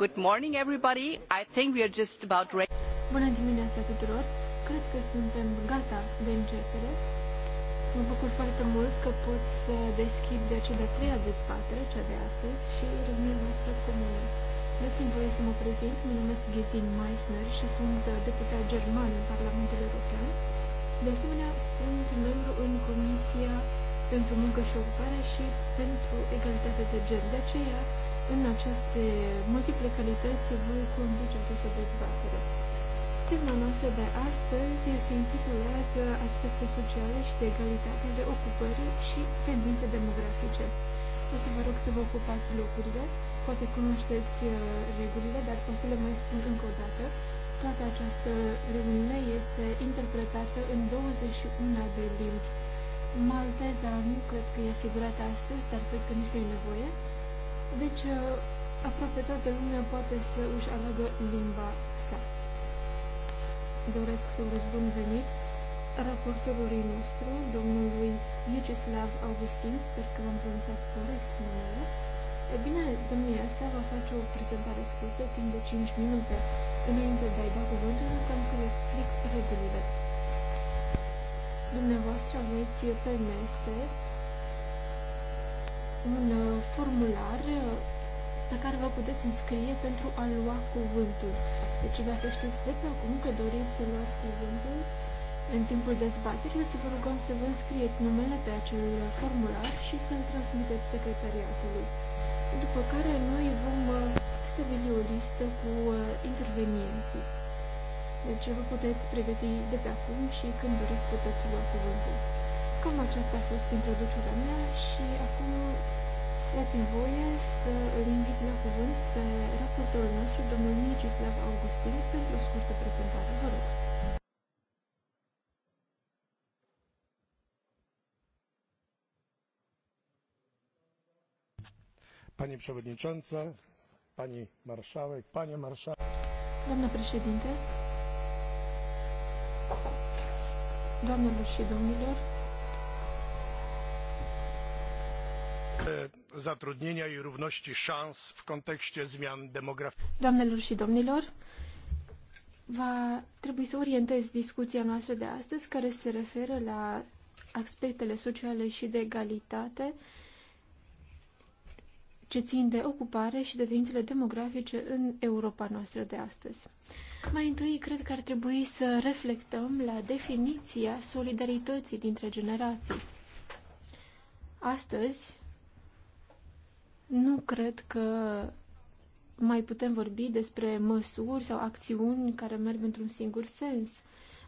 Good morning everybody. I think we are just about ready. Bună dimineața tuturor. Cred că suntem gata de începere. Mă bucur foarte mult că pot să deschid de cea de-a treia dezbatere, cea de astăzi, și reuniunea noastră comună. Dați-mi voie să mă prezint, mă numesc Gesine Meissner și sunt deputat german în Parlamentul European. De asemenea, sunt membru în Comisia pentru Muncă și Ocupare și pentru Egalitate de Gen. De aceea, în aceste multiple calități voi conduce această dezbatere. Tema noastră de astăzi se intitulează Aspecte sociale și de egalitate de ocupări și tendințe demografice. O să vă rog să vă ocupați locurile, poate cunoașteți uh, regulile, dar o să le mai spun încă o dată. Toată această reuniune este interpretată în 21 de limbi. Malteza nu cred că e asigurată astăzi, dar cred că nici nu e nevoie. Deci, uh, aproape toată lumea poate să își aleagă limba sa. Doresc să urez bun venit raportorului nostru, domnului Vyacheslav Augustin, sper că v-am pronunțat corect numele. E bine, domnia sa va face o prezentare scurtă, timp de 5 minute. Înainte de a-i da cuvântul, am să le explic regulile. Dumneavoastră aveți mese un uh, formular uh, pe care vă puteți înscrie pentru a lua cuvântul. Deci dacă știți de pe acum că doriți să luați cuvântul în timpul dezbaterii, să vă rugăm să vă înscrieți numele pe acel uh, formular și să-l transmiteți secretariatului. După care noi vom stabili o listă cu intervenienții. Deci vă puteți pregăti de pe acum și când doriți puteți lua cuvântul. Cam aceasta a fost introducerea mea și acum Dați-mi voie să îl invit la cuvânt pe raportorul nostru, domnul Miecislav Augustin, pentru o scurtă prezentare. Vă rog. Pani Przewodnicząca, Pani Marszałek, Panie Marszałek. Doamna președinte, doamnelor și domnilor, zatrudnienia i równości szans w kontekście zmian demograficznych. Doamnelor și domnilor, va trebui să orientez discuția noastră de astăzi, care se referă la aspectele sociale și de egalitate ce țin de ocupare și de tendințele demografice în Europa noastră de astăzi. Mai întâi, cred că ar trebui să reflectăm la definiția solidarității dintre generații. Astăzi, nu cred că mai putem vorbi despre măsuri sau acțiuni care merg într-un singur sens.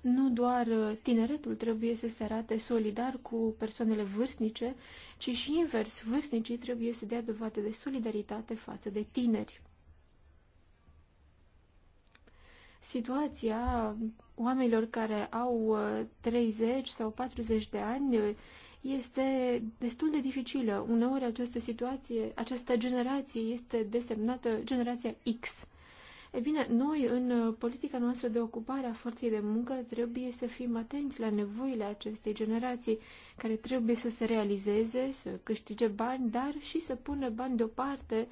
Nu doar uh, tineretul trebuie să se arate solidar cu persoanele vârstnice, ci și invers, vârstnicii trebuie să dea dovadă de solidaritate față de tineri. Situația oamenilor care au 30 uh, sau 40 de ani uh, este destul de dificilă. Uneori această situație, această generație este desemnată generația X. E bine, noi în politica noastră de ocupare a forței de muncă trebuie să fim atenți la nevoile acestei generații care trebuie să se realizeze, să câștige bani, dar și să pună bani deoparte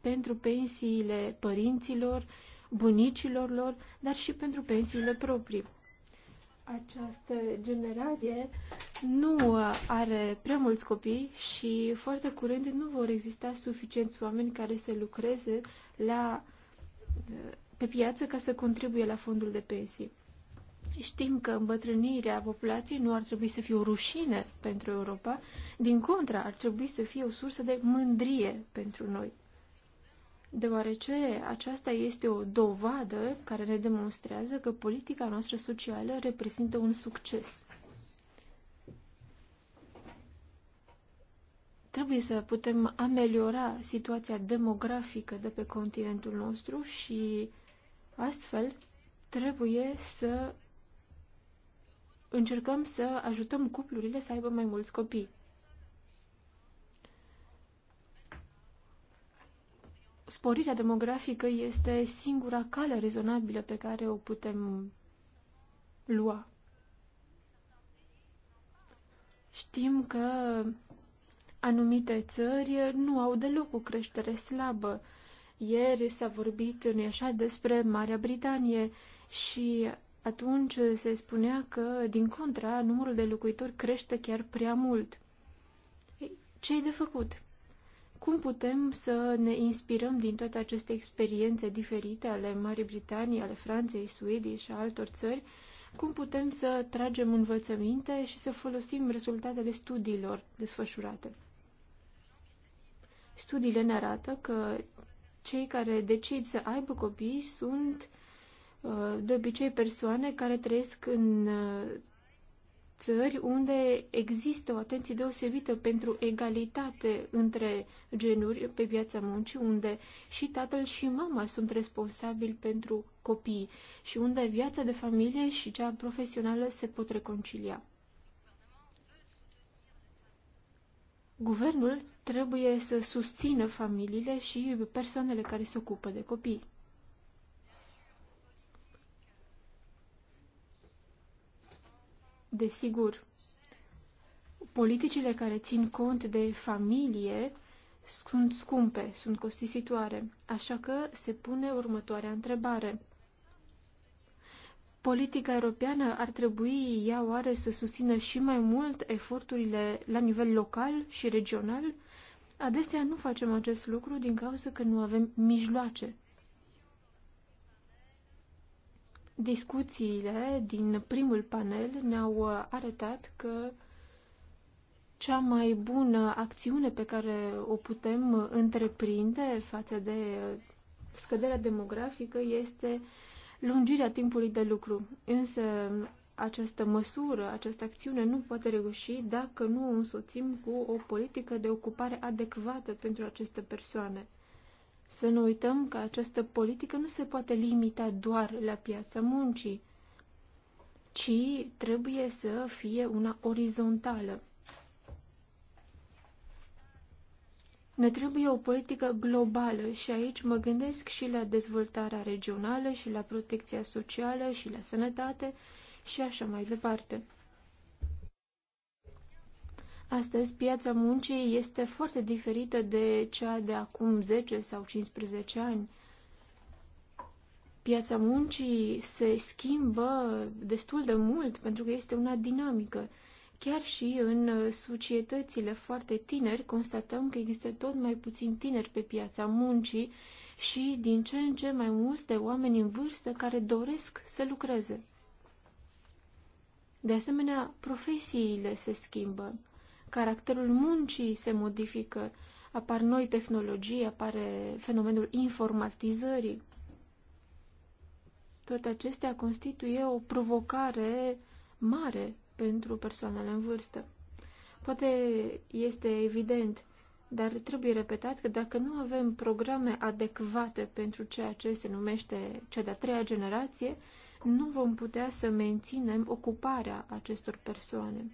pentru pensiile părinților, bunicilor lor, dar și pentru pensiile proprii această generație nu uh, are prea mulți copii și foarte curând nu vor exista suficienți oameni care să lucreze la, uh, pe piață ca să contribuie la fondul de pensii. Știm că îmbătrânirea populației nu ar trebui să fie o rușine pentru Europa, din contra, ar trebui să fie o sursă de mândrie pentru noi deoarece aceasta este o dovadă care ne demonstrează că politica noastră socială reprezintă un succes. Trebuie să putem ameliora situația demografică de pe continentul nostru și astfel trebuie să încercăm să ajutăm cuplurile să aibă mai mulți copii. sporirea demografică este singura cale rezonabilă pe care o putem lua. Știm că anumite țări nu au deloc o creștere slabă. Ieri s-a vorbit, nu așa, despre Marea Britanie și atunci se spunea că, din contra, numărul de locuitori crește chiar prea mult. Ce-i de făcut? Cum putem să ne inspirăm din toate aceste experiențe diferite ale Marii Britanii, ale Franței, Suediei și a altor țări? Cum putem să tragem învățăminte și să folosim rezultatele studiilor desfășurate? Studiile ne arată că cei care decid să aibă copii sunt uh, de obicei persoane care trăiesc în uh, țări unde există o atenție deosebită pentru egalitate între genuri pe piața muncii, unde și tatăl și mama sunt responsabili pentru copii și unde viața de familie și cea profesională se pot reconcilia. Guvernul trebuie să susțină familiile și persoanele care se ocupă de copii. Desigur, politicile care țin cont de familie sunt scumpe, sunt costisitoare, așa că se pune următoarea întrebare. Politica europeană ar trebui ea oare să susțină și mai mult eforturile la nivel local și regional? Adesea nu facem acest lucru din cauza că nu avem mijloace Discuțiile din primul panel ne-au uh, arătat că cea mai bună acțiune pe care o putem uh, întreprinde față de uh, scăderea demografică este lungirea timpului de lucru. Însă această măsură, această acțiune nu poate reuși dacă nu o însoțim cu o politică de ocupare adecvată pentru aceste persoane. Să nu uităm că această politică nu se poate limita doar la piața muncii, ci trebuie să fie una orizontală. Ne trebuie o politică globală și aici mă gândesc și la dezvoltarea regională și la protecția socială și la sănătate și așa mai departe. Astăzi, piața muncii este foarte diferită de cea de acum 10 sau 15 ani. Piața muncii se schimbă destul de mult pentru că este una dinamică. Chiar și în societățile foarte tineri constatăm că există tot mai puțin tineri pe piața muncii și din ce în ce mai multe oameni în vârstă care doresc să lucreze. De asemenea, profesiile se schimbă caracterul muncii se modifică, apar noi tehnologii, apare fenomenul informatizării. Toate acestea constituie o provocare mare pentru persoanele în vârstă. Poate este evident, dar trebuie repetat că dacă nu avem programe adecvate pentru ceea ce se numește cea de-a treia generație, nu vom putea să menținem ocuparea acestor persoane.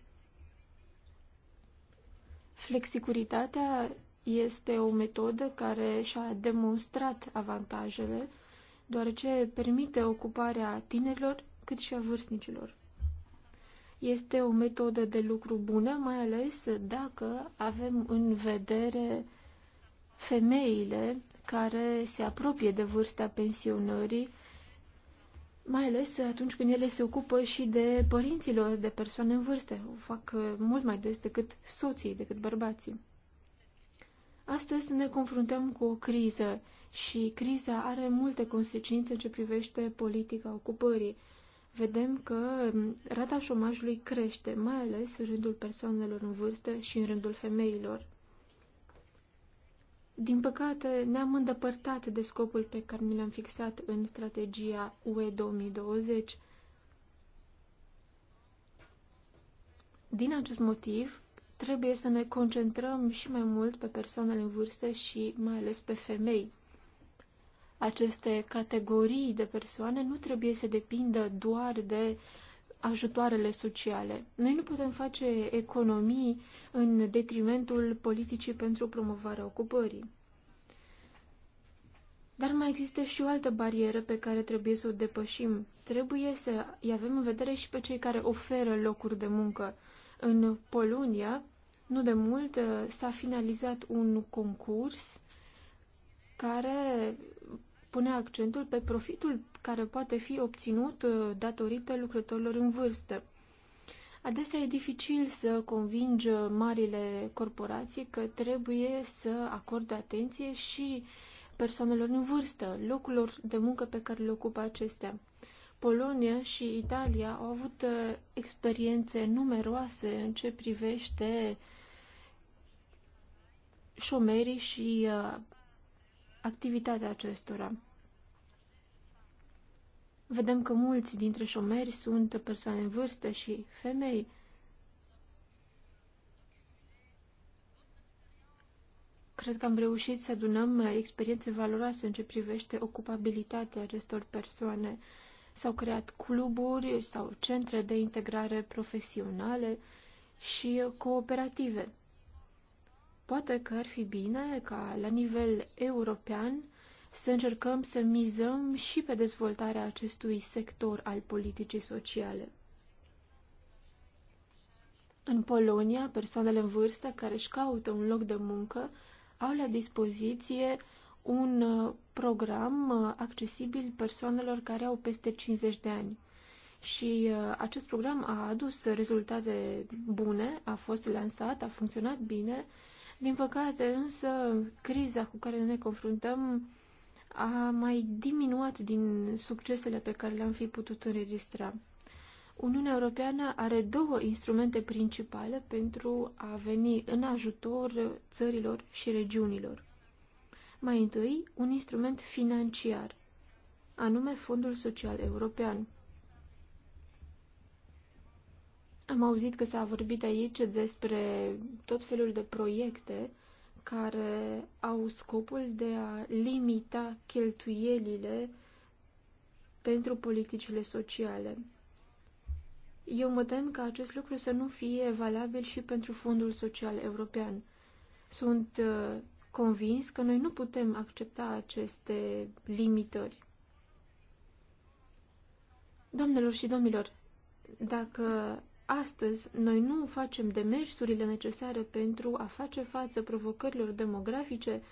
Flexicuritatea este o metodă care și-a demonstrat avantajele, deoarece permite ocuparea tinerilor cât și a vârstnicilor. Este o metodă de lucru bună, mai ales dacă avem în vedere femeile care se apropie de vârsta pensionării mai ales atunci când ele se ocupă și de părinților, de persoane în vârstă. O fac uh, mult mai des decât soții, decât bărbații. Astăzi ne confruntăm cu o criză și criza are multe consecințe în ce privește politica ocupării. Vedem că um, rata șomajului crește, mai ales în rândul persoanelor în vârstă și în rândul femeilor. Din păcate, ne-am îndepărtat de scopul pe care ni l-am fixat în strategia UE 2020. Din acest motiv, trebuie să ne concentrăm și mai mult pe persoanele în vârstă și mai ales pe femei. Aceste categorii de persoane nu trebuie să depindă doar de uh, ajutoarele sociale. Noi nu putem face economii în detrimentul politicii pentru promovarea ocupării. Dar mai există și o altă barieră pe care trebuie să o depășim. Trebuie să îi avem în vedere și pe cei care oferă locuri de muncă. În Polonia, nu de mult, s-a finalizat un concurs care pune accentul pe profitul care poate fi obținut uh, datorită lucrătorilor în vârstă. Adesea e dificil să convingi marile corporații că trebuie să acorde atenție și persoanelor în vârstă, locurilor de muncă pe care le ocupă acestea. Polonia și Italia au avut uh, experiențe numeroase în ce privește șomerii și uh, activitatea acestora. Vedem că mulți dintre șomeri sunt persoane în vârstă și femei. Cred că am reușit să adunăm experiențe valoroase în ce privește ocupabilitatea acestor persoane. S-au creat cluburi sau centre de integrare profesionale și cooperative. Poate că ar fi bine ca la nivel european să încercăm să mizăm și pe dezvoltarea acestui sector al politicii sociale. În Polonia, persoanele în vârstă care își caută un loc de muncă au la dispoziție un uh, program uh, accesibil persoanelor care au peste 50 de ani. Și uh, acest program a adus rezultate bune, a fost lansat, a funcționat bine. Din păcate, însă, criza cu care ne confruntăm a mai diminuat din succesele pe care le-am fi putut înregistra. Uniunea Europeană are două instrumente principale pentru a veni în ajutor țărilor și regiunilor. Mai întâi, un instrument financiar, anume Fondul Social European. Am auzit că s-a vorbit aici despre tot felul de proiecte care au scopul de a limita cheltuielile pentru politicile sociale. Eu mă tem că acest lucru să nu fie valabil și pentru Fondul Social European. Sunt uh, convins că noi nu putem accepta aceste limitări. Doamnelor și domnilor, dacă astăzi noi nu facem demersurile necesare pentru a face față provocărilor demografice,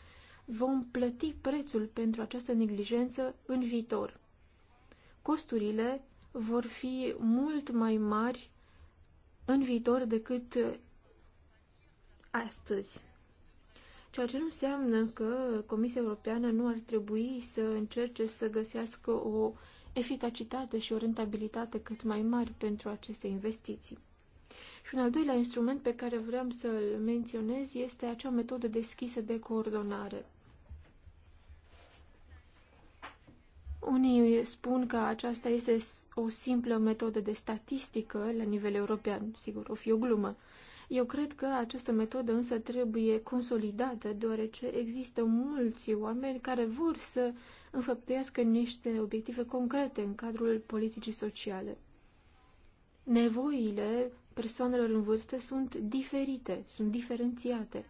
vom plăti prețul pentru această neglijență în viitor. Costurile vor fi mult mai mari în viitor decât astăzi. Ceea ce nu înseamnă că Comisia Europeană nu ar trebui să încerce să găsească o eficacitate și o rentabilitate cât mai mari pentru aceste investiții. Și un al doilea instrument pe care vreau să-l menționez este acea metodă deschisă de coordonare. Unii spun că aceasta este o simplă metodă de statistică la nivel european. Sigur, o fi o glumă. Eu cred că această metodă însă trebuie consolidată, deoarece există mulți oameni care vor să uh, înfăptuiască niște obiective concrete în cadrul politicii sociale. Nevoile persoanelor în vârstă sunt diferite, sunt diferențiate.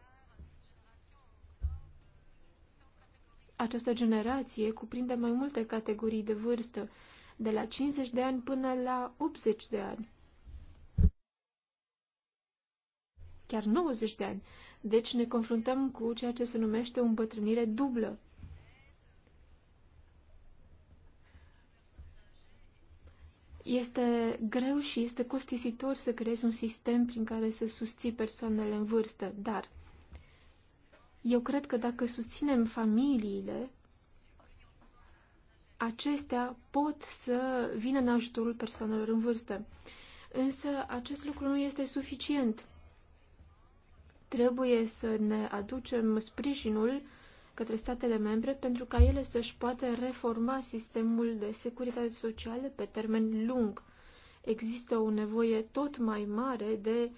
Această generație cuprinde mai multe categorii de vârstă, de la 50 de ani până la 80 de ani. Chiar 90 de ani. Deci ne confruntăm cu ceea ce se numește o îmbătrânire dublă. Este greu și este costisitor să creezi un sistem prin care să susții persoanele în vârstă, dar eu cred că dacă susținem familiile, acestea pot să vină în ajutorul persoanelor în vârstă. Însă acest lucru nu este suficient. Trebuie să ne aducem sprijinul către statele membre pentru ca ele să-și poată reforma sistemul de securitate socială pe termen lung. Există o nevoie tot mai mare de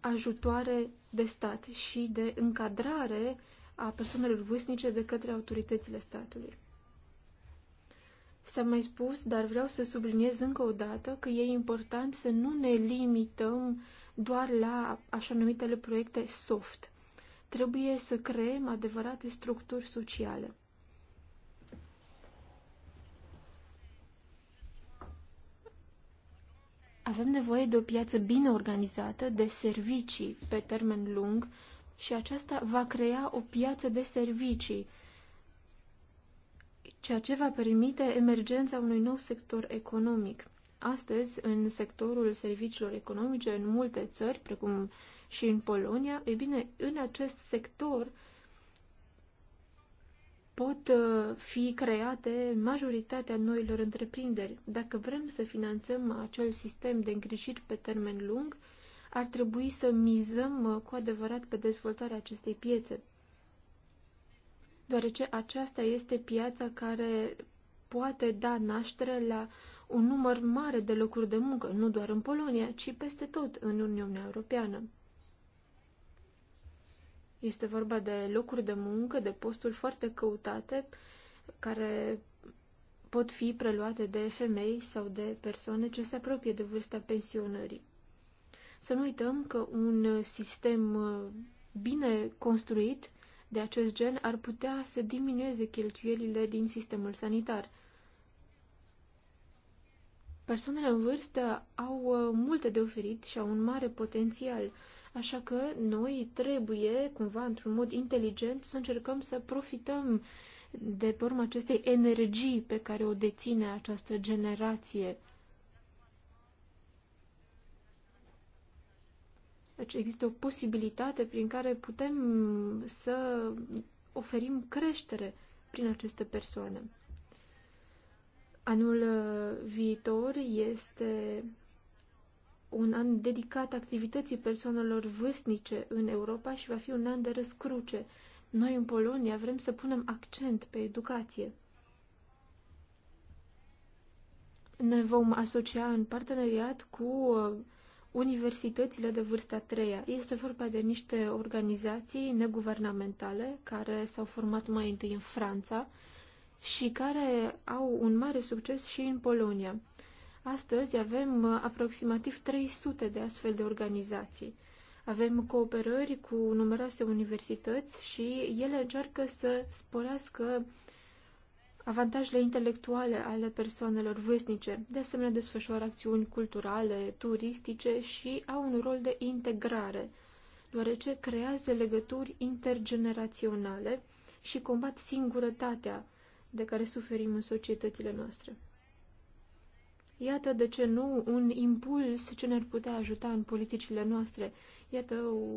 ajutoare de stat și de încadrare a persoanelor vârstnice de către autoritățile statului. S-a mai spus, dar vreau să subliniez încă o dată că e important să nu ne limităm doar la așa numitele proiecte soft. Trebuie să creăm adevărate structuri sociale. Avem nevoie de o piață bine organizată, de servicii pe termen lung și aceasta va crea o piață de servicii, ceea ce va permite emergența unui nou sector economic. Astăzi, în sectorul serviciilor economice, în multe țări, precum și în Polonia, e bine, în acest sector pot uh, fi create majoritatea noilor întreprinderi. Dacă vrem să finanțăm acel sistem de îngrijiri pe termen lung, ar trebui să mizăm uh, cu adevărat pe dezvoltarea acestei piețe. Deoarece aceasta este piața care poate da naștere la un număr mare de locuri de muncă, nu doar în Polonia, ci peste tot în Uniunea Europeană. Este vorba de locuri de muncă, de posturi foarte căutate, care pot fi preluate de femei sau de persoane ce se apropie de vârsta pensionării. Să nu uităm că un sistem uh, bine construit de acest gen ar putea să diminueze cheltuielile din sistemul sanitar. Persoanele în vârstă au uh, multe de oferit și au un mare potențial Așa că noi trebuie, cumva, într-un mod inteligent, să încercăm să profităm de pe urma acestei energii pe care o deține această generație. Deci există o posibilitate prin care putem să oferim creștere prin aceste persoane. Anul uh, viitor este un an dedicat activității persoanelor vârstnice în Europa și va fi un an de răscruce. Noi în Polonia vrem să punem accent pe educație. Ne vom asocia în parteneriat cu uh, universitățile de vârsta a treia. Este vorba de niște organizații neguvernamentale care s-au format mai întâi în Franța și care au un mare succes și în Polonia. Astăzi avem uh, aproximativ 300 de astfel de organizații. Avem cooperări cu numeroase universități și ele încearcă să sporească avantajele intelectuale ale persoanelor vârstnice. De asemenea, desfășoară acțiuni culturale, turistice și au un rol de integrare, deoarece creează legături intergeneraționale și combat singurătatea de care suferim în societățile noastre. Iată de ce nu un impuls ce ne-ar putea ajuta în politicile noastre. Iată o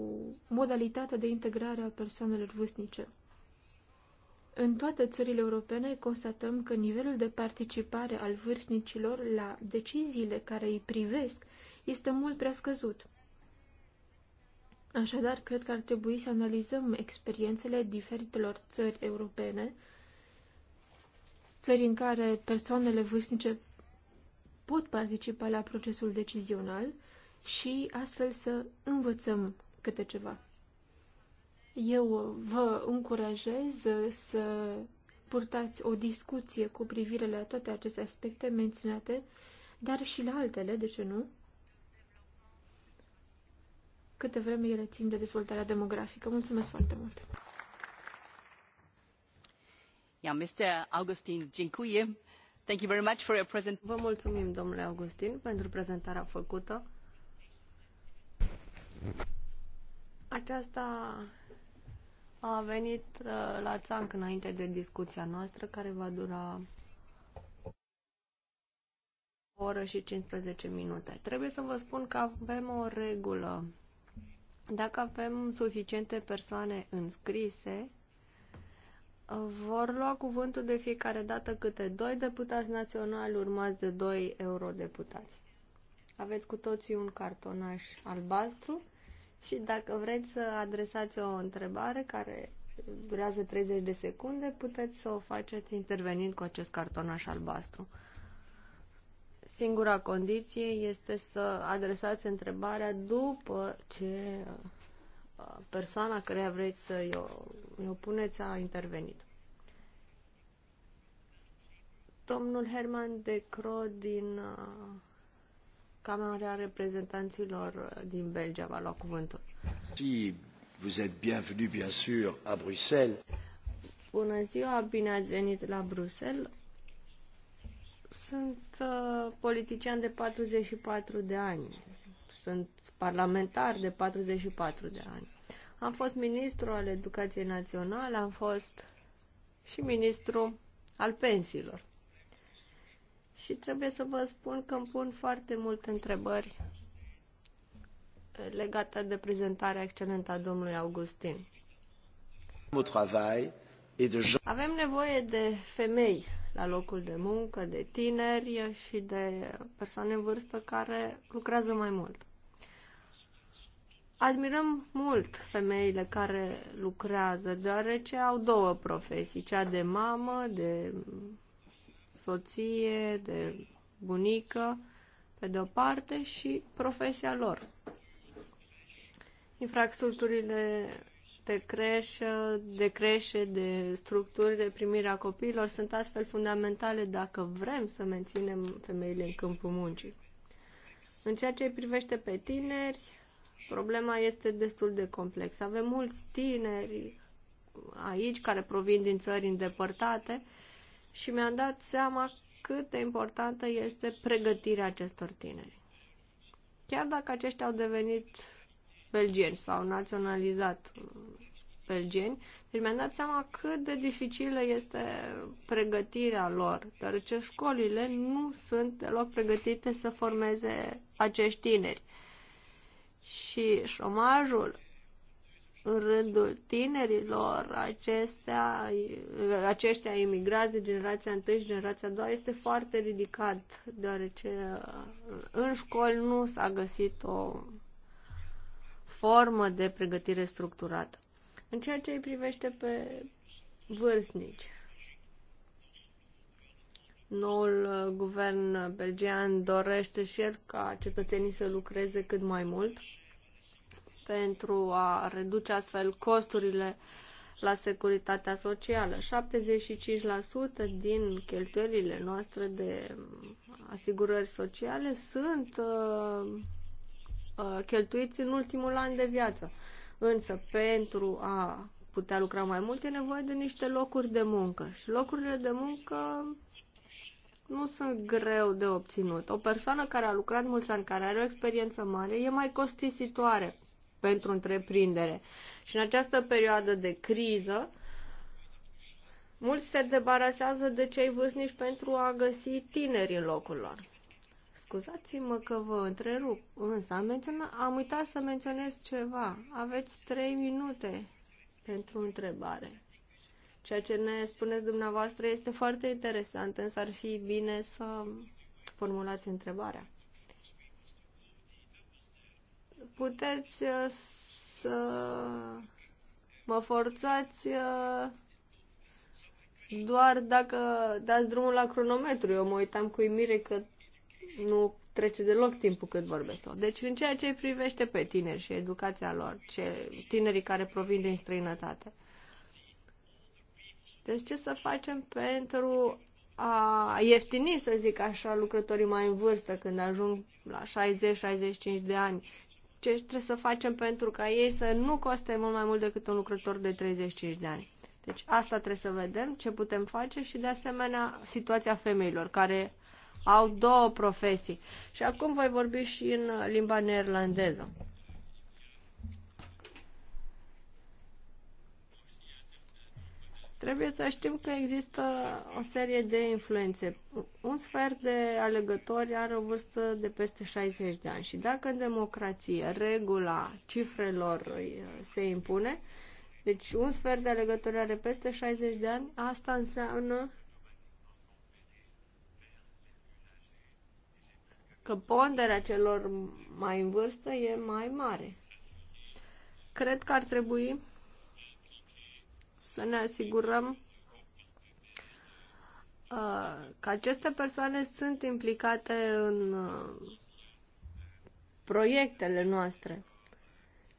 modalitate de integrare a persoanelor vârstnice. În toate țările europene constatăm că nivelul de participare al vârstnicilor la deciziile care îi privesc este mult prea scăzut. Așadar, cred că ar trebui să analizăm experiențele diferitelor țări europene, țări în care persoanele vârstnice pot participa la procesul decizional și astfel să învățăm câte ceva. Eu vă încurajez să purtați o discuție cu privire la toate aceste aspecte menționate, dar și la altele, de ce nu? Câte vreme ele țin de dezvoltarea demografică. Mulțumesc foarte mult! Ja, Mr. Augustin, dziękuję. Vă mulțumim, domnule Augustin, pentru prezentarea făcută. Aceasta a venit uh, la țanc înainte de discuția noastră, care va dura o oră și 15 minute. Trebuie să vă spun că avem o regulă. Dacă avem suficiente persoane înscrise, vor lua cuvântul de fiecare dată câte doi deputați naționali urmați de doi eurodeputați. Aveți cu toții un cartonaș albastru și dacă vreți să adresați o întrebare care durează 30 de secunde, puteți să o faceți intervenind cu acest cartonaș albastru. Singura condiție este să adresați întrebarea după ce persoana care vreți să îi opuneți a intervenit. Domnul Herman de Cro din uh, Camera Reprezentanților uh, din Belgia va lua cuvântul. Si vous êtes bienvenu, bien sûr, à Bruxelles. Bună ziua, bine ați venit la Bruxelles. Sunt uh, politician de 44 de ani. Sunt parlamentar de 44 de ani. Am fost ministru al educației naționale, am fost și ministru al pensiilor. Și trebuie să vă spun că îmi pun foarte multe întrebări legate de prezentarea excelentă a domnului Augustin. Avem nevoie de femei la locul de muncă, de tineri și de persoane în vârstă care lucrează mai mult. Admirăm mult femeile care lucrează, deoarece au două profesii, cea de mamă, de soție, de bunică, pe de-o parte, și profesia lor. Infrastructurile de creșă, de creșe, de structuri de primire a copiilor sunt astfel fundamentale dacă vrem să menținem femeile în câmpul muncii. În ceea ce privește pe tineri, Problema este destul de complexă. Avem mulți tineri aici care provin din țări îndepărtate și mi-am dat seama cât de importantă este pregătirea acestor tineri. Chiar dacă aceștia au devenit belgeni sau naționalizat belgeni, deci mi-am dat seama cât de dificilă este pregătirea lor, deoarece școlile nu sunt deloc pregătite să formeze acești tineri și șomajul în rândul tinerilor, acestea, aceștia imigrați de generația 1 și generația 2 este foarte ridicat, deoarece în școli nu s-a găsit o formă de pregătire structurată. În ceea ce îi privește pe vârstnici, Noul uh, guvern belgian dorește și el ca cetățenii să lucreze cât mai mult pentru a reduce astfel costurile la securitatea socială. 75% din cheltuielile noastre de mm, asigurări sociale sunt uh, uh, cheltuiți în ultimul an de viață. Însă, pentru a putea lucra mai mult, e nevoie de niște locuri de muncă. Și locurile de muncă nu sunt greu de obținut. O persoană care a lucrat mulți ani, care are o experiență mare, e mai costisitoare pentru întreprindere. Și în această perioadă de criză, mulți se debarasează de cei vârstnici pentru a găsi tineri în locul lor. Scuzați-mă că vă întrerup, însă am, menționat, am uitat să menționez ceva. Aveți trei minute pentru întrebare. Ceea ce ne spuneți dumneavoastră este foarte interesant, însă ar fi bine să formulați întrebarea. Puteți uh, să mă forțați uh, doar dacă dați drumul la cronometru. Eu mă uitam cu imire că nu trece deloc timpul cât vorbesc Deci în ceea ce privește pe tineri și educația lor, ce, tinerii care provin din străinătate – deci ce să facem pentru a ieftini, să zic așa, lucrătorii mai în vârstă când ajung la 60-65 de ani? Ce trebuie să facem pentru ca ei să nu coste mult mai mult decât un lucrător de 35 de ani? Deci asta trebuie să vedem, ce putem face și de asemenea situația femeilor care au două profesii. Și acum voi vorbi și în limba neerlandeză. Trebuie să știm că există o serie de influențe. Un sfert de alegători are o vârstă de peste 60 de ani și dacă în democrație regula cifrelor se impune, deci un sfert de alegători are peste 60 de ani, asta înseamnă că ponderea celor mai în vârstă e mai mare. Cred că ar trebui să ne asigurăm uh, că aceste persoane sunt implicate în uh, proiectele noastre.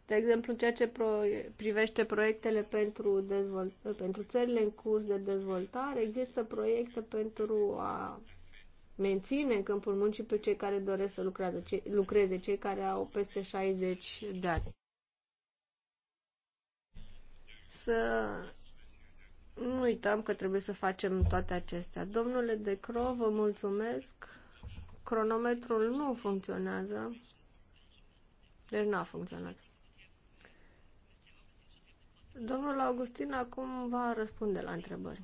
De exemplu, în ceea ce pro- privește proiectele pentru, dezvolt- pentru țările în curs de dezvoltare, există proiecte pentru a menține în câmpul muncii pe cei care doresc să ce- lucreze, cei care au peste 60 de ani să nu uităm că trebuie să facem toate acestea. Domnule De Cro, vă mulțumesc. Cronometrul nu funcționează. Deci n-a funcționat. Domnul Augustin acum va răspunde la întrebări.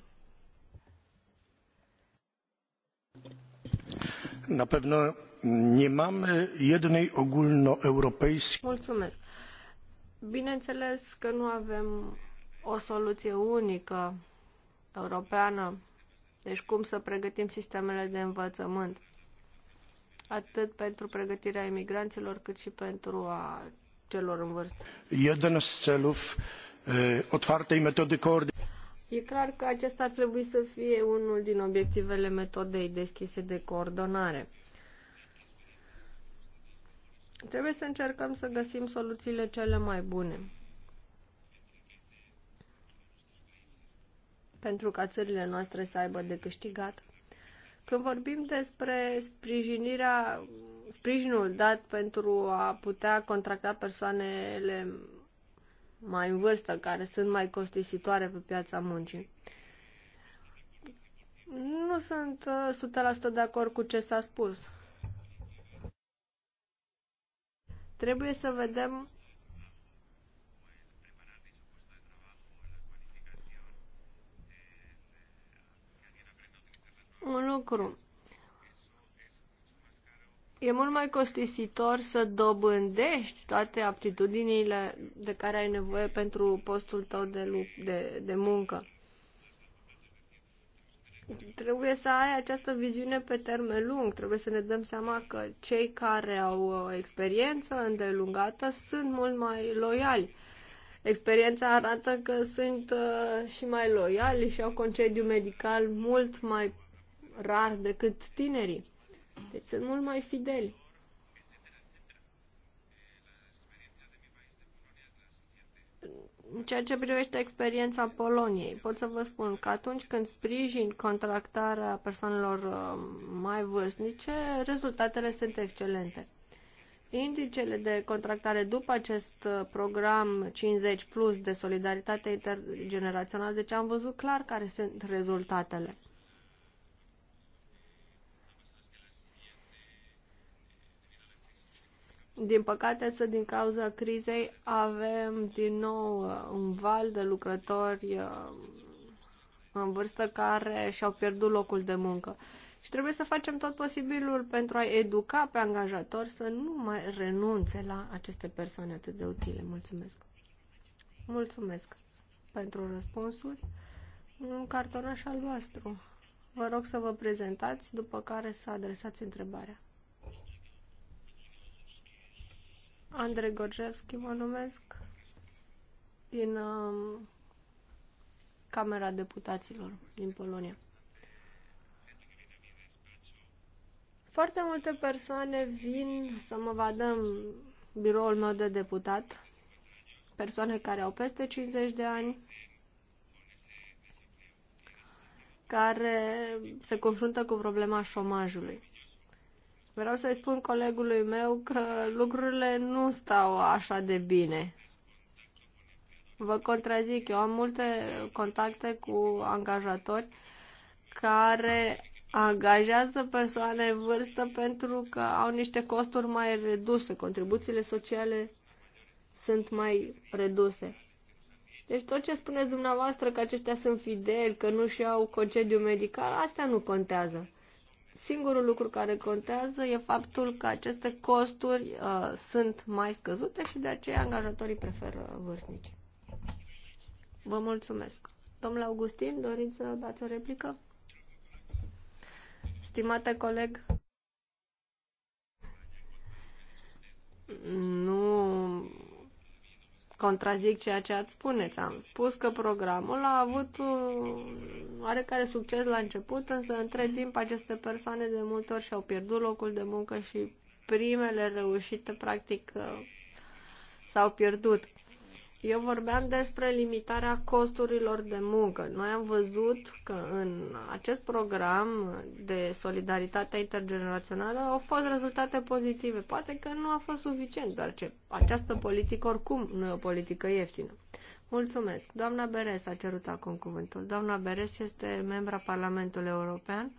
Na pewno nie mamy jednej ogólnoeuropejskiej. Mulțumesc. Bineînțeles că nu avem o soluție unică europeană, deci cum să pregătim sistemele de învățământ, atât pentru pregătirea imigranților, cât și pentru a celor în vârstă. Jeden z celów otwartej metody E clar că acesta ar trebui să fie unul din obiectivele metodei deschise de coordonare. Trebuie să încercăm să găsim soluțiile cele mai bune. pentru ca țările noastre să aibă de câștigat. Când vorbim despre sprijinirea, sprijinul dat pentru a putea contracta persoanele mai în vârstă, care sunt mai costisitoare pe piața muncii, nu sunt uh, 100% de acord cu ce s-a spus. Trebuie să vedem un lucru. E mult mai costisitor să dobândești toate aptitudinile de care ai nevoie pentru postul tău de, lu- de, de muncă. Trebuie să ai această viziune pe termen lung. Trebuie să ne dăm seama că cei care au uh, experiență îndelungată sunt mult mai loiali. Experiența arată că sunt uh, și mai loiali și au concediu medical mult mai rar decât tinerii. Deci sunt mult mai fideli. În ceea ce privește experiența Poloniei, pot să vă spun că atunci când sprijin contractarea persoanelor uh, mai vârstnice, rezultatele sunt excelente. Indicele de contractare după acest uh, program 50 plus de solidaritate intergenerațională, deci am văzut clar care sunt rezultatele. Din păcate, să din cauza crizei avem din nou uh, un val de lucrători uh, în vârstă care și-au pierdut locul de muncă. Și trebuie să facem tot posibilul pentru a educa pe angajatori să nu mai renunțe la aceste persoane atât de utile. Mulțumesc! Mulțumesc pentru răspunsuri. Un cartonaș albastru. Vă rog să vă prezentați, după care să adresați întrebarea. Andrei Gorjevski mă numesc, din uh, Camera Deputaților din Polonia. Foarte multe persoane vin să mă vadă în biroul meu de deputat, persoane care au peste 50 de ani, care se confruntă cu problema șomajului. Vreau să-i spun colegului meu că lucrurile nu stau așa de bine. Vă contrazic, eu am multe contacte cu angajatori care angajează persoane în vârstă pentru că au niște costuri mai reduse, contribuțiile sociale sunt mai reduse. Deci tot ce spuneți dumneavoastră că aceștia sunt fideli, că nu și au concediu medical, astea nu contează. Singurul lucru care contează e faptul că aceste costuri uh, sunt mai scăzute și de aceea angajatorii preferă vârstnici. Vă mulțumesc. Domnule Augustin, doriți să dați o replică? Stimate coleg, nu contrazic ceea ce ați spuneți. Am spus că programul a avut oarecare succes la început, însă între timp aceste persoane de multe ori și-au pierdut locul de muncă și primele reușite practic uh, s-au pierdut. Eu vorbeam despre limitarea costurilor de muncă. Noi am văzut că în acest program de solidaritate intergenerațională au fost rezultate pozitive. Poate că nu a fost suficient, dar ce această politică oricum nu e o politică ieftină. Mulțumesc. Doamna Beres a cerut acum cuvântul. Doamna Beres este membra Parlamentului European,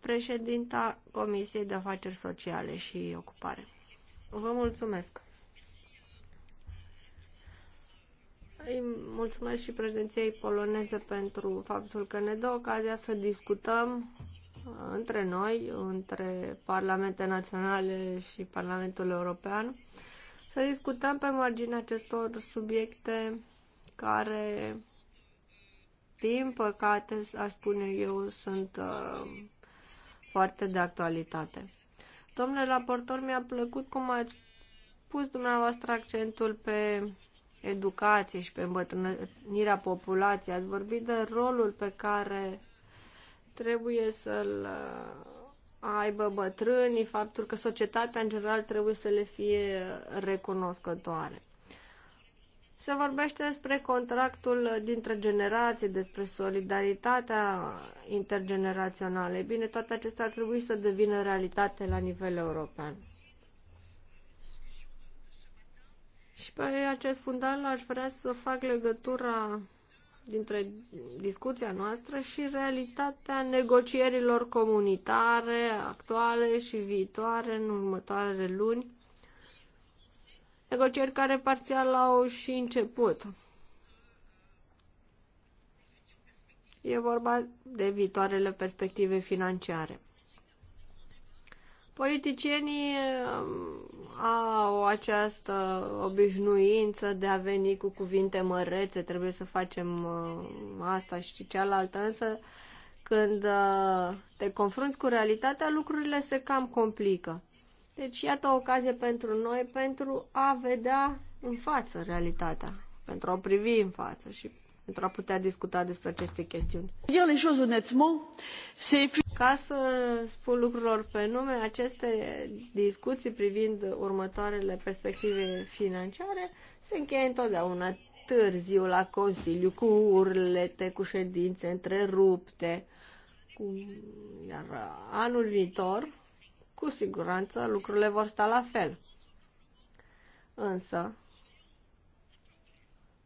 președinta Comisiei de Afaceri Sociale și Ocupare. Vă mulțumesc. îi mulțumesc și președinției poloneze pentru faptul că ne dă ocazia să discutăm uh, între noi, între Parlamente Naționale și Parlamentul European, să discutăm pe marginea acestor subiecte care, din păcate, aș spune eu, sunt uh, foarte de actualitate. Domnule raportor, mi-a plăcut cum ați pus dumneavoastră accentul pe educație și pe îmbătrânirea populației. Ați vorbit de rolul pe care trebuie să-l uh, aibă bătrânii, faptul că societatea în general trebuie să le fie recunoscătoare. Se vorbește despre contractul dintre generații, despre solidaritatea intergenerațională. bine, toate acestea ar trebui să devină realitate la nivel european. Și pe acest fundal aș vrea să fac legătura dintre discuția noastră și realitatea negocierilor comunitare actuale și viitoare în următoarele luni, negocieri care parțial au și început. E vorba de viitoarele perspective financiare. Politicienii au această obișnuință de a veni cu cuvinte mărețe, trebuie să facem uh, asta și cealaltă, însă când uh, te confrunți cu realitatea, lucrurile se cam complică. Deci, iată o ocazie pentru noi pentru a vedea în față realitatea, pentru a o privi în față și pentru a putea discuta despre aceste chestiuni. Ca să spun lucrurilor pe nume, aceste discuții privind următoarele perspective financiare se încheie întotdeauna târziu la Consiliu, cu urlete, cu ședințe întrerupte. Cu... Iar anul viitor, cu siguranță, lucrurile vor sta la fel. Însă,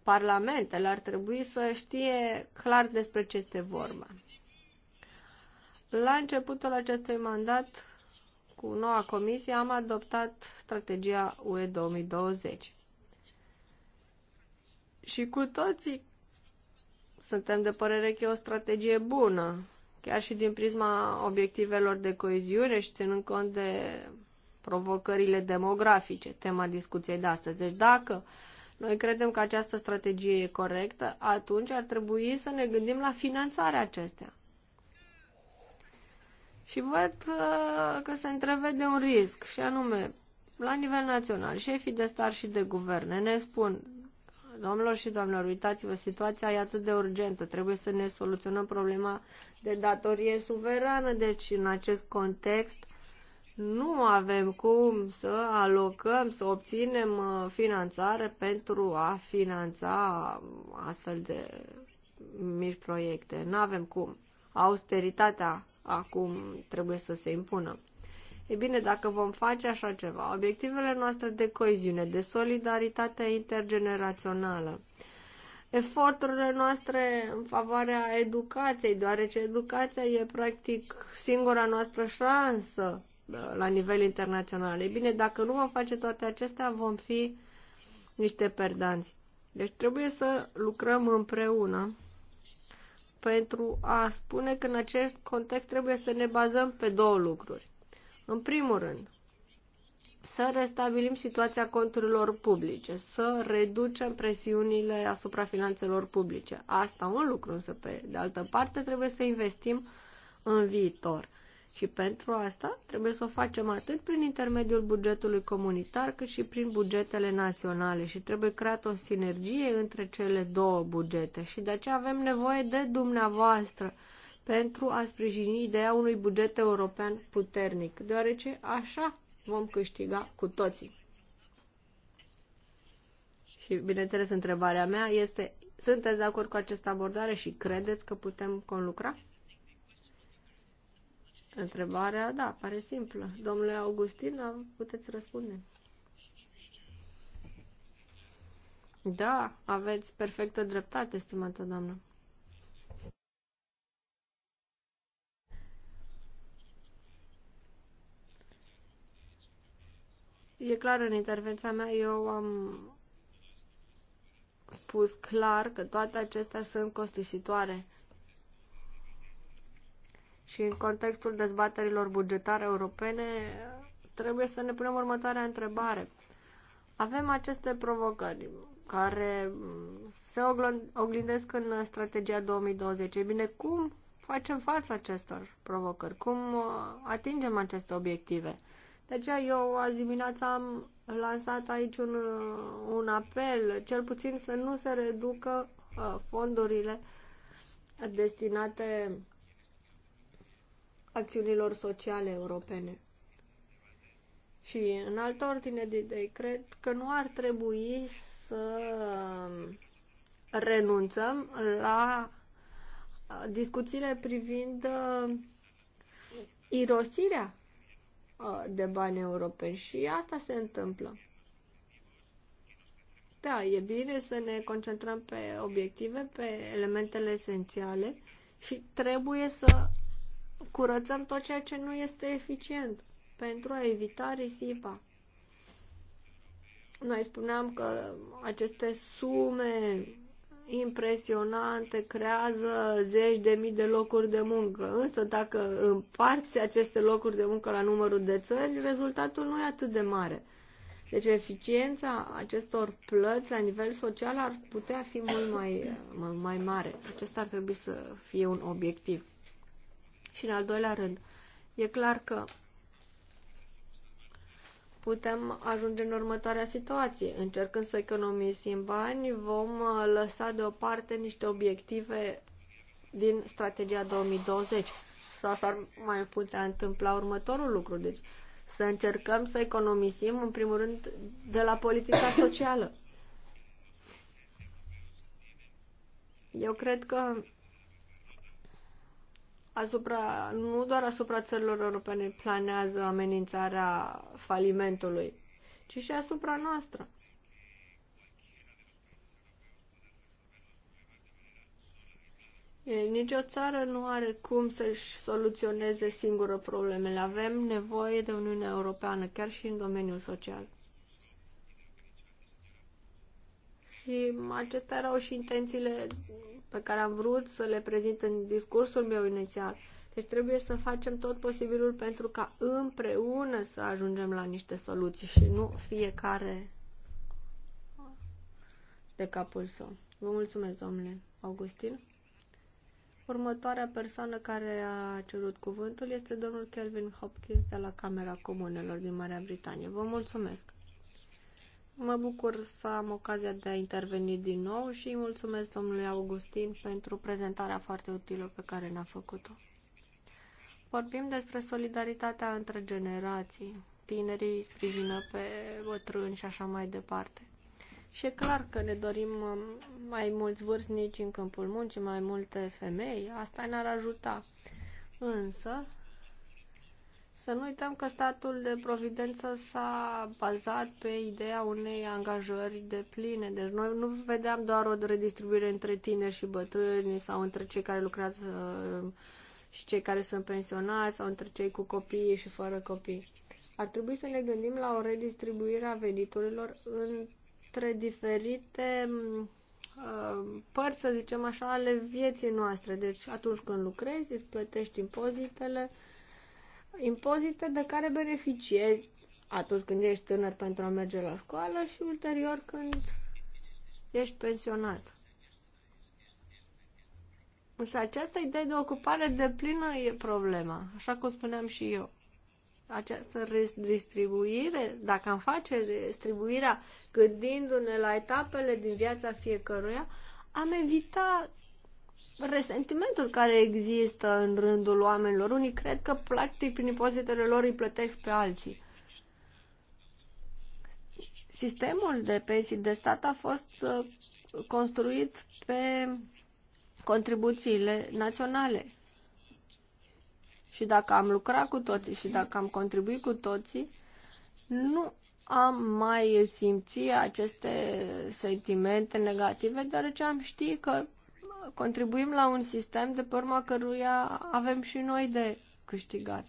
parlamentele ar trebui să știe clar despre ce este vorba. La începutul acestui mandat, cu noua comisie, am adoptat strategia UE 2020. Și cu toții suntem de părere că e o strategie bună, chiar și din prisma obiectivelor de coeziune și ținând cont de provocările demografice, tema discuției de astăzi. Deci dacă noi credem că această strategie e corectă, atunci ar trebui să ne gândim la finanțarea acestea. Și văd uh, că se întrevede un risc, și anume, la nivel național, șefii de stat și de guverne ne spun Domnilor și doamnelor, uitați-vă, situația e atât de urgentă, trebuie să ne soluționăm problema de datorie suverană, deci în acest context nu avem cum să alocăm, să obținem uh, finanțare pentru a finanța astfel de mici proiecte. Nu avem cum. Austeritatea acum trebuie să se impună. E bine, dacă vom face așa ceva, obiectivele noastre de coeziune, de solidaritate intergenerațională, eforturile noastre în favoarea educației, deoarece educația e practic singura noastră șansă la nivel internațional. E bine, dacă nu vom face toate acestea, vom fi niște perdanți. Deci trebuie să lucrăm împreună pentru a spune că în acest context trebuie să ne bazăm pe două lucruri. În primul rând, să restabilim situația conturilor publice, să reducem presiunile asupra finanțelor publice. Asta un lucru, însă pe de altă parte trebuie să investim în viitor. Și pentru asta trebuie să o facem atât prin intermediul bugetului comunitar, cât și prin bugetele naționale și trebuie creată o sinergie între cele două bugete și de aceea avem nevoie de dumneavoastră pentru a sprijini ideea unui buget european puternic, deoarece așa vom câștiga cu toții. Și, bineînțeles, întrebarea mea este, sunteți de acord cu această abordare și credeți că putem conlucra? Întrebarea, da, pare simplă. Domnule Augustin, puteți răspunde. Da, aveți perfectă dreptate, stimată doamnă. E clar, în intervenția mea eu am spus clar că toate acestea sunt costisitoare și în contextul dezbaterilor bugetare europene, trebuie să ne punem următoarea întrebare. Avem aceste provocări care se oglindesc în strategia 2020. E bine, cum facem față acestor provocări? Cum uh, atingem aceste obiective? De aceea eu azi dimineața am lansat aici un, uh, un apel, cel puțin să nu se reducă uh, fondurile destinate acțiunilor sociale europene. Și în altă ordine de idei, cred că nu ar trebui să um, renunțăm la uh, discuțiile privind uh, irosirea uh, de bani europeni și asta se întâmplă. Da, e bine să ne concentrăm pe obiective, pe elementele esențiale și trebuie să curățăm tot ceea ce nu este eficient pentru a evita risipa. Noi spuneam că aceste sume impresionante creează zeci de mii de locuri de muncă. Însă dacă împarți aceste locuri de muncă la numărul de țări, rezultatul nu e atât de mare. Deci eficiența acestor plăți la nivel social ar putea fi mult mai, mai mare. Acesta ar trebui să fie un obiectiv. Și în al doilea rând, e clar că putem ajunge în următoarea situație. Încercând să economisim bani, vom uh, lăsa deoparte niște obiective din strategia 2020. Sau s-ar mai putea întâmpla următorul lucru. Deci să încercăm să economisim, în primul rând, de la politica socială. Eu cred că asupra, nu doar asupra țărilor europene planează amenințarea falimentului, ci și asupra noastră. E, nici o țară nu are cum să-și soluționeze singură problemele. Avem nevoie de Uniunea Europeană, chiar și în domeniul social. Și acestea erau și intențiile pe care am vrut să le prezint în discursul meu inițial. Deci trebuie să facem tot posibilul pentru ca împreună să ajungem la niște soluții și nu fiecare de capul său. Vă mulțumesc, domnule Augustin. Următoarea persoană care a cerut cuvântul este domnul Kelvin Hopkins de la Camera Comunelor din Marea Britanie. Vă mulțumesc! Mă bucur să am ocazia de a interveni din nou și mulțumesc domnului Augustin pentru prezentarea foarte utilă pe care ne-a făcut-o. Vorbim despre solidaritatea între generații, tinerii sprijină pe bătrâni și așa mai departe. Și e clar că ne dorim um, mai mulți vârstnici în câmpul muncii, mai multe femei, asta ne-ar ajuta. Însă, să nu uităm că statul de providență s-a bazat pe ideea unei angajări de pline. Deci noi nu vedeam doar o redistribuire între tineri și bătrâni sau între cei care lucrează uh, și cei care sunt pensionați sau între cei cu copii și fără copii. Ar trebui să ne gândim la o redistribuire a veniturilor între diferite uh, părți, să zicem așa, ale vieții noastre. Deci atunci când lucrezi, îți plătești impozitele, impozite de care beneficiezi atunci când ești tânăr pentru a merge la școală și ulterior când ești pensionat. Însă această idee de ocupare de plină e problema, așa cum spuneam și eu. Această distribuire, dacă am face distribuirea gândindu-ne la etapele din viața fiecăruia, am evitat resentimentul care există în rândul oamenilor. Unii cred că, practic, prin impozitele lor îi plătesc pe alții. Sistemul de pensii de stat a fost uh, construit pe contribuțiile naționale. Și dacă am lucrat cu toții și dacă am contribuit cu toții, nu am mai simțit aceste sentimente negative, deoarece am ști că contribuim la un sistem de pe urma căruia avem și noi de câștigat.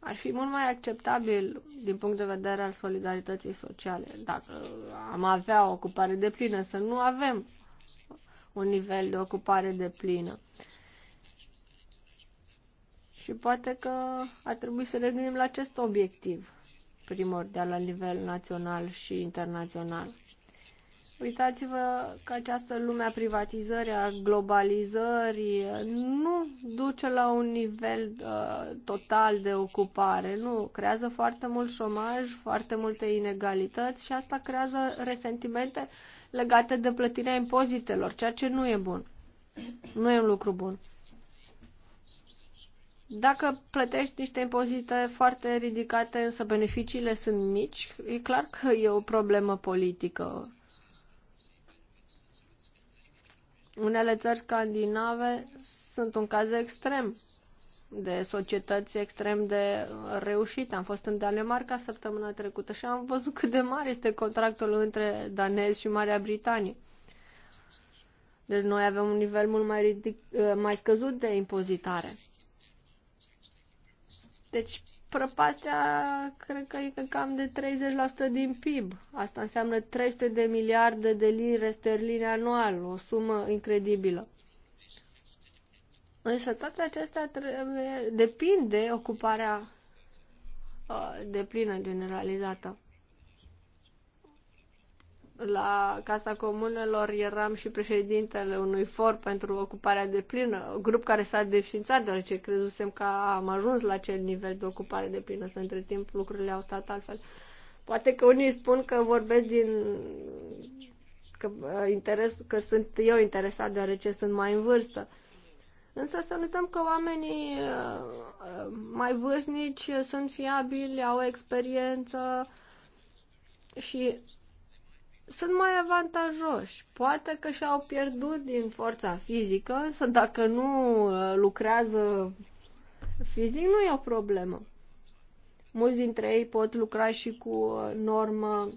Ar fi mult mai acceptabil din punct de vedere al solidarității sociale dacă am avea o ocupare de plină, să nu avem un nivel de ocupare de plină. Și poate că ar trebui să ne gândim la acest obiectiv primordial la nivel național și internațional. Uitați-vă că această lume a privatizării, a globalizării nu duce la un nivel uh, total de ocupare, nu. Creează foarte mult șomaj, foarte multe inegalități și asta creează resentimente legate de plătirea impozitelor, ceea ce nu e bun. Nu e un lucru bun. Dacă plătești niște impozite foarte ridicate, însă beneficiile sunt mici, e clar că e o problemă politică Unele țări scandinave sunt un caz extrem de societăți extrem de reușite. Am fost în Danemarca săptămâna trecută și am văzut cât de mare este contractul între danezi și Marea Britanie. Deci noi avem un nivel mult mai, ridic, mai scăzut de impozitare. Deci prăpastia cred că e cam de 30% din PIB. Asta înseamnă 300 de miliarde de lire sterline anual, o sumă incredibilă. Însă toate acestea trebuie, depinde ocuparea uh, de plină generalizată la Casa Comunelor eram și președintele unui for pentru ocuparea de plină, grup care s-a desfințat, deoarece crezusem că am ajuns la acel nivel de ocupare de plină, să între timp lucrurile au stat altfel. Poate că unii spun că vorbesc din că, uh, interes, că sunt eu interesat deoarece sunt mai în vârstă. Însă să nu uităm că oamenii uh, mai vârstnici sunt fiabili, au experiență și sunt mai avantajoși. Poate că și-au pierdut din forța fizică, însă dacă nu uh, lucrează fizic, nu e o problemă. Mulți dintre ei pot lucra și cu uh, normă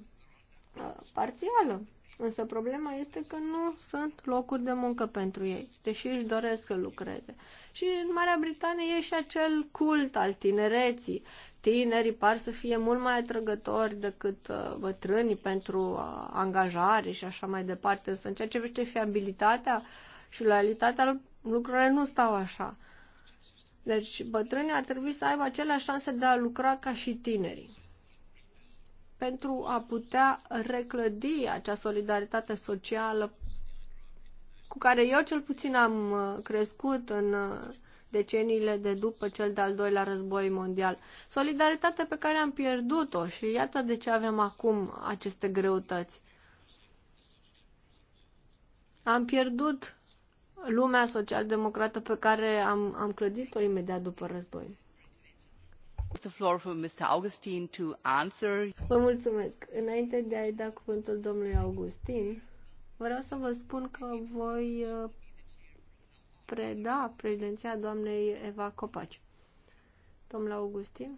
uh, parțială. Însă problema este că nu sunt locuri de muncă pentru ei, deși își doresc să lucreze. Și în Marea Britanie e și acel cult al tinereții. Tinerii par să fie mult mai atrăgători decât uh, bătrânii pentru uh, angajare și așa mai departe. Însă în ceea ce vește fiabilitatea și loialitatea, lucrurile nu stau așa. Deci bătrânii ar trebui să aibă aceleași șanse de a lucra ca și tinerii pentru a putea reclădi acea solidaritate socială cu care eu cel puțin am uh, crescut în uh, deceniile de după cel de-al doilea război mondial. Solidaritate pe care am pierdut-o și iată de ce avem acum aceste greutăți. Am pierdut lumea social-democrată pe care am, am clădit-o imediat după război. The floor for Mr. Augustin to answer. Vă mulțumesc. Înainte de a-i da cuvântul domnului Augustin, vreau să vă spun că voi uh, preda președinția doamnei Eva Copaci. Domnul Augustin?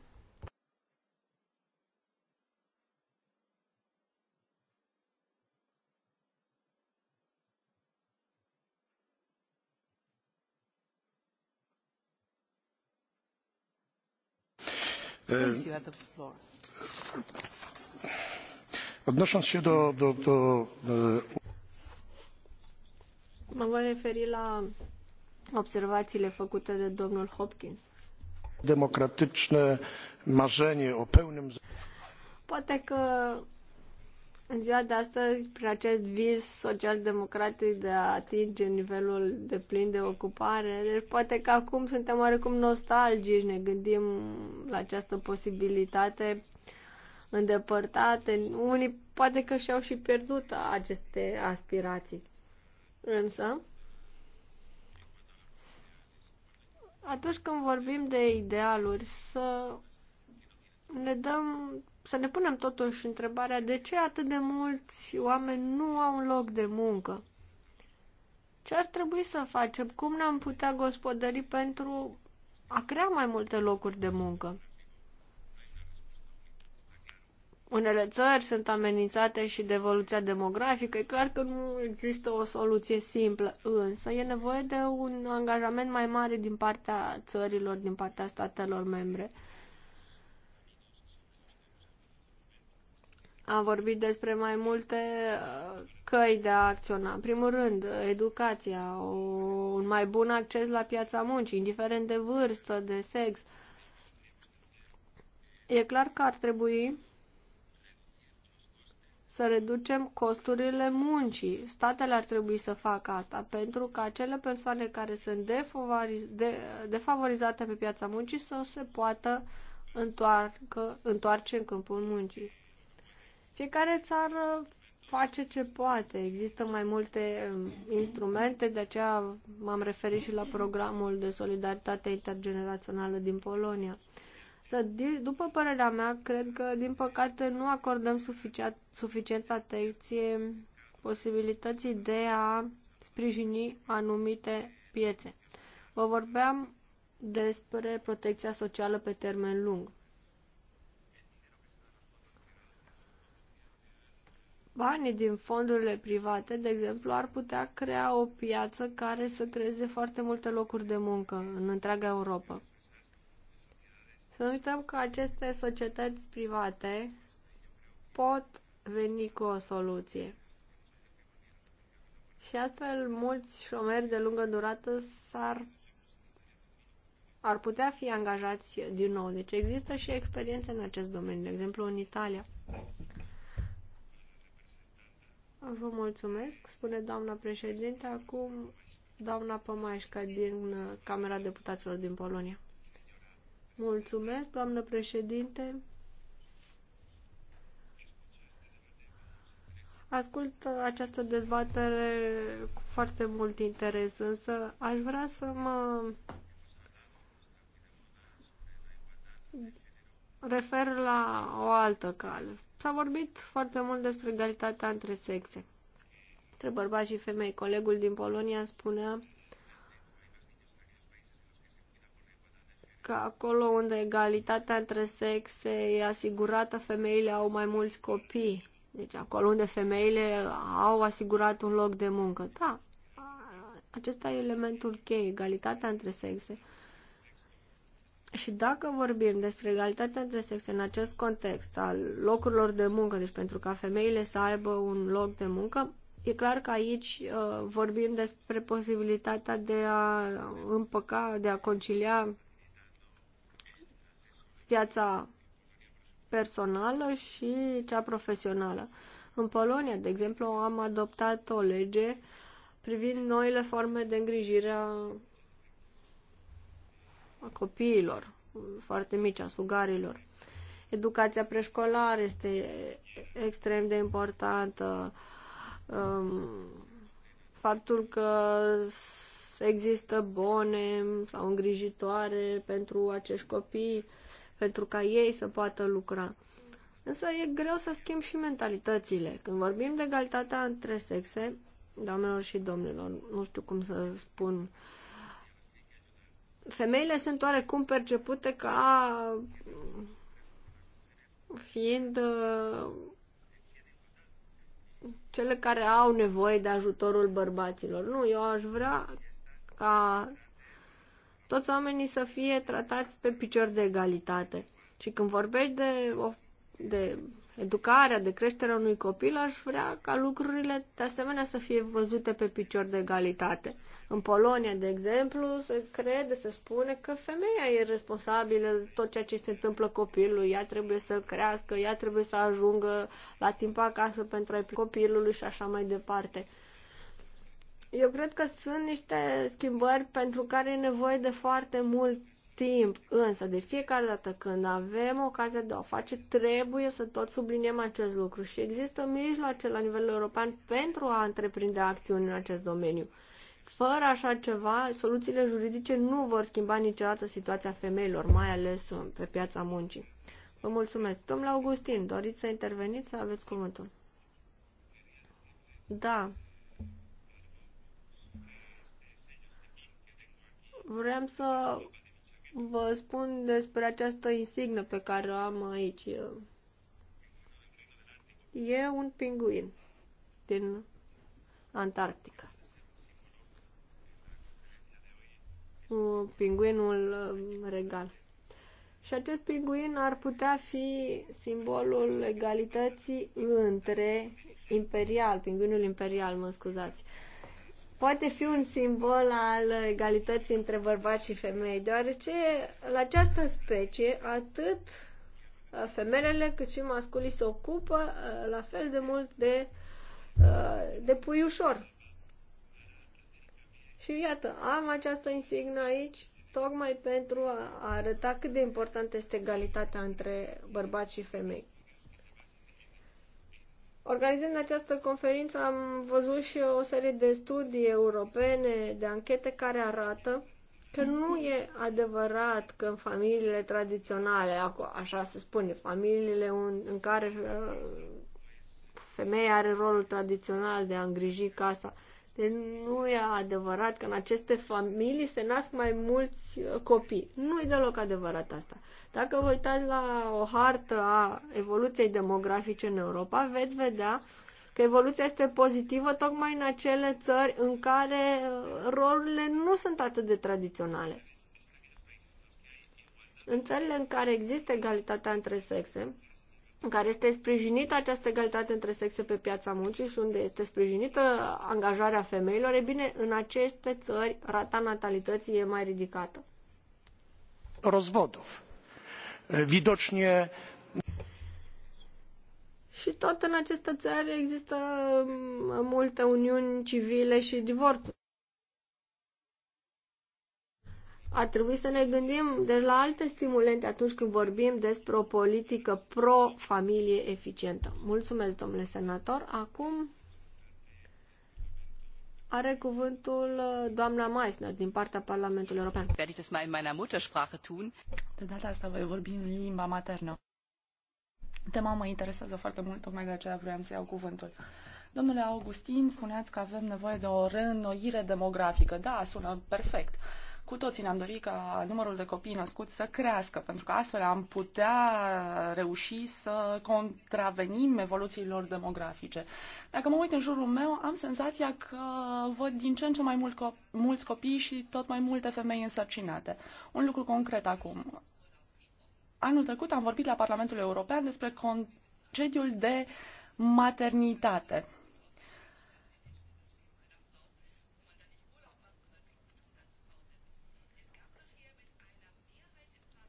Odnosząc się do... Mă voi referi la obserwațiile făcute de domnul Hopkins. Democratyczne marzenie o pełnym... Poate că în ziua de astăzi, prin acest vis social-democratic de a atinge nivelul de plin de ocupare, deci poate că acum suntem oarecum nostalgici, ne gândim la această posibilitate îndepărtate. Unii poate că și-au și pierdut aceste aspirații. Însă, atunci când vorbim de idealuri, să ne dăm, să ne punem totuși întrebarea de ce atât de mulți oameni nu au un loc de muncă. Ce ar trebui să facem? Cum ne-am putea gospodări pentru a crea mai multe locuri de muncă? Unele țări sunt amenințate și de evoluția demografică. E clar că nu există o soluție simplă, însă e nevoie de un angajament mai mare din partea țărilor, din partea statelor membre Am vorbit despre mai multe uh, căi de a acționa. În primul rând, educația, un mai bun acces la piața muncii, indiferent de vârstă, de sex. E clar că ar trebui să reducem costurile muncii. Statele ar trebui să facă asta pentru că acele persoane care sunt defavorizate pe piața muncii să se poată întoarcă, întoarce în câmpul muncii. Fiecare țară face ce poate. Există mai multe um, instrumente, de aceea m-am referit și la programul de solidaritate intergenerațională din Polonia. Să, după părerea mea, cred că, din păcate, nu acordăm suficientă atenție posibilității de a sprijini anumite piețe. Vă vorbeam despre protecția socială pe termen lung. banii din fondurile private, de exemplu, ar putea crea o piață care să creeze foarte multe locuri de muncă în întreaga Europa. Să nu uităm că aceste societăți private pot veni cu o soluție. Și astfel, mulți șomeri de lungă durată s-ar ar putea fi angajați din nou. Deci există și experiențe în acest domeniu, de exemplu în Italia. Vă mulțumesc, spune doamna președinte. Acum doamna Pămașca din uh, Camera Deputaților din Polonia. Mulțumesc, doamnă președinte. Ascult uh, această dezbatere cu foarte mult interes, însă aș vrea să mă refer la o altă cale. S-a vorbit foarte mult despre egalitatea între sexe, între bărbați și femei. Colegul din Polonia spunea că acolo unde egalitatea între sexe e asigurată, femeile au mai mulți copii. Deci acolo unde femeile au asigurat un loc de muncă. Da, acesta e elementul cheie, egalitatea între sexe. Uh, și dacă vorbim despre egalitatea între sexe în acest context al locurilor de muncă, deci pentru ca femeile să aibă un loc de muncă, e clar că aici uh, vorbim despre posibilitatea de a împăca, de a concilia viața personală și cea profesională. În Polonia, de exemplu, am adoptat o lege privind noile forme de îngrijire a a copiilor foarte mici, a sugarilor. Educația preșcolară este extrem de importantă. Um, faptul că există bone sau îngrijitoare pentru acești copii, pentru ca ei să poată lucra. Însă e greu să schimb și mentalitățile. Când vorbim de egalitatea între sexe, doamnelor și domnilor, nu știu cum să spun uh, femeile sunt oarecum percepute ca fiind uh, cele care au nevoie de ajutorul bărbaților. Nu, eu aș vrea ca toți oamenii să fie tratați pe picior de egalitate. Și când vorbești de, de educarea, de creșterea unui copil, aș vrea ca lucrurile de asemenea să fie văzute pe picior de egalitate. În Polonia, de exemplu, se crede, se spune că femeia e responsabilă de tot ceea ce se întâmplă copilului, ea trebuie să crească, ea trebuie să ajungă la timp acasă pentru a i copilului și așa mai departe. Eu cred că sunt niște schimbări pentru care e nevoie de foarte mult timp, însă de fiecare dată când avem ocazia de a o face, trebuie să tot subliniem acest lucru și există mijloace la nivel european pentru a întreprinde acțiuni în acest domeniu. Fără așa ceva, soluțiile juridice nu vor schimba niciodată situația femeilor, mai ales pe piața muncii. Vă mulțumesc. Domnul Augustin, doriți să interveniți, să aveți cuvântul. Da. Vrem să vă spun despre această insignă pe care o am aici. E un pinguin din Antarctica. Pinguinul uh, regal. Și acest pinguin ar putea fi simbolul egalității între imperial, pinguinul imperial, mă scuzați, uh, poate fi un simbol al egalității între bărbați și femei, deoarece la această specie atât uh, femelele cât și masculii se ocupă uh, la fel de mult de, uh, de pui ușor. Și iată, am această insignă aici tocmai pentru a arăta cât de importantă este egalitatea între bărbați și femei. Organizând această conferință am văzut și o serie de studii europene, de anchete care arată că nu e adevărat că în familiile tradiționale, așa se spune, familiile în care uh, femeia are rolul tradițional de a îngriji casa, nu e adevărat că în aceste familii se nasc mai mulți uh, copii. Nu e deloc adevărat asta. Dacă vă uitați la o hartă a evoluției demografice în Europa, veți vedea că evoluția este pozitivă tocmai în acele țări în care uh, rolurile nu sunt atât de tradiționale. În țările în care există egalitatea între sexe, în care este sprijinită această egalitate între sexe pe piața muncii și unde este sprijinită angajarea femeilor, e bine, în aceste țări rata natalității e mai ridicată. Rozvodov. Vidocnie... și tot în aceste țări există multe uniuni civile și divorțuri ar trebui să ne gândim deci la alte stimulente atunci când vorbim despre o politică pro-familie eficientă. Mulțumesc, domnule senator. Acum are cuvântul uh, doamna Meissner din partea Parlamentului European. Werde ich das mal in meiner Muttersprache tun? De data asta voi vorbi în limba maternă. Tema mă interesează foarte mult, tocmai de aceea vreau să iau cuvântul. Domnule Augustin, spuneați că avem nevoie de o reînnoire demografică. Da, sună perfect. Cu toții ne-am dorit ca numărul de copii născuți să crească, pentru că astfel am putea reuși să contravenim evoluțiilor demografice. Dacă mă uit în jurul meu, am senzația că văd din ce în ce mai mult co- mulți copii și tot mai multe femei însărcinate. Un lucru concret acum. Anul trecut am vorbit la Parlamentul European despre concediul de maternitate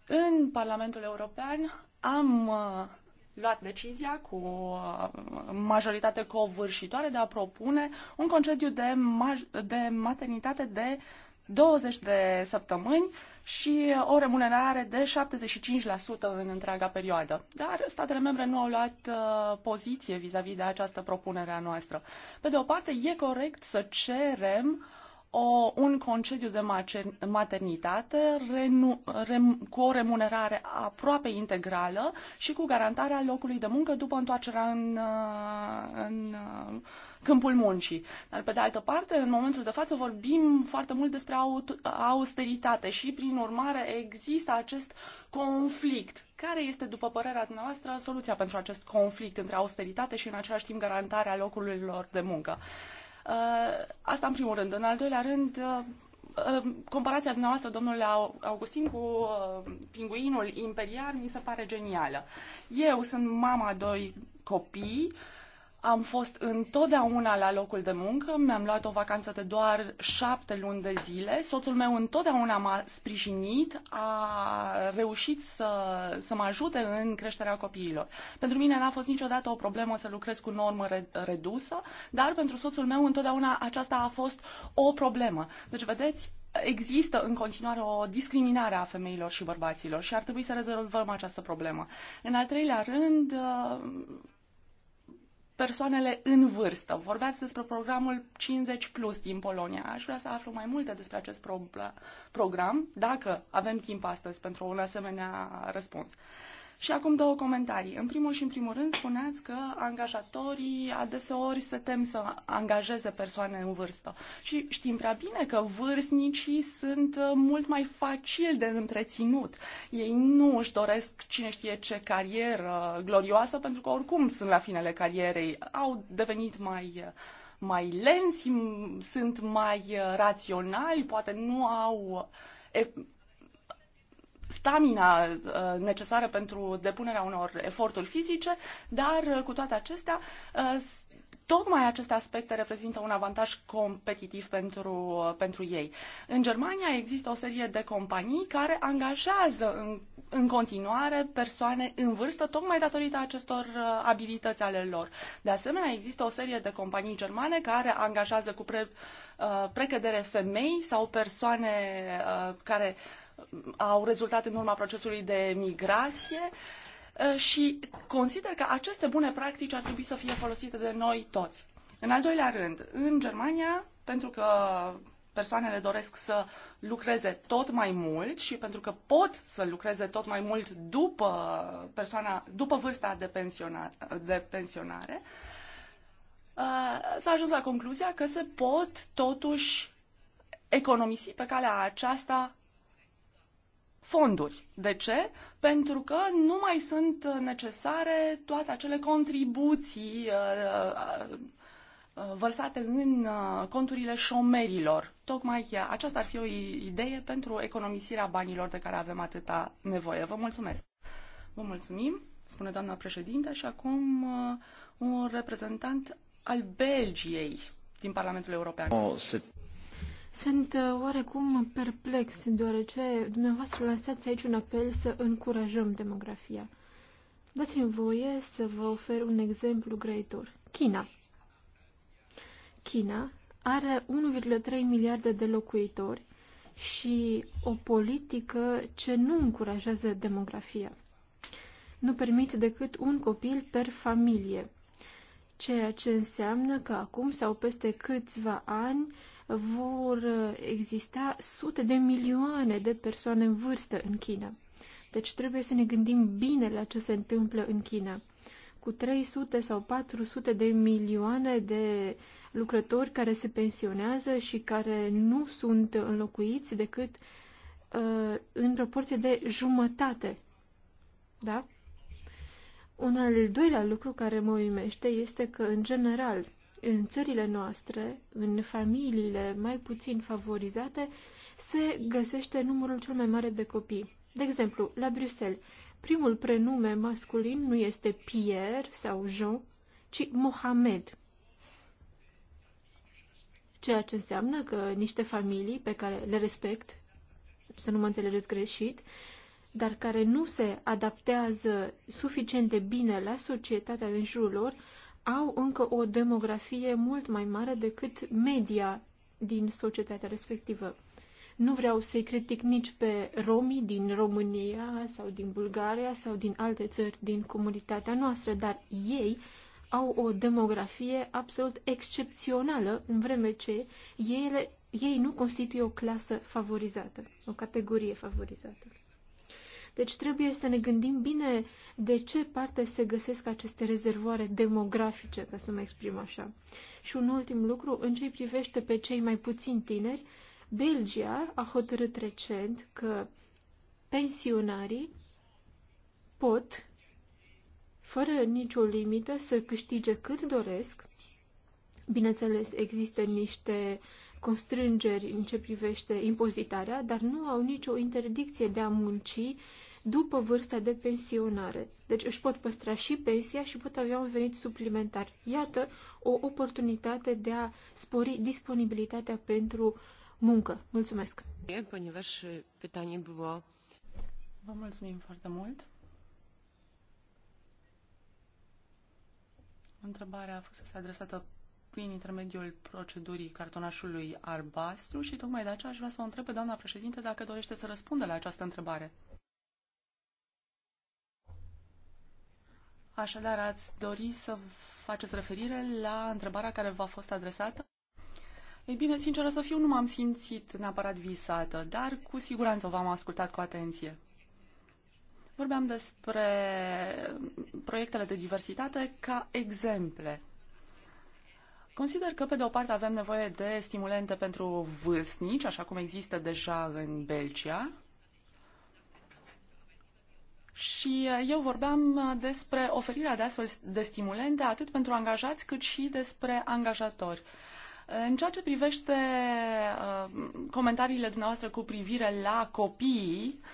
În Parlamentul European am uh, luat decizia cu uh, majoritate covârșitoare de a propune un concediu de, maj- de maternitate de 20 de săptămâni și o remunerare de 75% în întreaga perioadă. Dar statele membre nu au luat uh, poziție vis-a-vis -vis de această propunere a noastră. Pe de o parte, e corect să cerem o, un concediu de maternitate renu, rem, cu o remunerare aproape integrală și cu garantarea locului de muncă după întoarcerea în, uh, în uh, câmpul muncii. Dar, pe de altă parte, în momentul de față vorbim foarte mult despre austeritate și, prin urmare, există acest conflict. Care este, după părerea dumneavoastră, soluția pentru acest conflict între austeritate și, în același timp, garantarea locurilor de muncă? Uh, asta în primul rând. În al doilea rând, uh, uh, comparația dumneavoastră, domnule Augustin, cu pinguinul imperial mi se pare genială. Eu sunt mama doi copii, uh, am fost întotdeauna la locul de muncă, mi-am luat o vacanță de doar șapte luni de zile. Soțul meu întotdeauna m-a sprijinit, a reușit să, să mă ajute în creșterea copiilor. Pentru mine n-a fost niciodată o problemă să lucrez cu normă redusă, dar pentru soțul meu întotdeauna aceasta a fost o problemă. Deci, vedeți, există în continuare o discriminare a femeilor și bărbaților și ar trebui să rezolvăm această problemă. În al treilea rând, persoanele în vârstă. Vorbeați despre programul 50 plus din Polonia. Aș vrea să aflu mai multe despre acest pro- program, dacă avem timp astăzi pentru un asemenea răspuns. Și acum două comentarii. În primul și în primul rând spuneați că angajatorii adeseori se tem să angajeze persoane în vârstă. Și știm prea bine că vârstnicii sunt uh, mult mai facil de întreținut. Ei nu își doresc cine știe ce carieră glorioasă, pentru că oricum sunt la finele carierei, au devenit mai uh, mai lenți, sunt mai uh, raționali, poate nu au stamina uh, necesară pentru depunerea unor eforturi fizice, dar uh, cu toate acestea, uh, tocmai aceste aspecte reprezintă un avantaj competitiv pentru, pentru ei. În Germania există o serie de companii care angajează în, în continuare persoane în vârstă tocmai datorită acestor abilități ale lor. De asemenea, există o serie de companii germane care angajează cu pre, precădere femei sau persoane care au rezultat în urma procesului de migrație uh, și consider că aceste bune practici ar trebui să fie folosite de noi toți. În al doilea rând, în Germania, pentru că persoanele doresc să lucreze tot mai mult și pentru că pot să lucreze tot mai mult după, persoana, după vârsta de, de pensionare, uh, s-a ajuns la concluzia că se pot totuși economisi pe calea aceasta fonduri. De ce? Pentru că nu mai sunt necesare toate acele contribuții uh, uh, uh, vărsate în conturile șomerilor. Tocmai aceasta ar fi o idee pentru economisirea banilor de care avem atâta nevoie. Vă mulțumesc! Vă mulțumim, spune doamna președinte, și acum un reprezentant al Belgiei din Parlamentul European. Oh, sunt uh, oarecum perplex, deoarece dumneavoastră lăsați aici un apel să încurajăm demografia. Dați-mi voie să vă ofer un exemplu grăitor. China. China are 1,3 miliarde de locuitori și o politică ce nu încurajează demografia. Nu permit decât un copil per familie, ceea ce înseamnă că acum sau peste câțiva ani vor exista sute de milioane de persoane în vârstă în China. Deci trebuie să ne gândim bine la ce se întâmplă în China. Cu 300 sau 400 de milioane de lucrători care se pensionează și care nu sunt înlocuiți decât uh, în proporție de jumătate. Da? Un al doilea lucru care mă uimește este că, în general, în țările noastre, în familiile mai puțin favorizate, se găsește numărul cel mai mare de copii. De exemplu, la Bruxelles, primul prenume masculin nu este Pierre sau Jean, ci Mohamed. Ceea ce înseamnă că niște familii pe care le respect, să nu mă înțelegeți greșit, dar care nu se adaptează suficient de bine la societatea din jurul lor, au încă o demografie mult mai mare decât media din societatea respectivă. Nu vreau să-i critic nici pe romii din România sau din Bulgaria sau din alte țări din comunitatea noastră, dar ei au o demografie absolut excepțională, în vreme ce ele, ei nu constituie o clasă favorizată, o categorie favorizată. Deci trebuie să ne gândim bine de ce parte se găsesc aceste rezervoare demografice, ca să mă exprim așa. Și un ultim lucru, în ce privește pe cei mai puțin tineri, Belgia a hotărât recent că pensionarii pot, fără nicio limită, să câștige cât doresc. Bineînțeles, există niște constrângeri în ce privește impozitarea, dar nu au nicio interdicție de a munci după vârsta de pensionare. Deci își pot păstra și pensia și pot avea un venit suplimentar. Iată o oportunitate de a spori disponibilitatea pentru muncă. Mulțumesc! Vă mulțumim foarte mult! Întrebarea a fost adresată prin intermediul procedurii cartonașului albastru și tocmai de aceea aș vrea să o întreb pe doamna președinte dacă dorește să răspundă la această întrebare. Așadar, ați dori să faceți referire la întrebarea care v-a fost adresată? Ei bine, sincer să fiu, nu m-am simțit neapărat visată, dar cu siguranță v-am ascultat cu atenție. Vorbeam despre proiectele de diversitate ca exemple. Consider că, pe de o parte, avem nevoie de stimulente pentru vârstnici, așa cum există deja în Belgia, și uh, eu vorbeam uh, despre oferirea de astfel de stimulente atât pentru angajați cât și despre angajatori. În ceea ce privește uh, comentariile dumneavoastră cu privire la copiii, uh,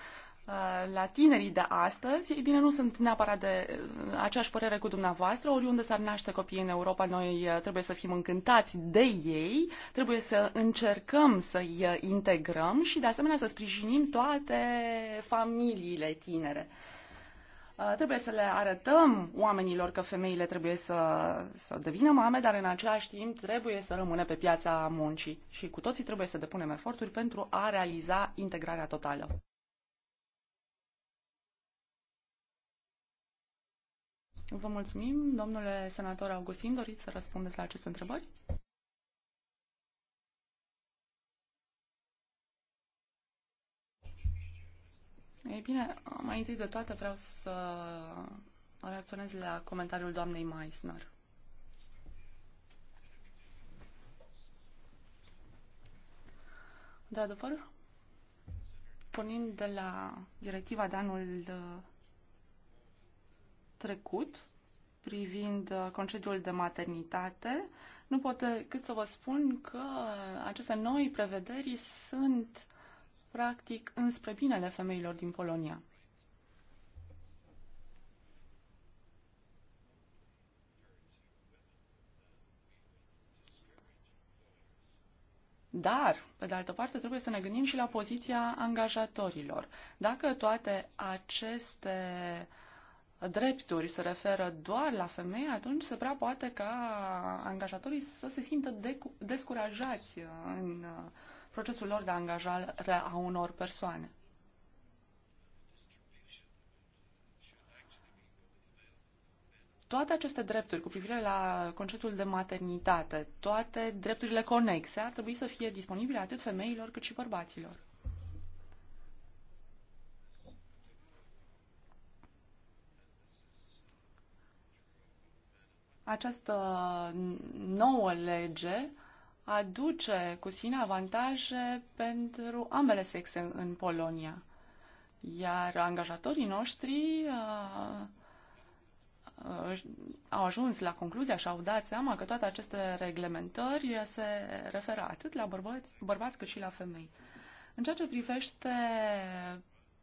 Uh, la tinerii de astăzi, ei bine, nu sunt neapărat de uh, aceeași părere cu dumneavoastră. Oriunde s-ar naște copiii în Europa, noi uh, trebuie să fim încântați de ei, trebuie să încercăm să-i integrăm și, de asemenea, să sprijinim toate familiile tinere. Trebuie să le arătăm oamenilor că femeile trebuie să, să devină mame, dar în același timp trebuie să rămână pe piața muncii și cu toții trebuie să depunem eforturi pentru a realiza integrarea totală. Vă mulțumim. Domnule senator Augustin, doriți să răspundeți la aceste întrebări? Ei bine, mai întâi de toate vreau să reacționez la comentariul doamnei Meissner. Într-adevăr, pornind de la directiva de anul trecut privind uh, concediul de maternitate, nu pot decât să vă spun că aceste noi prevederi sunt practic înspre binele femeilor din Polonia. Dar, pe de altă parte, trebuie să ne gândim și la poziția angajatorilor. Dacă toate aceste uh, drepturi se referă doar la femei, atunci se prea poate ca angajatorii să se simtă descurajați în uh, procesul lor de angajare a unor persoane. toate aceste drepturi cu privire la conceptul de maternitate, toate drepturile conexe ar trebui să fie disponibile atât femeilor cât și bărbaților. Această nouă lege aduce cu sine avantaje pentru ambele sexe în Polonia. Iar angajatorii noștri uh, uh, au ajuns la concluzia și au dat seama că toate aceste reglementări se referă atât la bărbați, bărbați cât și la femei. În ceea ce privește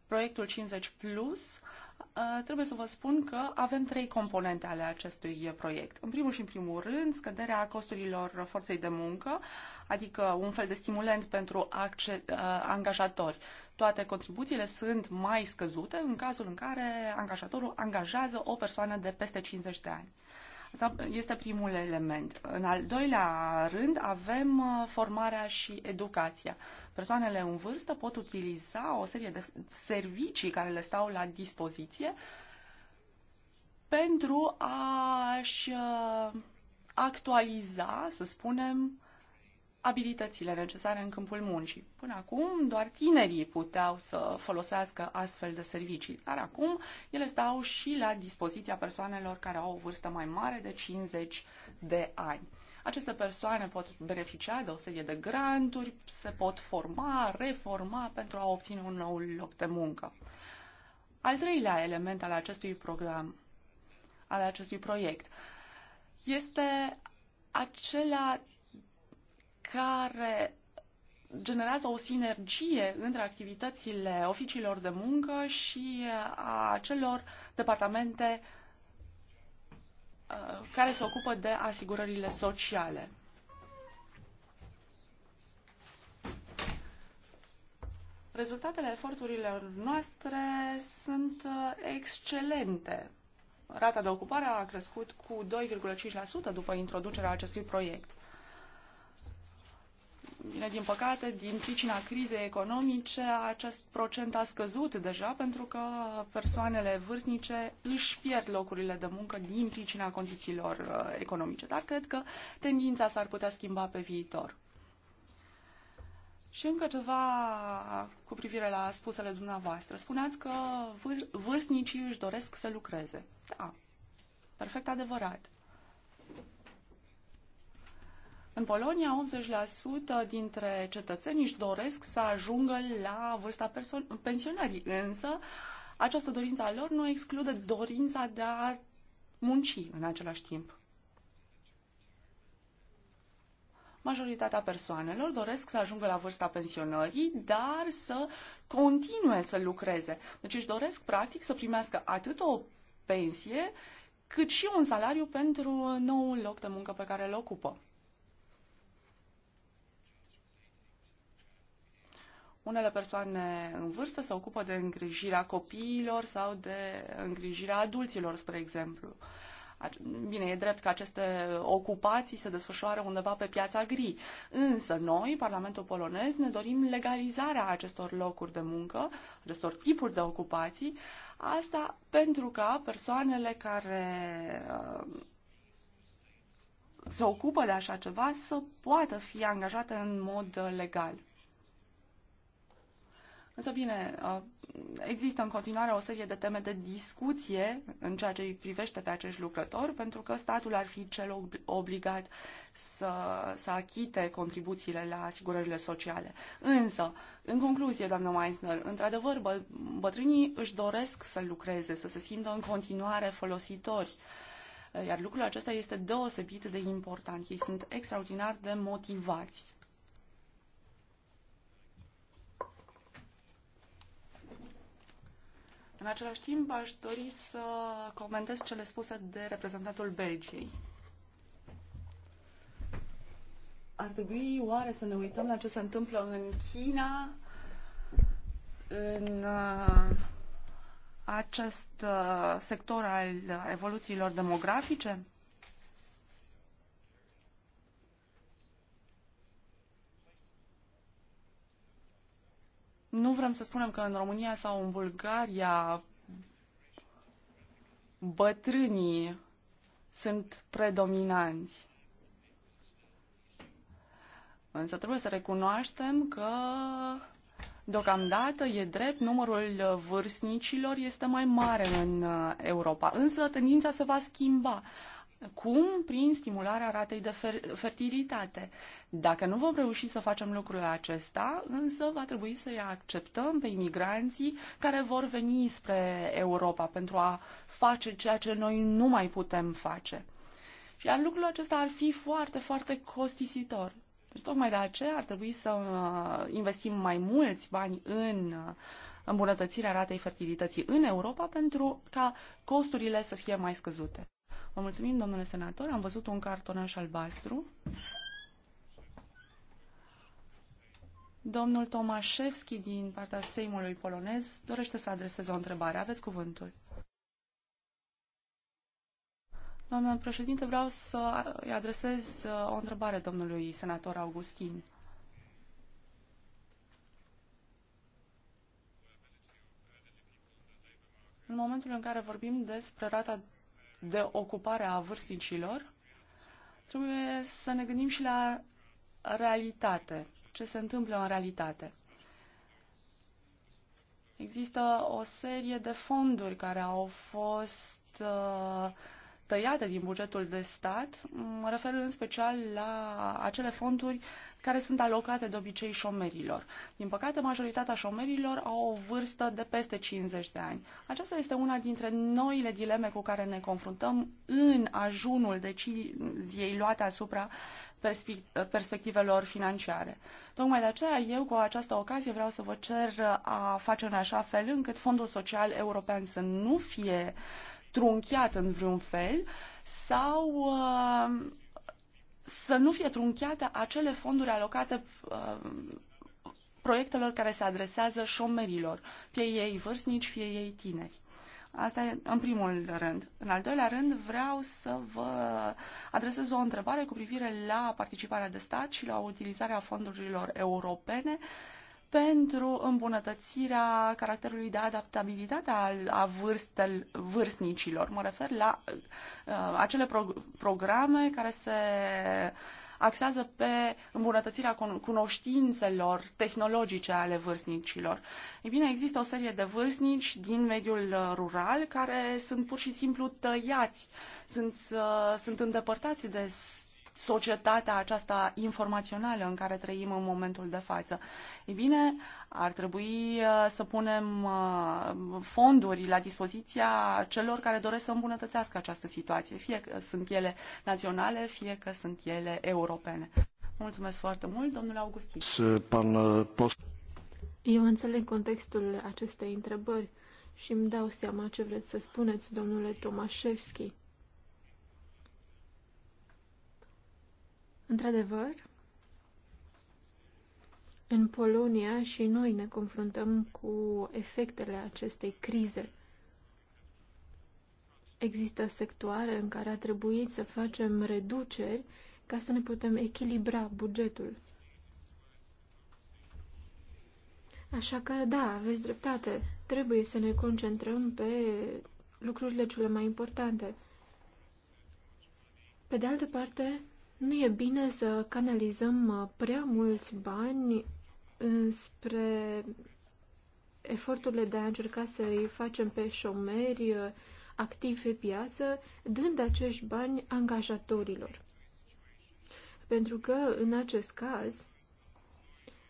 proiectul 50+, plus, Uh, trebuie să vă spun că avem trei componente ale acestui proiect. În primul și în primul rând, scăderea costurilor forței de muncă, adică un fel de stimulent pentru uh, angajatori. Toate contribuțiile sunt mai scăzute în cazul în care angajatorul angajează o persoană de peste 50 de ani este primul element. În al doilea rând avem uh, formarea și educația. Persoanele în vârstă pot utiliza o serie de servicii care le stau la dispoziție pentru a-și uh, actualiza, să spunem, abilitățile necesare în câmpul muncii. Până acum, doar tinerii puteau să folosească astfel de servicii, dar acum ele stau și la dispoziția persoanelor care au o vârstă mai mare de 50 de ani. Aceste persoane pot beneficia de o serie de granturi, se pot forma, reforma pentru a obține un nou loc de muncă. Al treilea element al acestui program, al acestui proiect, este acela care generează o sinergie între activitățile oficiilor de muncă și a celor departamente uh, care se ocupă de asigurările sociale. Rezultatele eforturilor noastre sunt uh, excelente. Rata de ocupare a crescut cu 2,5% după introducerea acestui proiect. Bine, din păcate, din pricina crizei economice, acest procent a scăzut deja pentru că persoanele vârstnice își pierd locurile de muncă din pricina condițiilor uh, economice. Dar cred că tendința s-ar putea schimba pe viitor. Și încă ceva cu privire la spusele dumneavoastră. Spuneați că vârstnicii își doresc să lucreze. Da, perfect adevărat. În Polonia, 80% dintre cetățeni își doresc să ajungă la vârsta pensionării, însă această dorință a lor nu exclude dorința de a munci în același timp. Majoritatea persoanelor doresc să ajungă la vârsta pensionării, dar să continue să lucreze. Deci își doresc, practic, să primească atât o pensie, cât și un salariu pentru noul loc de muncă pe care îl ocupă. Unele persoane în vârstă se ocupă de îngrijirea copiilor sau de îngrijirea adulților, spre exemplu. Bine, e drept că aceste ocupații se desfășoară undeva pe piața gri, însă noi, Parlamentul polonez, ne dorim legalizarea acestor locuri de muncă, acestor tipuri de ocupații, asta pentru ca persoanele care uh, se ocupă de așa ceva să poată fi angajate în mod legal. Însă bine, există în continuare o serie de teme de discuție în ceea ce îi privește pe acești lucrători, pentru că statul ar fi cel obligat să, să achite contribuțiile la asigurările sociale. Însă, în concluzie, doamnă Meissner, într-adevăr, bătrânii își doresc să lucreze, să se simtă în continuare folositori. Iar lucrul acesta este deosebit de important. Ei sunt extraordinar de motivați. În același timp, aș dori să comentez cele spuse de reprezentantul Belgiei. Ar trebui oare să ne uităm la ce se întâmplă în China, în uh, acest uh, sector al evoluțiilor demografice? Nu vrem să spunem că în România sau în Bulgaria bătrânii sunt predominanți. Însă trebuie să recunoaștem că Deocamdată e drept, numărul vârstnicilor este mai mare în uh, Europa, însă tendința se va schimba. Cum? Prin stimularea ratei de fer- fertilitate. Dacă nu vom reuși să facem lucrul acesta, însă va trebui să-i acceptăm pe imigranții care vor veni spre Europa pentru a face ceea ce noi nu mai putem face. Și iar lucrul acesta ar fi foarte, foarte costisitor. Deci tocmai de aceea ar trebui să uh, investim mai mulți bani în uh, îmbunătățirea ratei fertilității în Europa pentru ca costurile să fie mai scăzute. Vă mulțumim, domnule senator. Am văzut un cartonaș albastru. Domnul Tomaszewski din partea Seimului polonez dorește să adreseze o întrebare. Aveți cuvântul. Doamna președinte, vreau să îi adresez uh, o întrebare domnului senator Augustin. În momentul în care vorbim despre rata de ocupare a vârstnicilor, trebuie să ne gândim și la realitate, ce se întâmplă în realitate. Există o serie de fonduri care au fost uh, tăiate din bugetul de stat. Mă refer în special la acele fonduri care sunt alocate de obicei șomerilor. Din păcate, majoritatea șomerilor au o vârstă de peste 50 de ani. Aceasta este una dintre noile dileme cu care ne confruntăm în ajunul deciziei luate asupra perspectivelor financiare. Tocmai de aceea eu cu această ocazie vreau să vă cer a face în așa fel încât Fondul Social European să nu fie trunchiat în vreun fel sau uh, să nu fie trunchiate acele fonduri alocate uh, proiectelor care se adresează șomerilor, fie ei vârstnici, fie ei tineri. Asta e în primul rând. În al doilea rând, vreau să vă adresez o întrebare cu privire la participarea de stat și la utilizarea fondurilor europene uh, pentru îmbunătățirea caracterului de adaptabilitate al, a vârstel, vârstnicilor. Mă refer la uh, acele pro, programe care se axează pe îmbunătățirea cunoștințelor tehnologice ale vârstnicilor. Ei bine, există o serie de vârstnici din mediul uh, rural care sunt pur și simplu tăiați, sunt, uh, sunt îndepărtați de societatea aceasta informațională în care trăim în momentul de față. Ei bine, ar trebui uh, să punem uh, fonduri la dispoziția celor care doresc să îmbunătățească această situație, fie că sunt ele naționale, fie că sunt ele europene. Mulțumesc foarte mult, domnule Augustin. Uh, Eu înțeleg contextul acestei întrebări și îmi dau seama ce vreți să spuneți, domnule Tomașevski. Într-adevăr, în Polonia și noi ne confruntăm cu efectele acestei crize. Există sectoare în care a trebuit să facem reduceri ca să ne putem echilibra bugetul. Așa că, da, aveți dreptate. Trebuie să ne concentrăm pe lucrurile cele mai importante. Pe de altă parte, nu e bine să canalizăm uh, prea mulți bani spre eforturile de a încerca să-i facem pe șomeri uh, activi pe piață, dând acești bani angajatorilor. Pentru că, în acest caz,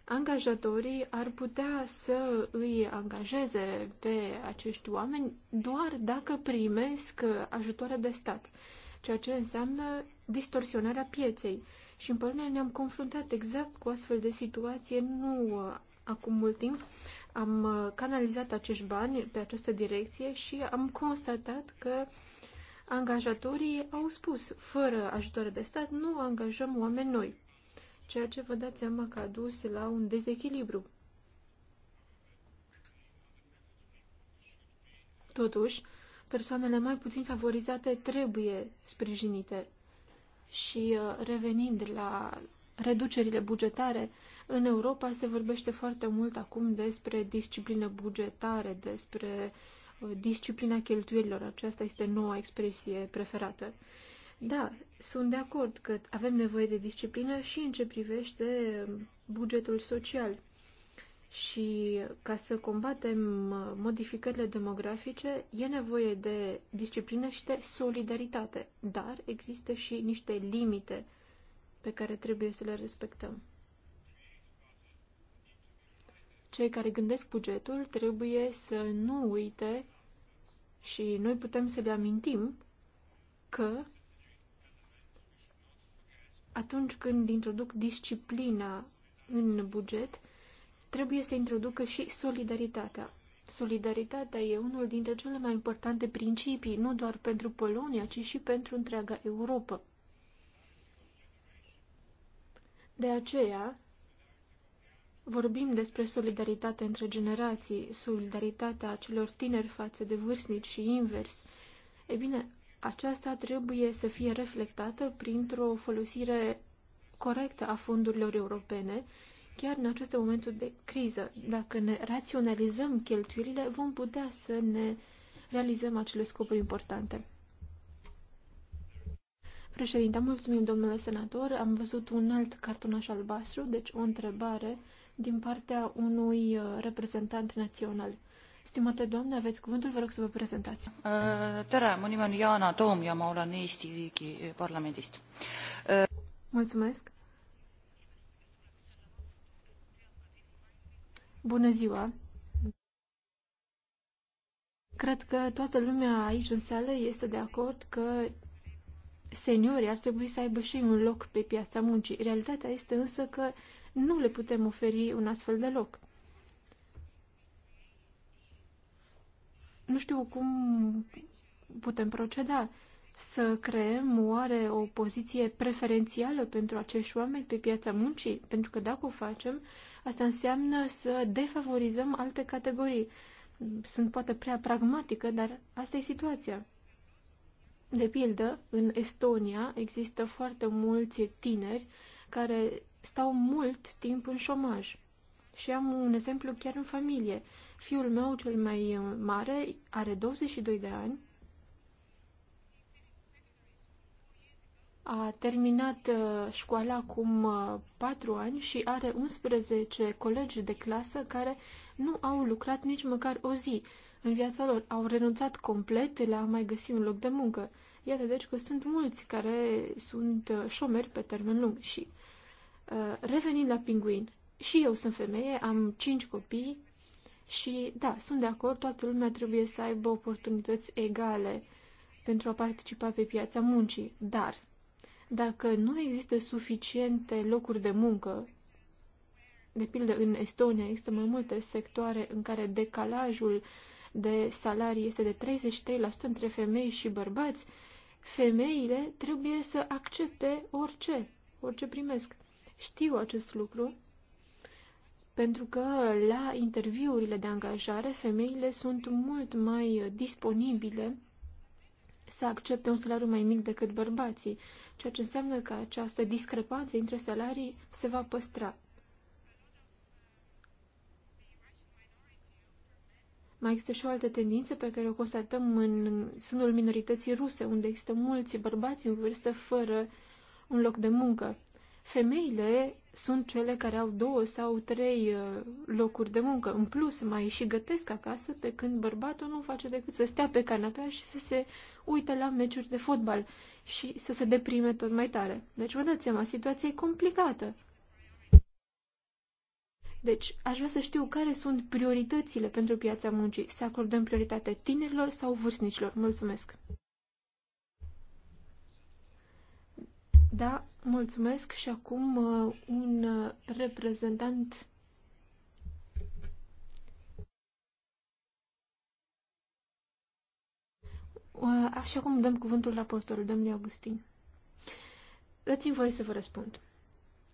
angajatorii ar putea să îi angajeze pe acești oameni doar dacă primesc uh, ajutoare de stat, ceea ce înseamnă distorsionarea pieței. Și în Polonia ne-am confruntat exact cu astfel de situație, nu uh, acum mult timp. Am uh, canalizat acești bani pe această direcție și am constatat că angajatorii au spus, fără ajutoare de stat, nu angajăm oameni noi. Ceea ce vă dați seama că a dus la un dezechilibru. Totuși, persoanele mai puțin favorizate trebuie sprijinite și uh, revenind la reducerile bugetare, în Europa se vorbește foarte mult acum despre disciplină bugetare, despre uh, disciplina cheltuielilor. Aceasta este noua expresie preferată. Da, sunt de acord că avem nevoie de disciplină și în ce privește um, bugetul social. Și ca să combatem uh, modificările demografice, e nevoie de disciplină și de solidaritate, dar există și niște limite pe care trebuie să le respectăm. Cei care gândesc bugetul trebuie să nu uite și noi putem să le amintim că atunci când introduc disciplina în buget, trebuie să introducă și solidaritatea. Solidaritatea e unul dintre cele mai importante principii, nu doar pentru Polonia, ci și pentru întreaga Europa. De aceea, vorbim despre solidaritate între generații, solidaritatea celor tineri față de vârstnici și invers. E bine, aceasta trebuie să fie reflectată printr-o folosire corectă a fondurilor europene Chiar în aceste momente de criză, dacă ne raționalizăm cheltuielile, vom putea să ne realizăm acele scopuri importante. Președinte, mulțumim, domnule senator. Am văzut un alt cartonaș albastru, deci o întrebare din partea unui uh, reprezentant național. Stimate doamne, aveți cuvântul, vă rog să vă prezentați. Uh, tere, mă numesc Iana Tom eu ma Eesti riigi Mulțumesc. Bună ziua! Cred că toată lumea aici în sală este de acord că seniorii ar trebui să aibă și un loc pe piața muncii. Realitatea este însă că nu le putem oferi un astfel de loc. Nu știu cum putem proceda. Să creăm oare o poziție preferențială pentru acești oameni pe piața muncii? Pentru că dacă o facem, Asta înseamnă să defavorizăm alte categorii. Sunt poate prea pragmatică, dar asta e situația. De pildă, în Estonia există foarte mulți tineri care stau mult timp în șomaj. Și am un exemplu chiar în familie. Fiul meu, cel mai mare, are 22 de ani a terminat uh, școala acum 4 uh, ani și are 11 colegi de clasă care nu au lucrat nici măcar o zi în viața lor. Au renunțat complet la a mai găsi un loc de muncă. Iată deci că sunt mulți care sunt uh, șomeri pe termen lung și revenind la pinguin. Și eu sunt femeie, am 5 copii și da, sunt de acord, toată lumea trebuie să aibă oportunități egale pentru a participa pe piața muncii, dar dacă nu există suficiente locuri de muncă, de pildă în Estonia există mai multe sectoare în care decalajul de salarii este de 33% între femei și bărbați, femeile trebuie să accepte orice, orice primesc. Știu acest lucru, pentru că la interviurile de angajare femeile sunt mult mai disponibile să accepte un salariu mai mic decât bărbații, ceea ce înseamnă că această discrepanță între salarii se va păstra. Mai există și o altă tendință pe care o constatăm în sânul minorității ruse, unde există mulți bărbați în vârstă fără un loc de muncă femeile sunt cele care au două sau trei uh, locuri de muncă. În plus, mai și gătesc acasă, pe când bărbatul nu face decât să stea pe canapea și să se uite la meciuri de fotbal și să se deprime tot mai tare. Deci, vă dați seama, situația e complicată. Deci, aș vrea să știu care sunt prioritățile pentru piața muncii. Să acordăm prioritate tinerilor sau vârstnicilor? Mulțumesc! Da, mulțumesc și acum uh, un uh, reprezentant uh, Așa cum dăm cuvântul raportorului, domnule Augustin. Dați-mi voie să vă răspund.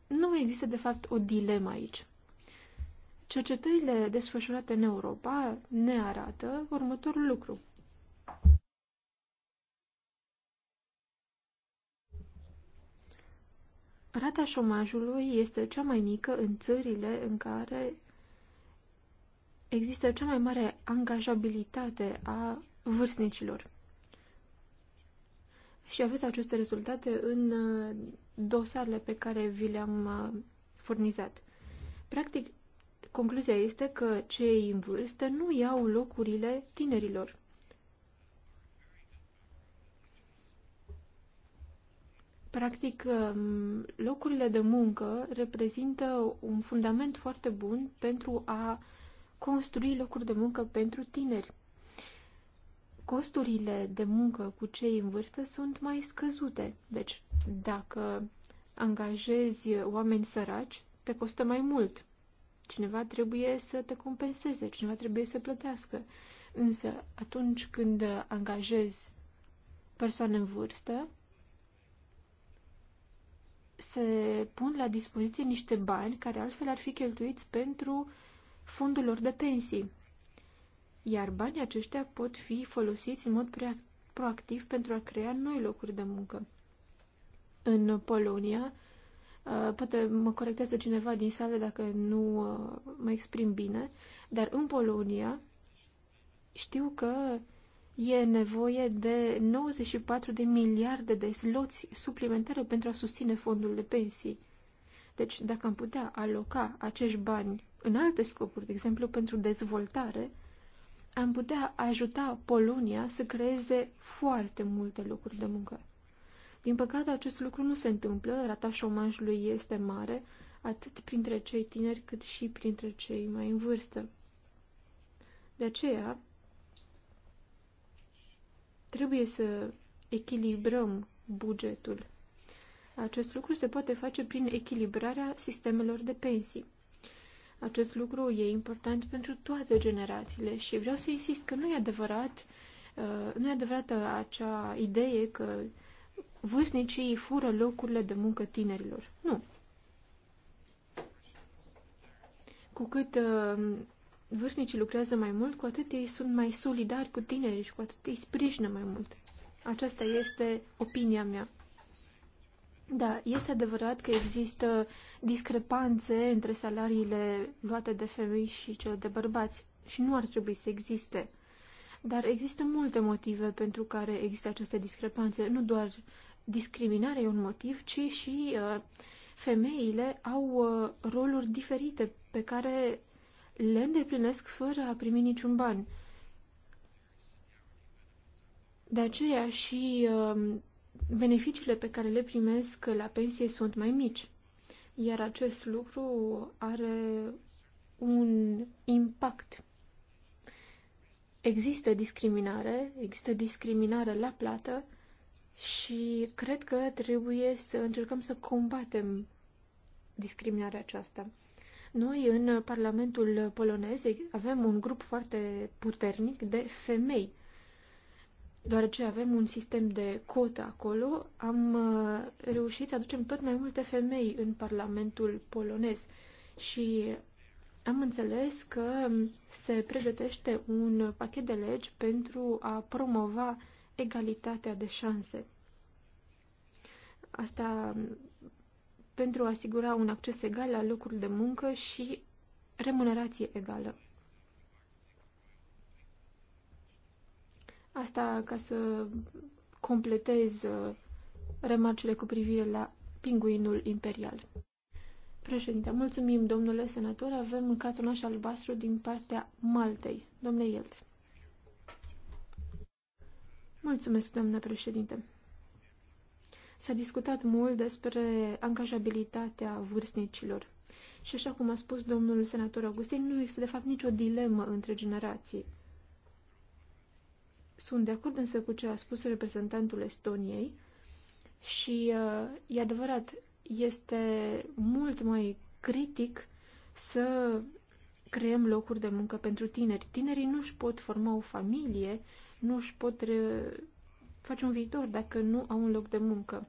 Nu există, de fapt, o dilemă aici. Cercetările desfășurate în Europa ne arată următorul lucru. Rata șomajului este cea mai mică în țările în care există cea mai mare angajabilitate a vârstnicilor. Și aveți aceste rezultate în uh, dosarele pe care vi le-am uh, furnizat. Practic, concluzia este că cei în vârstă nu iau locurile tinerilor. Practic, um, locurile de muncă reprezintă un fundament foarte bun pentru a construi locuri de muncă pentru tineri. Costurile de muncă cu cei în vârstă sunt mai scăzute. Deci, dacă angajezi oameni săraci, te costă mai mult. Cineva trebuie să te compenseze, cineva trebuie să plătească. Însă, atunci când angajezi persoane în vârstă, se pun la dispoziție niște bani care altfel ar fi cheltuiți pentru fondul lor de pensii. Iar banii aceștia pot fi folosiți în mod proactiv pentru a crea noi locuri de muncă. În Polonia, poate mă corectează cineva din sală dacă nu mă exprim bine, dar în Polonia știu că e nevoie de 94 de miliarde de sloți suplimentare pentru a susține fondul de pensii. Deci, dacă am putea aloca acești bani în alte scopuri, de exemplu pentru dezvoltare, am putea ajuta Polonia să creeze foarte multe locuri de muncă. Din păcate, acest lucru nu se întâmplă, rata șomajului este mare, atât printre cei tineri cât și printre cei mai în vârstă. De aceea, Trebuie să echilibrăm bugetul. Acest lucru se poate face prin echilibrarea sistemelor de pensii. Acest lucru e important pentru toate generațiile și vreau să insist că nu e adevărat, uh, nu e adevărată acea idee că vârstnicii fură locurile de muncă tinerilor. Nu. Cu cât uh, vârstnicii lucrează mai mult, cu atât ei sunt mai solidari cu tinerii și cu atât ei sprijină mai mult. Aceasta este opinia mea. Da, este adevărat că există discrepanțe între salariile luate de femei și cele de bărbați și nu ar trebui să existe. Dar există multe motive pentru care există aceste discrepanțe. Nu doar discriminarea e un motiv, ci și uh, femeile au uh, roluri diferite pe care le îndeplinesc fără a primi niciun ban. De aceea și um, beneficiile pe care le primesc la pensie sunt mai mici, iar acest lucru are un impact. Există discriminare, există discriminare la plată și cred că trebuie să încercăm să combatem discriminarea aceasta. Noi, în Parlamentul polonez, avem un grup foarte puternic de femei. Deoarece avem un sistem de cotă acolo, am uh, reușit să aducem tot mai multe femei în Parlamentul polonez și am înțeles că se pregătește un pachet de legi pentru a promova egalitatea de șanse. Asta pentru a asigura un acces egal la locuri de muncă și remunerație egală. Asta ca să completez uh, remarcele cu privire la pinguinul imperial. Președinte, mulțumim, domnule senator. Avem un cartonaș albastru din partea Maltei. Domnule Ielt. Mulțumesc, domnule președinte. S-a discutat mult despre angajabilitatea vârstnicilor. Și așa cum a spus domnul senator Augustin, nu există de fapt nicio dilemă între generații. Sunt de acord însă cu ce a spus reprezentantul Estoniei și uh, e adevărat, este mult mai critic să creăm locuri de muncă pentru tineri. Tinerii nu își pot forma o familie, nu își pot re- faci un viitor dacă nu au un loc de muncă.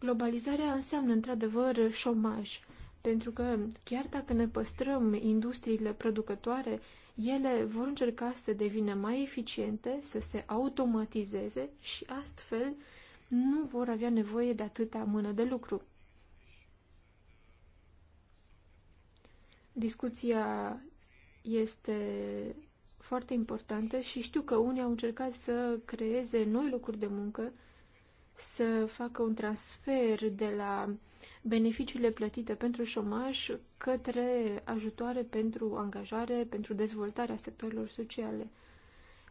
Globalizarea înseamnă într-adevăr șomaj, pentru că chiar dacă ne păstrăm industriile producătoare, ele vor încerca să devină mai eficiente, să se automatizeze și astfel nu vor avea nevoie de atâta mână de lucru. Discuția este foarte importantă și știu că unii au încercat să creeze noi locuri de muncă, să facă un transfer de la beneficiile plătite pentru șomaj către ajutoare pentru angajare, pentru dezvoltarea sectorilor sociale.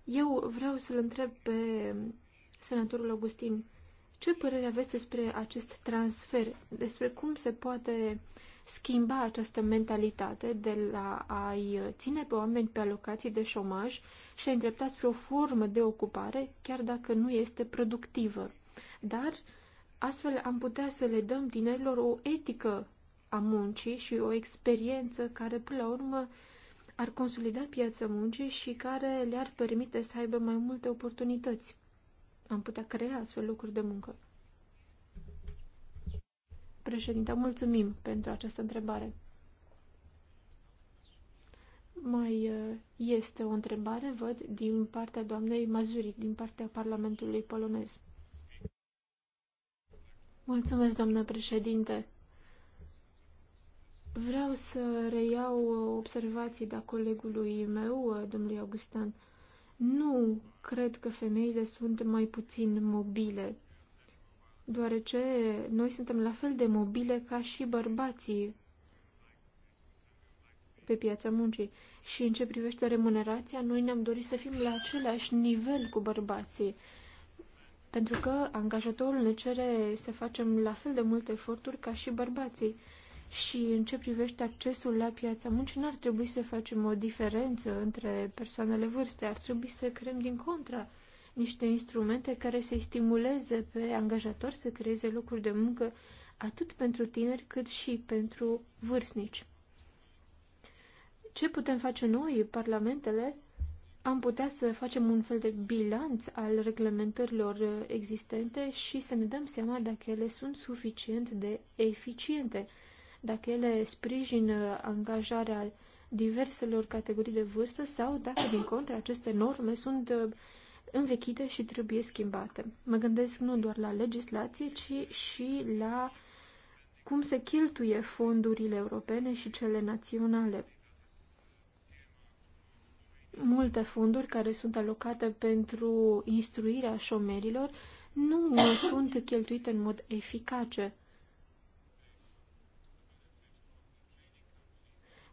Eu vreau să-l întreb pe senatorul Augustin ce părere aveți despre acest transfer, despre cum se poate uh, schimba această mentalitate de la a-i ține pe oameni pe alocații de șomaj și a îndrepta spre o formă de ocupare, chiar dacă nu este productivă. Dar astfel am putea să le dăm tinerilor o etică a muncii și o experiență care, până la urmă, ar consolida piața muncii și care le-ar permite să aibă mai multe oportunități. Am putea crea astfel locuri de muncă. Președinte, mulțumim pentru această întrebare. Mai uh, este o întrebare, văd, din partea doamnei Mazuri, din partea Parlamentului polonez. Mulțumesc, doamnă președinte. Vreau să reiau observații de colegului meu, uh, domnului Augustan. Nu cred că femeile sunt mai puțin mobile deoarece noi suntem la fel de mobile ca și bărbații pe piața muncii. Și în ce privește remunerația, noi ne-am dorit să fim la același nivel cu bărbații. Pentru că angajatorul ne cere să facem la fel de multe eforturi ca și bărbații. Și în ce privește accesul la piața muncii, n-ar trebui să facem o diferență între persoanele vârste, ar trebui să creăm din contra niște instrumente care să-i stimuleze pe angajatori să creeze locuri de muncă atât pentru tineri cât și pentru vârstnici. Ce putem face noi, parlamentele? Am putea să facem un fel de bilanț al reglementărilor existente și să ne dăm seama dacă ele sunt suficient de eficiente, dacă ele sprijină angajarea diverselor categorii de vârstă sau dacă, din contră, aceste norme sunt uh, învechite și trebuie schimbate. Mă gândesc nu doar la legislație, ci și la cum se cheltuie fondurile europene și cele naționale. Multe fonduri care sunt alocate pentru instruirea șomerilor nu sunt cheltuite în mod eficace.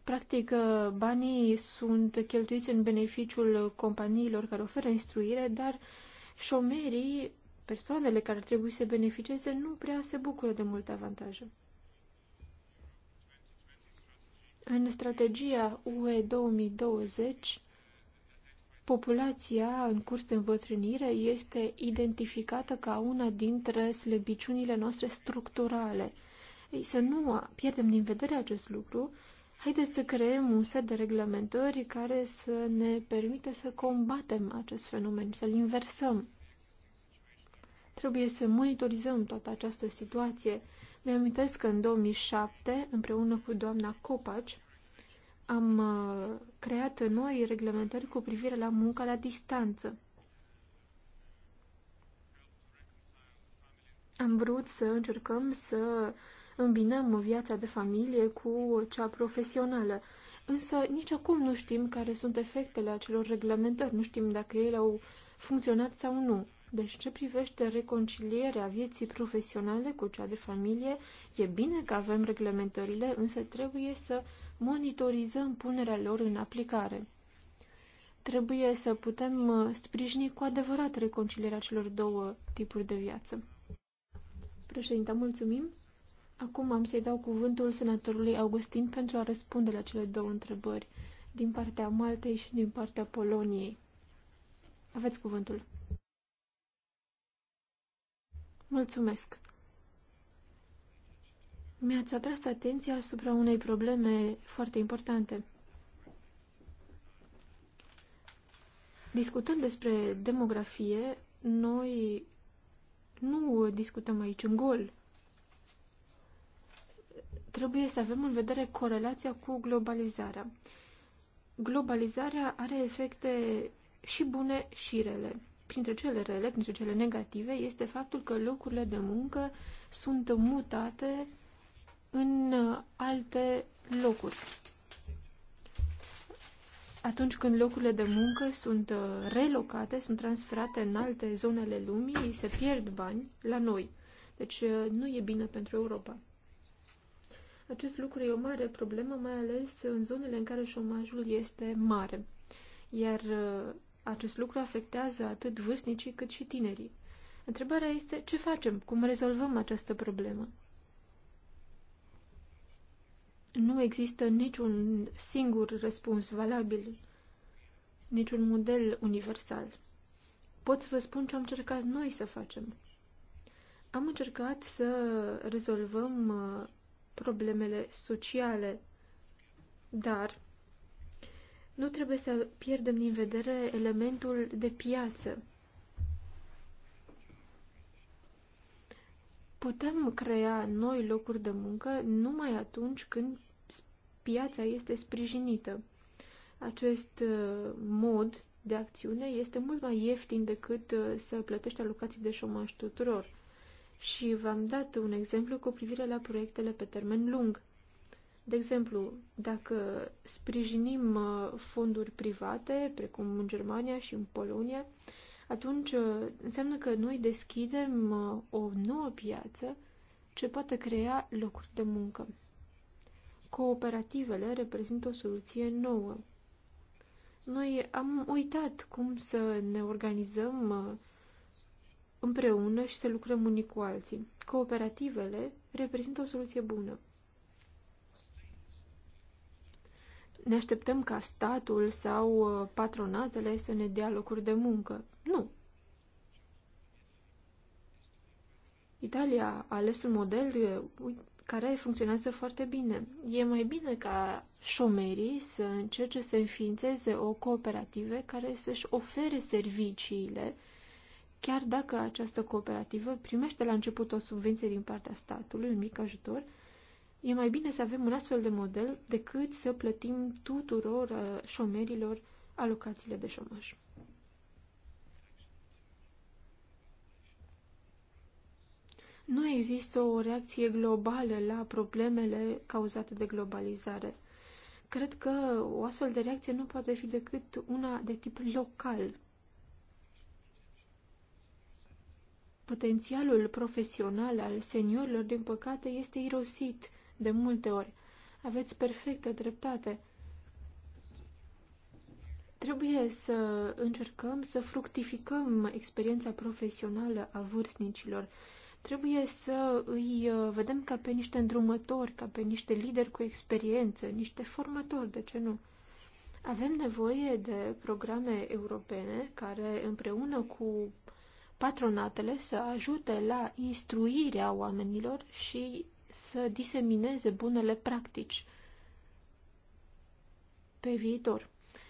Practic, uh, banii sunt cheltuiți în beneficiul companiilor care oferă instruire, dar șomerii, persoanele care ar trebui să beneficieze, nu prea se bucură de multe avantaje. În strategia UE 2020, populația în curs de învătrânire este identificată ca una dintre slăbiciunile noastre structurale. Ei, să nu pierdem din vedere acest lucru, Haideți să creăm un set de reglementări care să ne permită să combatem acest fenomen, să-l inversăm. Trebuie să monitorizăm toată această situație. Mi-amintesc că în 2007, împreună cu doamna Copaci, am uh, creat noi reglementări cu privire la munca la distanță. Am vrut să încercăm să îmbinăm viața de familie cu cea profesională. Însă nici acum nu știm care sunt efectele acelor reglementări, nu știm dacă ele au funcționat sau nu. Deci ce privește reconcilierea vieții profesionale cu cea de familie, e bine că avem reglementările, însă trebuie să monitorizăm punerea lor în aplicare. Trebuie să putem uh, sprijini cu adevărat reconcilierea celor două tipuri de viață. Președinte, mulțumim! Acum am să-i dau cuvântul senatorului Augustin pentru a răspunde la cele două întrebări din partea Maltei și din partea Poloniei. Aveți cuvântul. Mulțumesc. Mi-ați atras atenția asupra unei probleme foarte importante. Discutând despre demografie, noi nu discutăm aici un gol, trebuie să avem în vedere corelația cu globalizarea. Globalizarea are efecte și bune și rele. Printre cele rele, printre cele negative, este faptul că locurile de muncă sunt mutate în alte locuri. Atunci când locurile de muncă sunt uh, relocate, sunt transferate în alte zonele lumii, se pierd bani la noi. Deci uh, nu e bine pentru Europa. Acest lucru e o mare problemă, mai ales în zonele în care șomajul este mare. Iar uh, acest lucru afectează atât vârstnicii cât și tinerii. Întrebarea este ce facem, cum rezolvăm această problemă. Nu există niciun singur răspuns valabil, niciun model universal. Pot să vă spun ce am încercat noi să facem. Am încercat să rezolvăm uh, problemele sociale, dar nu trebuie să pierdem din vedere elementul de piață. Putem crea noi locuri de muncă numai atunci când piața este sprijinită. Acest uh, mod de acțiune este mult mai ieftin decât uh, să plătești alocații de șomaj tuturor și v-am dat un exemplu cu privire la proiectele pe termen lung. De exemplu, dacă sprijinim uh, fonduri private, precum în Germania și în Polonia, atunci uh, înseamnă că noi deschidem uh, o nouă piață ce poate crea locuri de muncă. Cooperativele reprezintă o soluție nouă. Noi am uitat cum să ne organizăm împreună și să lucrăm unii cu alții. Cooperativele reprezintă o soluție bună. Ne așteptăm ca statul sau uh, patronatele să ne dea locuri de muncă. Nu. Italia a ales un model care funcționează foarte bine. E mai bine ca șomerii să încerce să înființeze o cooperativă care să-și ofere serviciile uh, chiar dacă această cooperativă primește la început o subvenție din partea statului, un mic ajutor, e mai bine să avem un astfel de model decât să plătim tuturor uh, șomerilor alocațiile de șomaj. Nu există o reacție globală la problemele cauzate de globalizare. Cred că o astfel de reacție nu poate fi decât una de tip local, Potențialul profesional al seniorilor, din păcate, este irosit de multe ori. Aveți perfectă dreptate. Trebuie să încercăm să fructificăm experiența profesională a vârstnicilor. Trebuie să îi uh, vedem ca pe niște îndrumători, ca pe niște lideri cu experiență, niște formatori, de ce nu? Avem nevoie de programe europene care, împreună cu patronatele să ajute la instruirea oamenilor și să disemineze bunele practici pe viitor.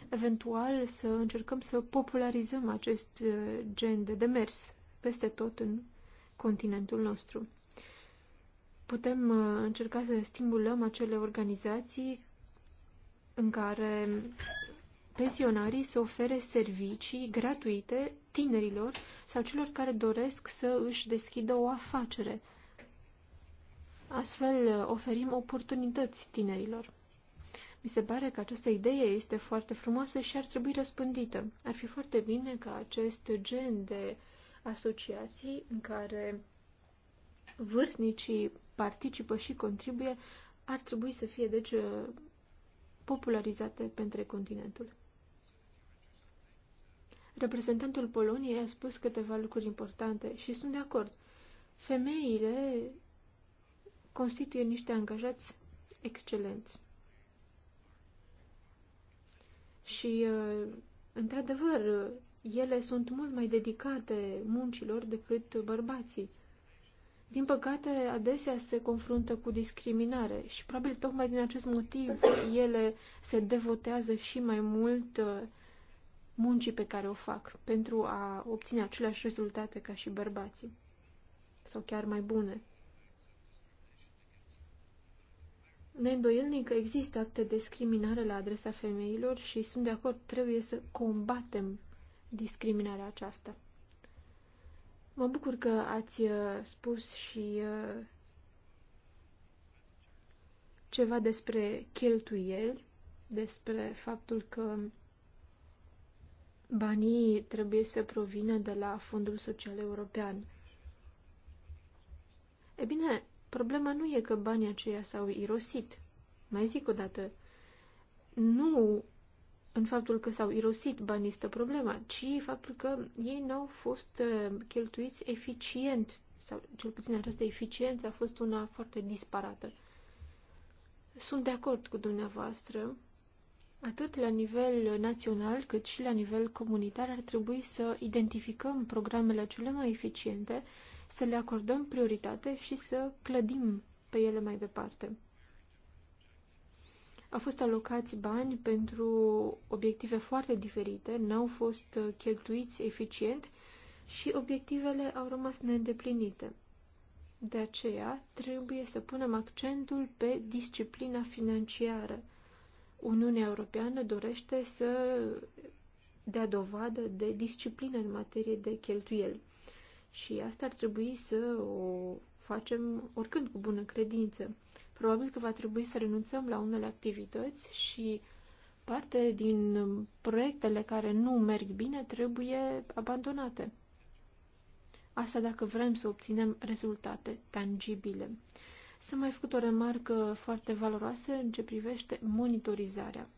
Eventual să încercăm să popularizăm acest uh, gen de demers peste tot în continentul nostru. Putem uh, încerca să stimulăm acele organizații în care pensionarii să ofere servicii gratuite tinerilor sau celor care doresc să își deschidă o afacere. Astfel uh, oferim oportunități tinerilor. Mi se pare că această idee este foarte frumoasă și ar trebui răspândită. Ar fi foarte bine ca acest gen de asociații în care vârstnicii participă și contribuie ar trebui să fie, deci, uh, popularizate pentru continentul. Reprezentantul Poloniei a spus câteva lucruri importante și sunt de acord. Femeile constituie niște angajați excelenți. Și, uh, într-adevăr, ele sunt mult mai dedicate muncilor decât bărbații. Din păcate, adesea se confruntă cu discriminare și probabil tocmai din acest motiv ele se devotează și mai mult uh, muncii pe care o fac pentru a obține aceleași rezultate ca și bărbații sau chiar mai bune. Neîndoielnic că există acte de discriminare la adresa femeilor și sunt de acord, trebuie să combatem discriminarea aceasta. Mă bucur că ați uh, spus și uh, ceva despre cheltuieli, despre faptul că Banii trebuie să provină de la Fondul Social European. E bine, problema nu e că banii aceia s-au irosit. Mai zic o dată, nu în faptul că s-au irosit banii stă problema, ci faptul că ei n-au fost uh, cheltuiți eficient, sau cel puțin această eficiență a fost una foarte disparată. Sunt de acord cu dumneavoastră atât la nivel național cât și la nivel comunitar ar trebui să identificăm programele cele mai eficiente, să le acordăm prioritate și să clădim pe ele mai departe. Au fost alocați bani pentru obiective foarte diferite, n-au fost cheltuiți eficient și obiectivele au rămas neîndeplinite. De aceea, trebuie să punem accentul pe disciplina financiară – Uniunea Europeană dorește să dea dovadă de disciplină în materie de cheltuieli. Și asta ar trebui să o facem oricând cu bună credință. Probabil că va trebui să renunțăm la unele activități și parte din proiectele care nu merg bine trebuie abandonate. Asta dacă vrem să obținem rezultate tangibile. S-a mai făcut o remarcă foarte valoroasă în ce privește monitorizarea.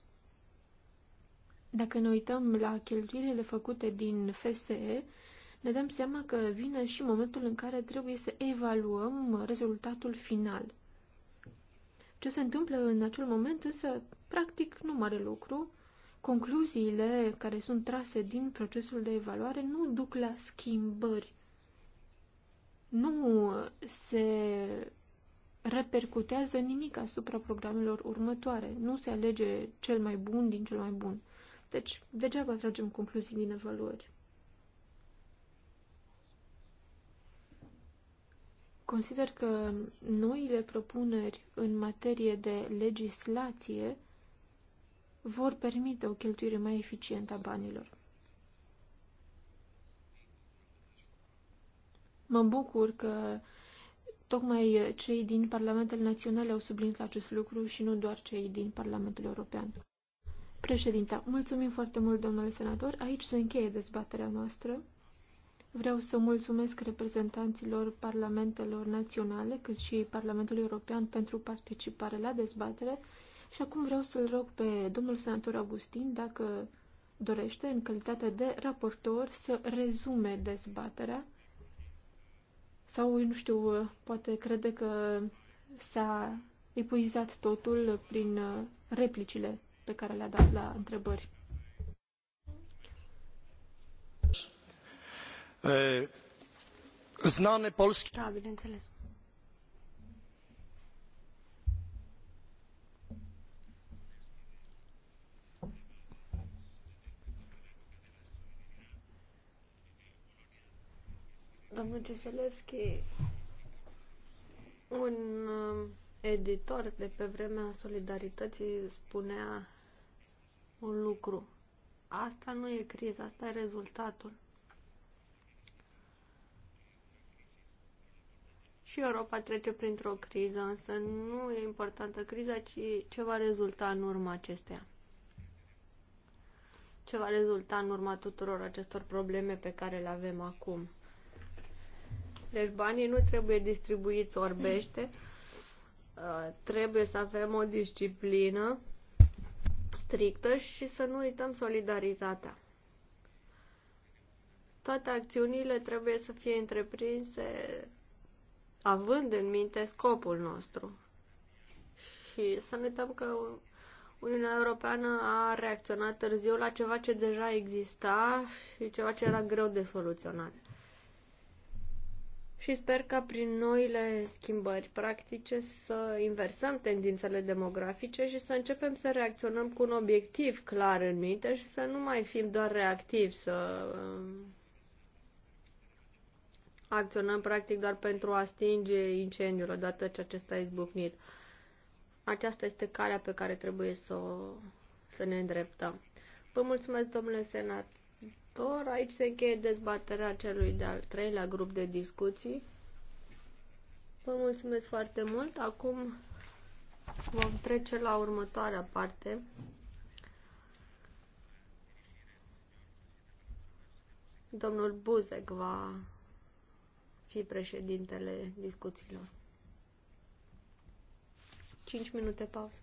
Dacă ne uităm la cheltuielile făcute din FSE, ne dăm seama că vine și momentul în care trebuie să evaluăm rezultatul final. Ce se întâmplă în acel moment însă, practic, nu mare lucru. Concluziile care sunt trase din procesul de evaluare nu duc la schimbări. Nu se repercutează nimic asupra programelor următoare. Nu se alege cel mai bun din cel mai bun. Deci, degeaba tragem concluzii din evaluări. Consider că noile propuneri în materie de legislație vor permite o cheltuire mai eficientă a banilor. Mă bucur că Tocmai eh, cei din Parlamentele Naționale au subliniat acest lucru și nu doar cei din Parlamentul European. Președinta, mulțumim foarte mult, domnule senator. Aici se încheie dezbaterea noastră. Vreau să mulțumesc reprezentanților parlamentelor naționale, cât și Parlamentului European pentru participare la dezbatere și acum vreau să-l rog pe domnul senator Augustin dacă dorește, în calitate de raportor, să rezume dezbaterea sau, nu știu, uh, poate crede că s-a epuizat totul prin uh, replicile pe care le-a dat la întrebări. Znane polski. Da, bineînțeles. Domnul Ceselevski, un um, editor de pe vremea Solidarității spunea un lucru. Asta nu e criza, asta e rezultatul. Și Europa trece printr-o criză, însă nu e importantă criza, ci ce va rezulta în urma acesteia. Ce va rezulta în urma tuturor acestor probleme pe care le avem acum. Deci banii nu trebuie distribuiți orbește, uh, trebuie să avem o disciplină strictă și să nu uităm solidaritatea. Toate acțiunile trebuie să fie întreprinse având în minte scopul nostru. Și să nu uităm că Uniunea Europeană a reacționat târziu la ceva ce deja exista și ceva ce era greu de soluționat și sper ca prin noile schimbări practice să inversăm tendințele demografice și să începem să reacționăm cu un obiectiv clar în minte și să nu mai fim doar reactivi, să um, acționăm practic doar pentru a stinge incendiul odată ce acesta a izbucnit. Aceasta este calea pe care trebuie să, o, să ne îndreptăm. Vă mulțumesc, domnule senat, raportor. Aici se încheie dezbaterea celui de-al treilea grup de discuții. Vă mulțumesc foarte mult. Acum vom trece la următoarea parte. Domnul Buzek va fi președintele discuțiilor. 5 minute pauză.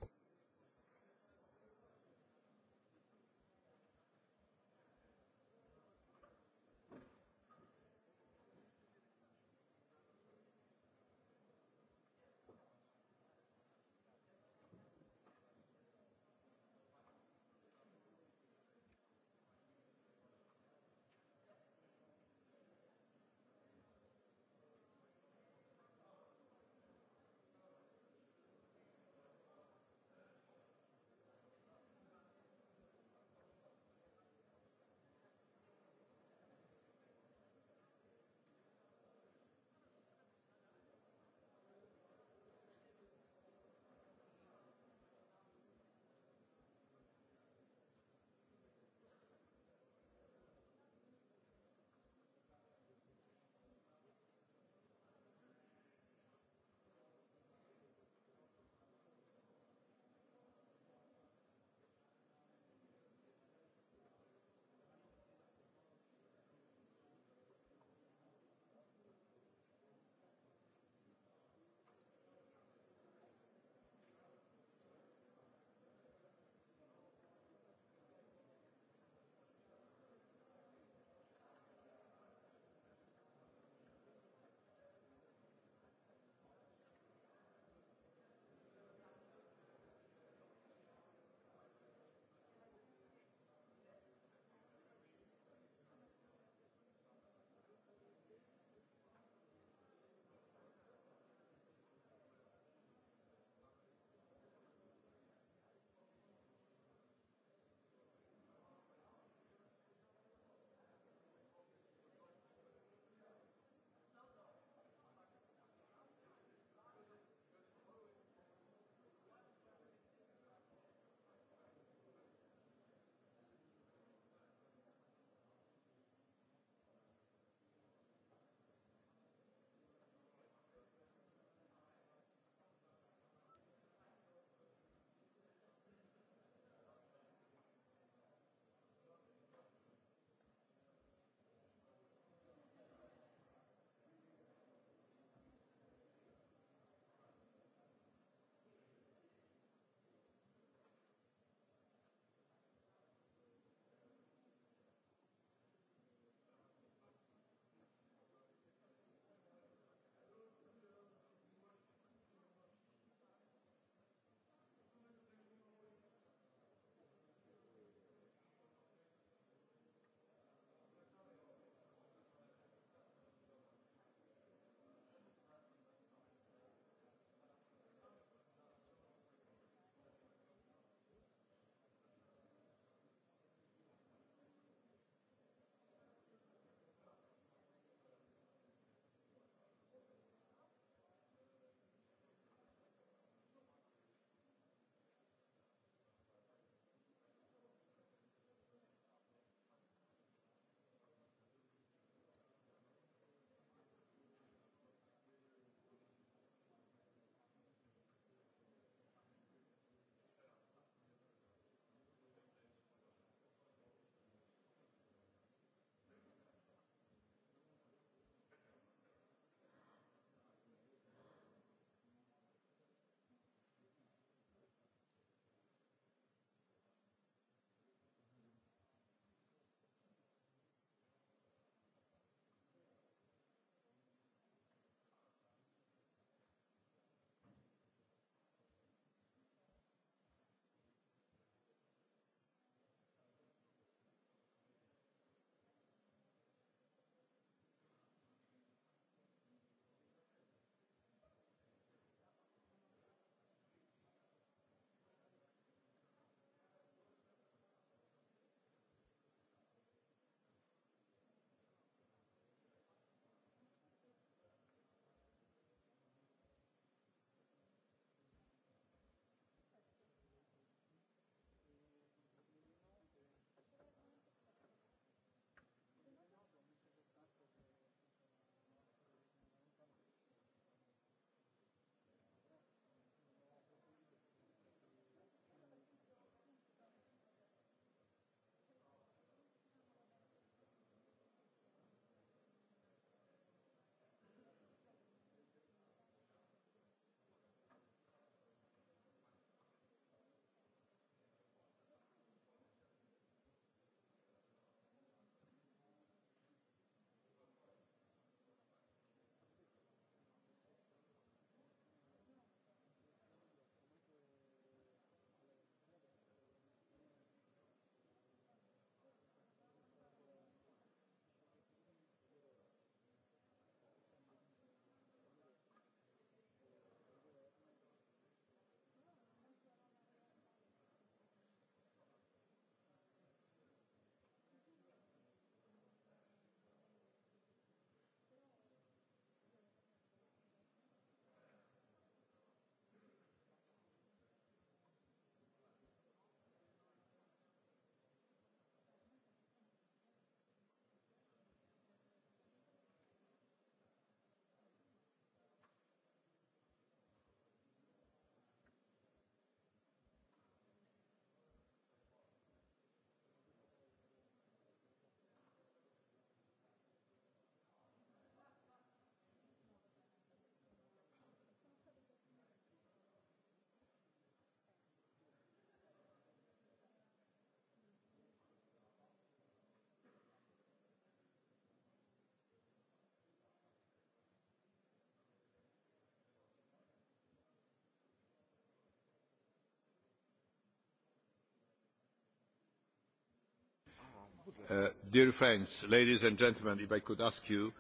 Uh, dear friends, ladies and gentlemen, if I could ask you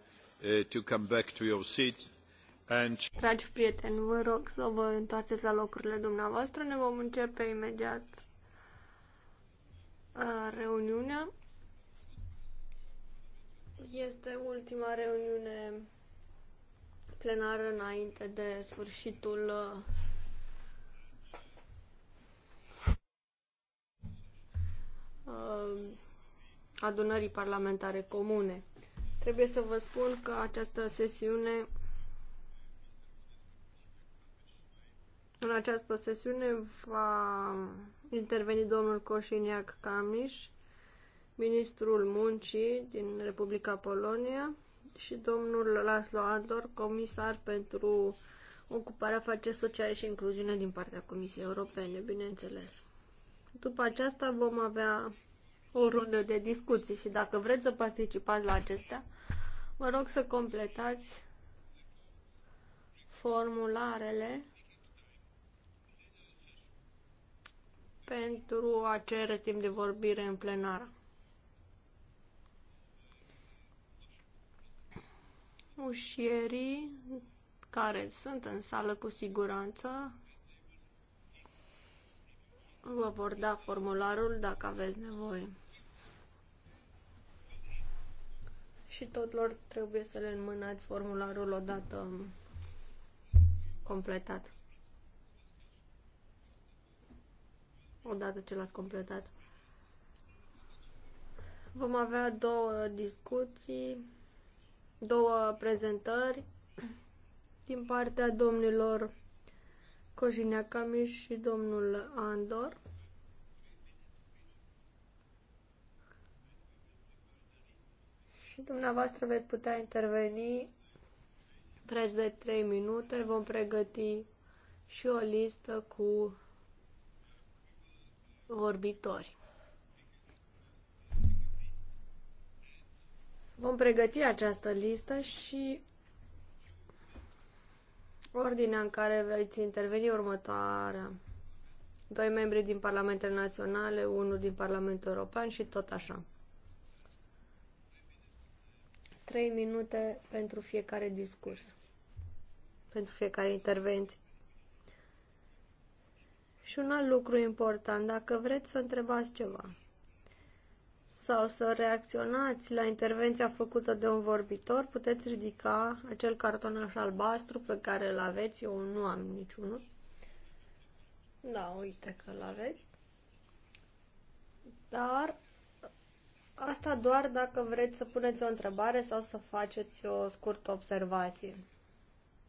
uh, to come back to your seat and... Dragi prieteni, vă rog să vă întoarceți la locurile dumneavoastră. Ne vom începe imediat uh, reuniunea. Este ultima reuniune plenară înainte de sfârșitul uh, adunării parlamentare comune. Trebuie să vă spun că această sesiune În această sesiune va interveni domnul Coșiniac Camiș, ministrul muncii din Republica Polonia și domnul Laszlo Andor, comisar pentru ocuparea afaceri sociale și incluziune din partea Comisiei Europene, bineînțeles. După aceasta vom avea o rundă de discuții și dacă vreți să participați la acestea, vă rog să completați formularele pentru a cere timp de vorbire în plenară. Ușierii care sunt în sală cu siguranță vă vor da formularul dacă aveți nevoie. și tot lor trebuie să le înmânați formularul odată completat. Odată ce l-ați completat. Vom avea două discuții, două prezentări din partea domnilor Camiș și domnul Andor. și dumneavoastră veți putea interveni preț de 3 minute. Vom pregăti și o listă cu vorbitori. Vom pregăti această listă și ordinea în care veți interveni următoarea. Doi membri din Parlamentele Naționale, unul din Parlamentul European și tot așa. 3 minute pentru fiecare discurs, pentru fiecare intervenție. Și un alt lucru important, dacă vreți să întrebați ceva sau să reacționați la intervenția făcută de un vorbitor, puteți ridica acel cartonaș albastru pe care îl aveți, eu nu am niciunul. Da, uite că îl aveți. Dar Asta doar dacă vreți să puneți o întrebare sau să faceți o scurtă observație.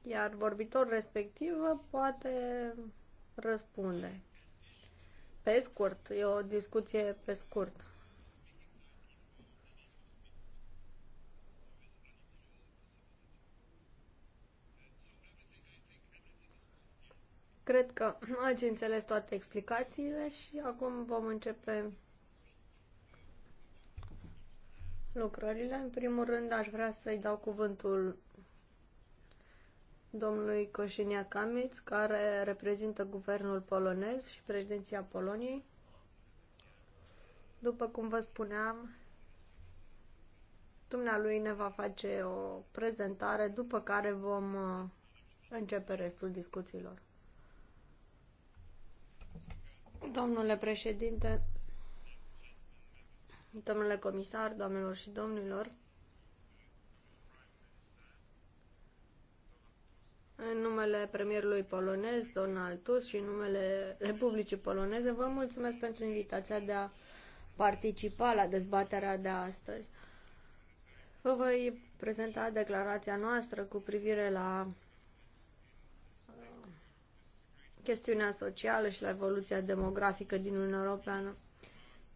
Iar vorbitorul respectiv poate răspunde. Pe scurt, e o discuție pe scurt. Cred că ați înțeles toate explicațiile și acum vom începe lucrările. În primul rând, aș vrea să-i dau cuvântul domnului Coșinia Kamiț, care reprezintă guvernul polonez și președinția Poloniei. După cum vă spuneam, dumnealui ne va face o prezentare, după care vom uh, începe restul discuțiilor. Domnule președinte, domnule comisar, doamnelor și domnilor, în numele premierului polonez, Donald Tusk, și în numele Republicii Poloneze, vă mulțumesc pentru invitația de a participa la dezbaterea de astăzi. Vă voi prezenta declarația noastră cu privire la uh, chestiunea socială și la evoluția demografică din Uniunea Europeană.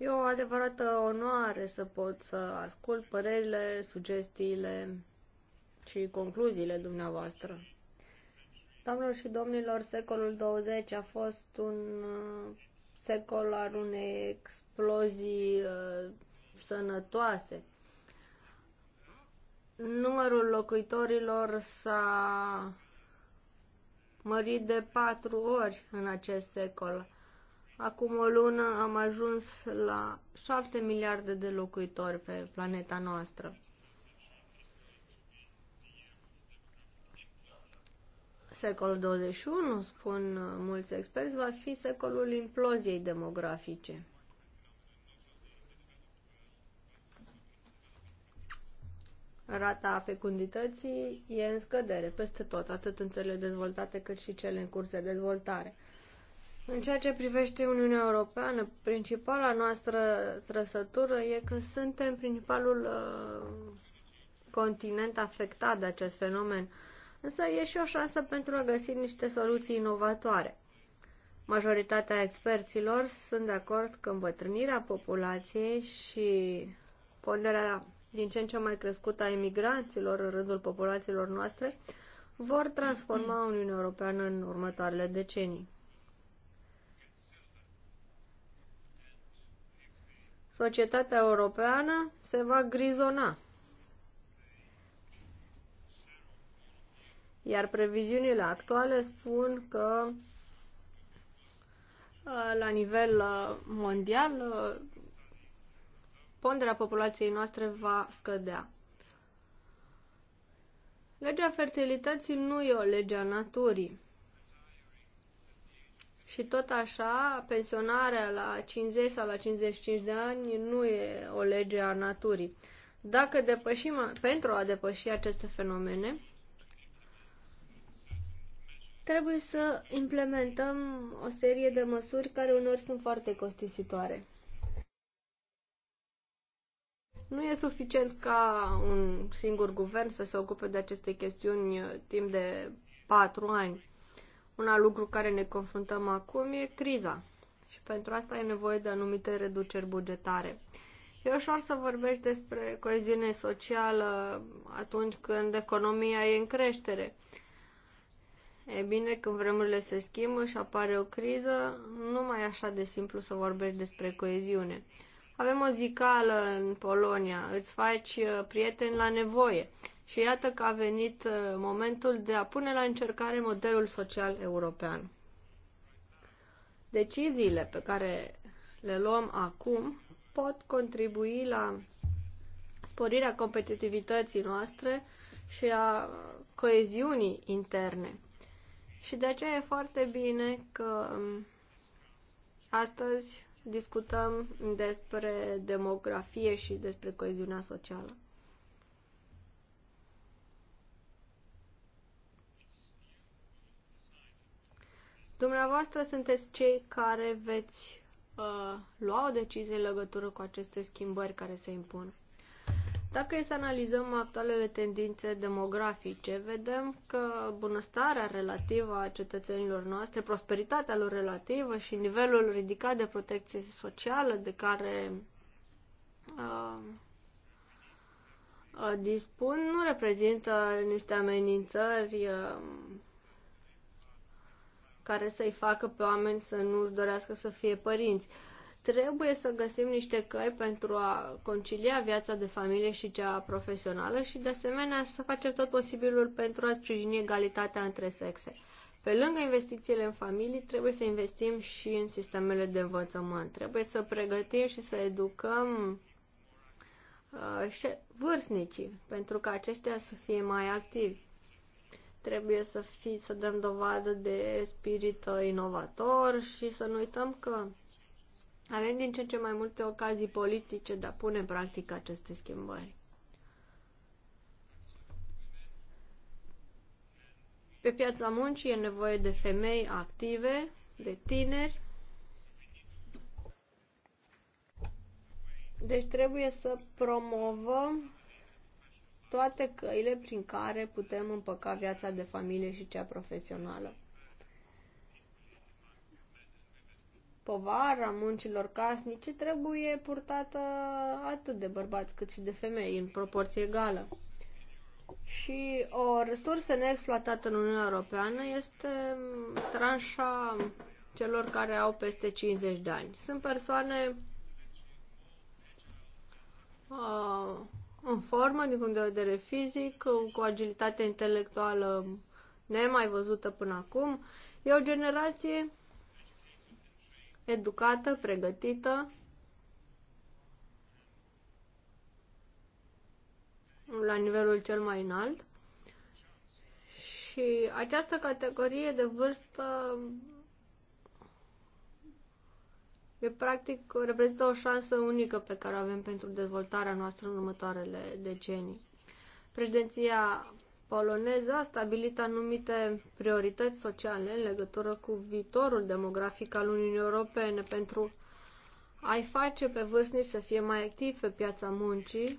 E o adevărată onoare să pot să ascult părerile, sugestiile și concluziile dumneavoastră. Doamnelor și domnilor, secolul 20 a fost un uh, secol al unei explozii uh, sănătoase. Numărul locuitorilor s-a mărit de patru ori în acest secol. Acum o lună am ajuns la 7 miliarde de locuitori pe planeta noastră. Secolul 21, spun mulți experți, va fi secolul imploziei demografice. Rata fecundității e în scădere peste tot, atât în țările dezvoltate cât și cele în curs de dezvoltare. În ceea ce privește Uniunea Europeană, principala noastră trăsătură e că suntem principalul uh, continent afectat de acest fenomen, însă e și o șansă pentru a găsi niște soluții inovatoare. Majoritatea experților sunt de acord că îmbătrânirea populației și ponderea din ce în ce mai crescută a emigranților în rândul populațiilor noastre vor transforma Uniunea Europeană în următoarele decenii. societatea europeană se va grizona. Iar previziunile actuale spun că uh, la nivel uh, mondial uh, ponderea populației noastre va scădea. Legea fertilității nu e o lege a naturii. Și tot așa, pensionarea la 50 sau la 55 de ani nu e o lege a naturii. Dacă depășim, pentru a depăși aceste fenomene, trebuie să implementăm o serie de măsuri care uneori sunt foarte costisitoare. Nu e suficient ca un singur guvern să se ocupe de aceste chestiuni uh, timp de patru ani. Un alt lucru care ne confruntăm acum e criza. Și pentru asta e nevoie de anumite reduceri bugetare. E ușor să vorbești despre coeziune socială atunci când economia e în creștere. E bine, când vremurile se schimbă și apare o criză, nu mai e așa de simplu să vorbești despre coeziune. Avem o zicală în Polonia, îți faci uh, prieteni la nevoie. Și iată că a venit uh, momentul de a pune la încercare modelul social european. Deciziile pe care le luăm acum pot contribui la sporirea competitivității noastre și a coeziunii interne. Și de aceea e foarte bine că um, astăzi discutăm despre demografie și despre coeziunea socială. Dumneavoastră sunteți cei care veți uh, lua o decizie în legătură cu aceste schimbări care se impun. Dacă e să analizăm actualele tendințe demografice, vedem că bunăstarea relativă a cetățenilor noastre, prosperitatea lor relativă și nivelul ridicat de protecție socială de care uh, uh, dispun nu reprezintă niște amenințări uh, care să-i facă pe oameni să nu-și dorească să fie părinți. Trebuie să găsim niște căi pentru a concilia viața de familie și cea profesională și, de asemenea, să facem tot posibilul pentru a sprijini egalitatea între sexe. Pe lângă investițiile în familii, trebuie să investim și în sistemele de învățământ. Trebuie să pregătim și să educăm uh, vârstnicii, pentru ca aceștia să fie mai activi. Trebuie să, fi, să dăm dovadă de spirit uh, inovator și să nu uităm că avem din ce în ce mai multe ocazii politice de a pune în practică aceste schimbări. Pe piața muncii e nevoie de femei active, de tineri. Deci trebuie să promovăm toate căile prin care putem împăca viața de familie și cea profesională. Povara muncilor casnice trebuie purtată atât de bărbați cât și de femei, în proporție egală. Și o resursă neexploatată în Uniunea Europeană este tranșa celor care au peste 50 de ani. Sunt persoane uh, în formă din punct de vedere fizic, cu o agilitate intelectuală nemai văzută până acum. E o generație educată, pregătită, la nivelul cel mai înalt. Și această categorie de vârstă E practic reprezintă o șansă unică pe care o avem pentru dezvoltarea noastră în următoarele decenii. Președinția poloneză a stabilit anumite priorități sociale în legătură cu viitorul demografic al Uniunii Europene pentru a-i face pe vârstnici să fie mai activ pe piața muncii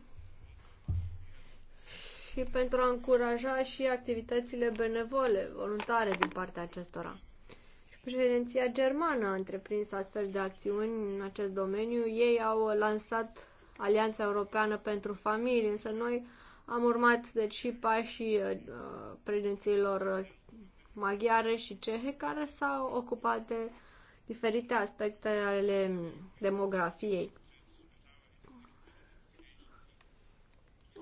și pentru a încuraja și activitățile benevole, voluntare din partea acestora. Președinția germană a întreprins astfel de acțiuni în acest domeniu. Ei au lansat Alianța Europeană pentru Familie, însă noi am urmat deci și pașii uh, președinților maghiare și cehe care s-au ocupat de diferite aspecte ale demografiei.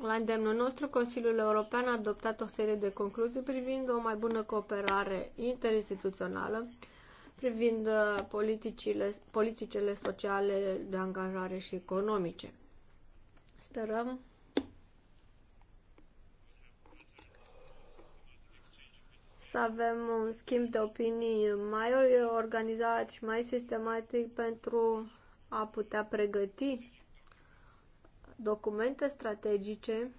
La îndemnul nostru, Consiliul European a adoptat o serie de concluzii privind o mai bună cooperare interinstituțională, privind uh, politicile, sociale de angajare și economice. Sperăm să avem un schimb de opinii mai organizat și mai sistematic pentru a putea pregăti documente strategice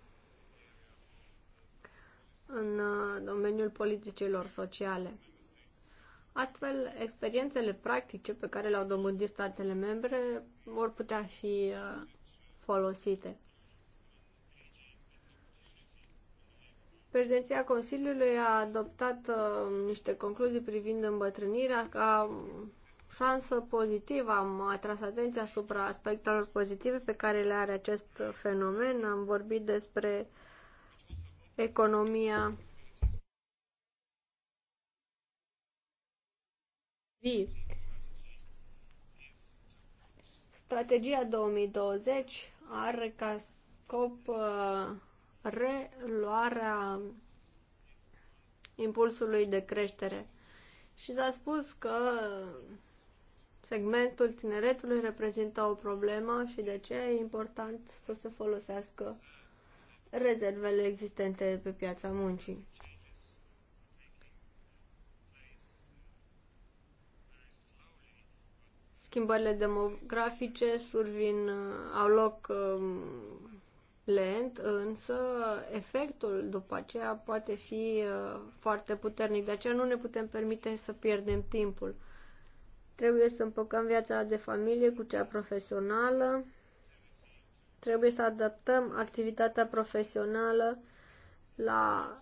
în uh, domeniul politicilor sociale. Astfel, experiențele practice pe care le-au domândit statele membre vor putea fi uh, folosite. Președinția Consiliului a adoptat uh, niște concluzii privind îmbătrânirea ca șansă pozitivă. Am atras atenția asupra aspectelor pozitive pe care le are acest fenomen. Am vorbit despre economia vii. Strategia 2020 are ca scop uh, reluarea impulsului de creștere. Și s-a spus că Segmentul tineretului reprezintă o problemă și de ce e important să se folosească rezervele existente pe piața muncii. Schimbările demografice survin, uh, au loc um, lent, însă efectul după aceea poate fi uh, foarte puternic. De aceea nu ne putem permite să pierdem timpul. Trebuie să împăcăm viața de familie cu cea profesională. Trebuie să adaptăm activitatea profesională la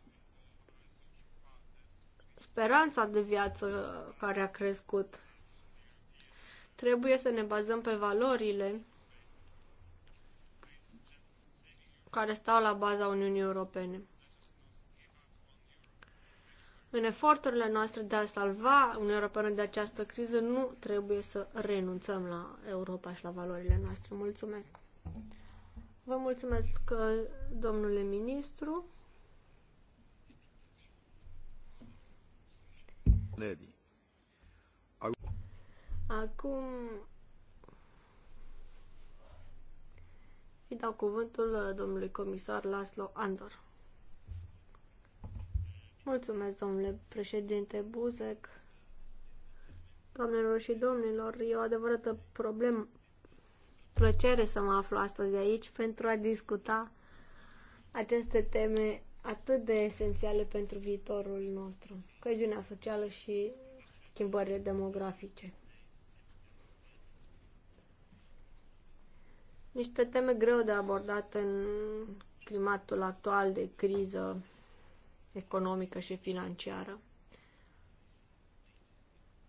speranța de viață care a crescut. Trebuie să ne bazăm pe valorile care stau la baza Uniunii Europene. În eforturile noastre de a salva Uniunea Europeană de această criză, nu trebuie să renunțăm la Europa și la valorile noastre. Mulțumesc! Vă mulțumesc, că, domnule ministru. Lady. Acum îi dau cuvântul domnului comisar Laszlo Andor. Mulțumesc, domnule președinte Buzek. Doamnelor și domnilor, e o adevărată problemă, plăcere să mă aflu astăzi aici pentru a discuta aceste teme atât de esențiale pentru viitorul nostru, coeziunea socială și schimbările demografice. Niște teme greu de abordat în climatul actual de criză economică și financiară.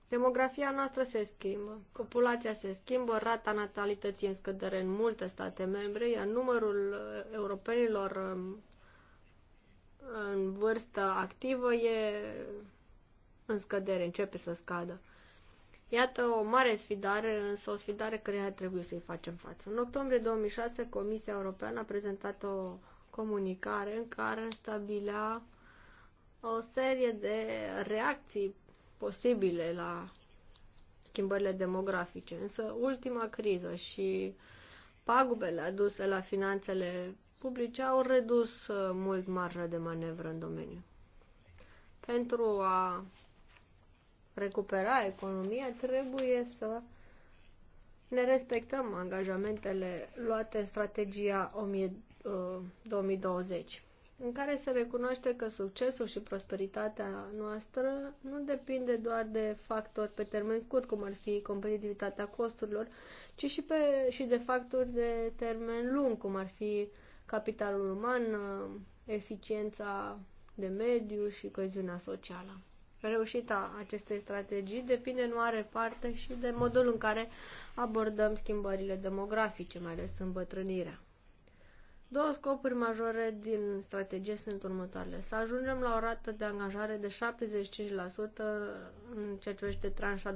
Demografia noastră se schimbă, populația se schimbă, rata natalității în scădere în multe state membre, iar numărul uh, europenilor um, în, vârstă activă e în scădere, începe să scadă. Iată o mare sfidare, însă o sfidare care trebuie să-i facem față. În octombrie 2006, Comisia Europeană a prezentat o comunicare în care stabilea o serie de reacții posibile la schimbările demografice. Însă ultima criză și pagubele aduse la finanțele publice au redus uh, mult marja de manevră în domeniu. Pentru a recupera economia, trebuie să ne respectăm angajamentele luate în strategia 2020 în care se recunoaște că succesul și prosperitatea noastră nu depinde doar de factori pe termen scurt, cum ar fi competitivitatea costurilor, ci și, pe, și de factori de termen lung, cum ar fi capitalul uman, eficiența de mediu și coeziunea socială. Reușita acestei strategii depinde în mare parte și de modul în care abordăm schimbările demografice, mai ales îmbătrânirea. Două scopuri majore din strategie sunt următoarele. Să ajungem la o rată de angajare de 75% în ceea ce privește tranșa 25-65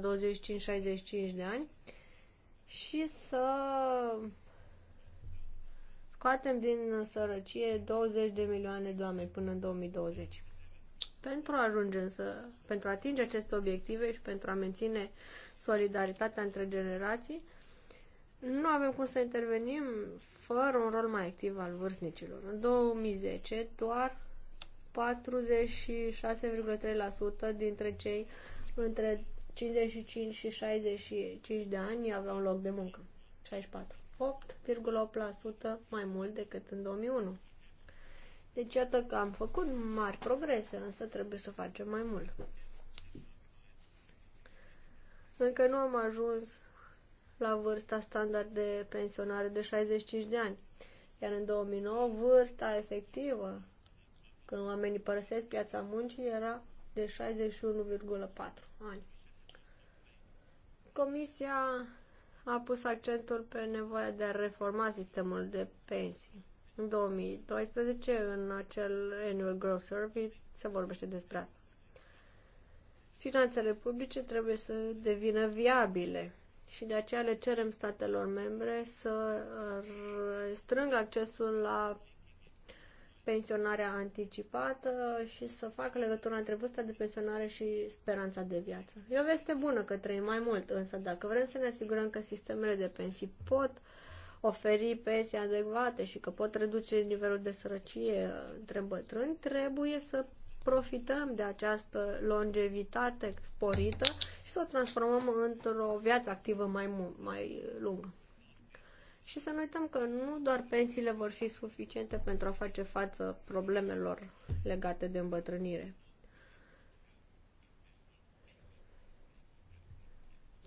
de ani și să scoatem din sărăcie 20 de milioane de oameni până în 2020. Pentru a ajunge însă, pentru a atinge aceste obiective și pentru a menține solidaritatea între generații, nu avem cum să intervenim fără un rol mai activ al vârstnicilor. În 2010, doar 46,3% dintre cei între 55 și 65 de ani aveau un loc de muncă. 64. 8,8% mai mult decât în 2001. Deci iată că am făcut mari progrese, însă trebuie să facem mai mult. Încă nu am ajuns la vârsta standard de pensionare de 65 de ani. Iar în 2009, vârsta efectivă când oamenii părăsesc piața muncii era de 61,4 ani. Comisia a pus accentul pe nevoia de a reforma sistemul de pensii. În 2012, în acel Annual Growth Survey, se vorbește despre asta. Finanțele publice trebuie să devină viabile și de aceea le cerem statelor membre să uh, strângă accesul la pensionarea anticipată și să facă legătura între vârsta de pensionare și speranța de viață. E o veste bună că trăim mai mult, însă dacă vrem să ne asigurăm că sistemele de pensii pot oferi pensii adecvate și că pot reduce nivelul de sărăcie între bătrâni, trebuie să profităm de această longevitate sporită și să o transformăm într-o viață activă mai, mai lungă. Și să nu uităm că nu doar pensiile vor fi suficiente pentru a face față problemelor legate de îmbătrânire.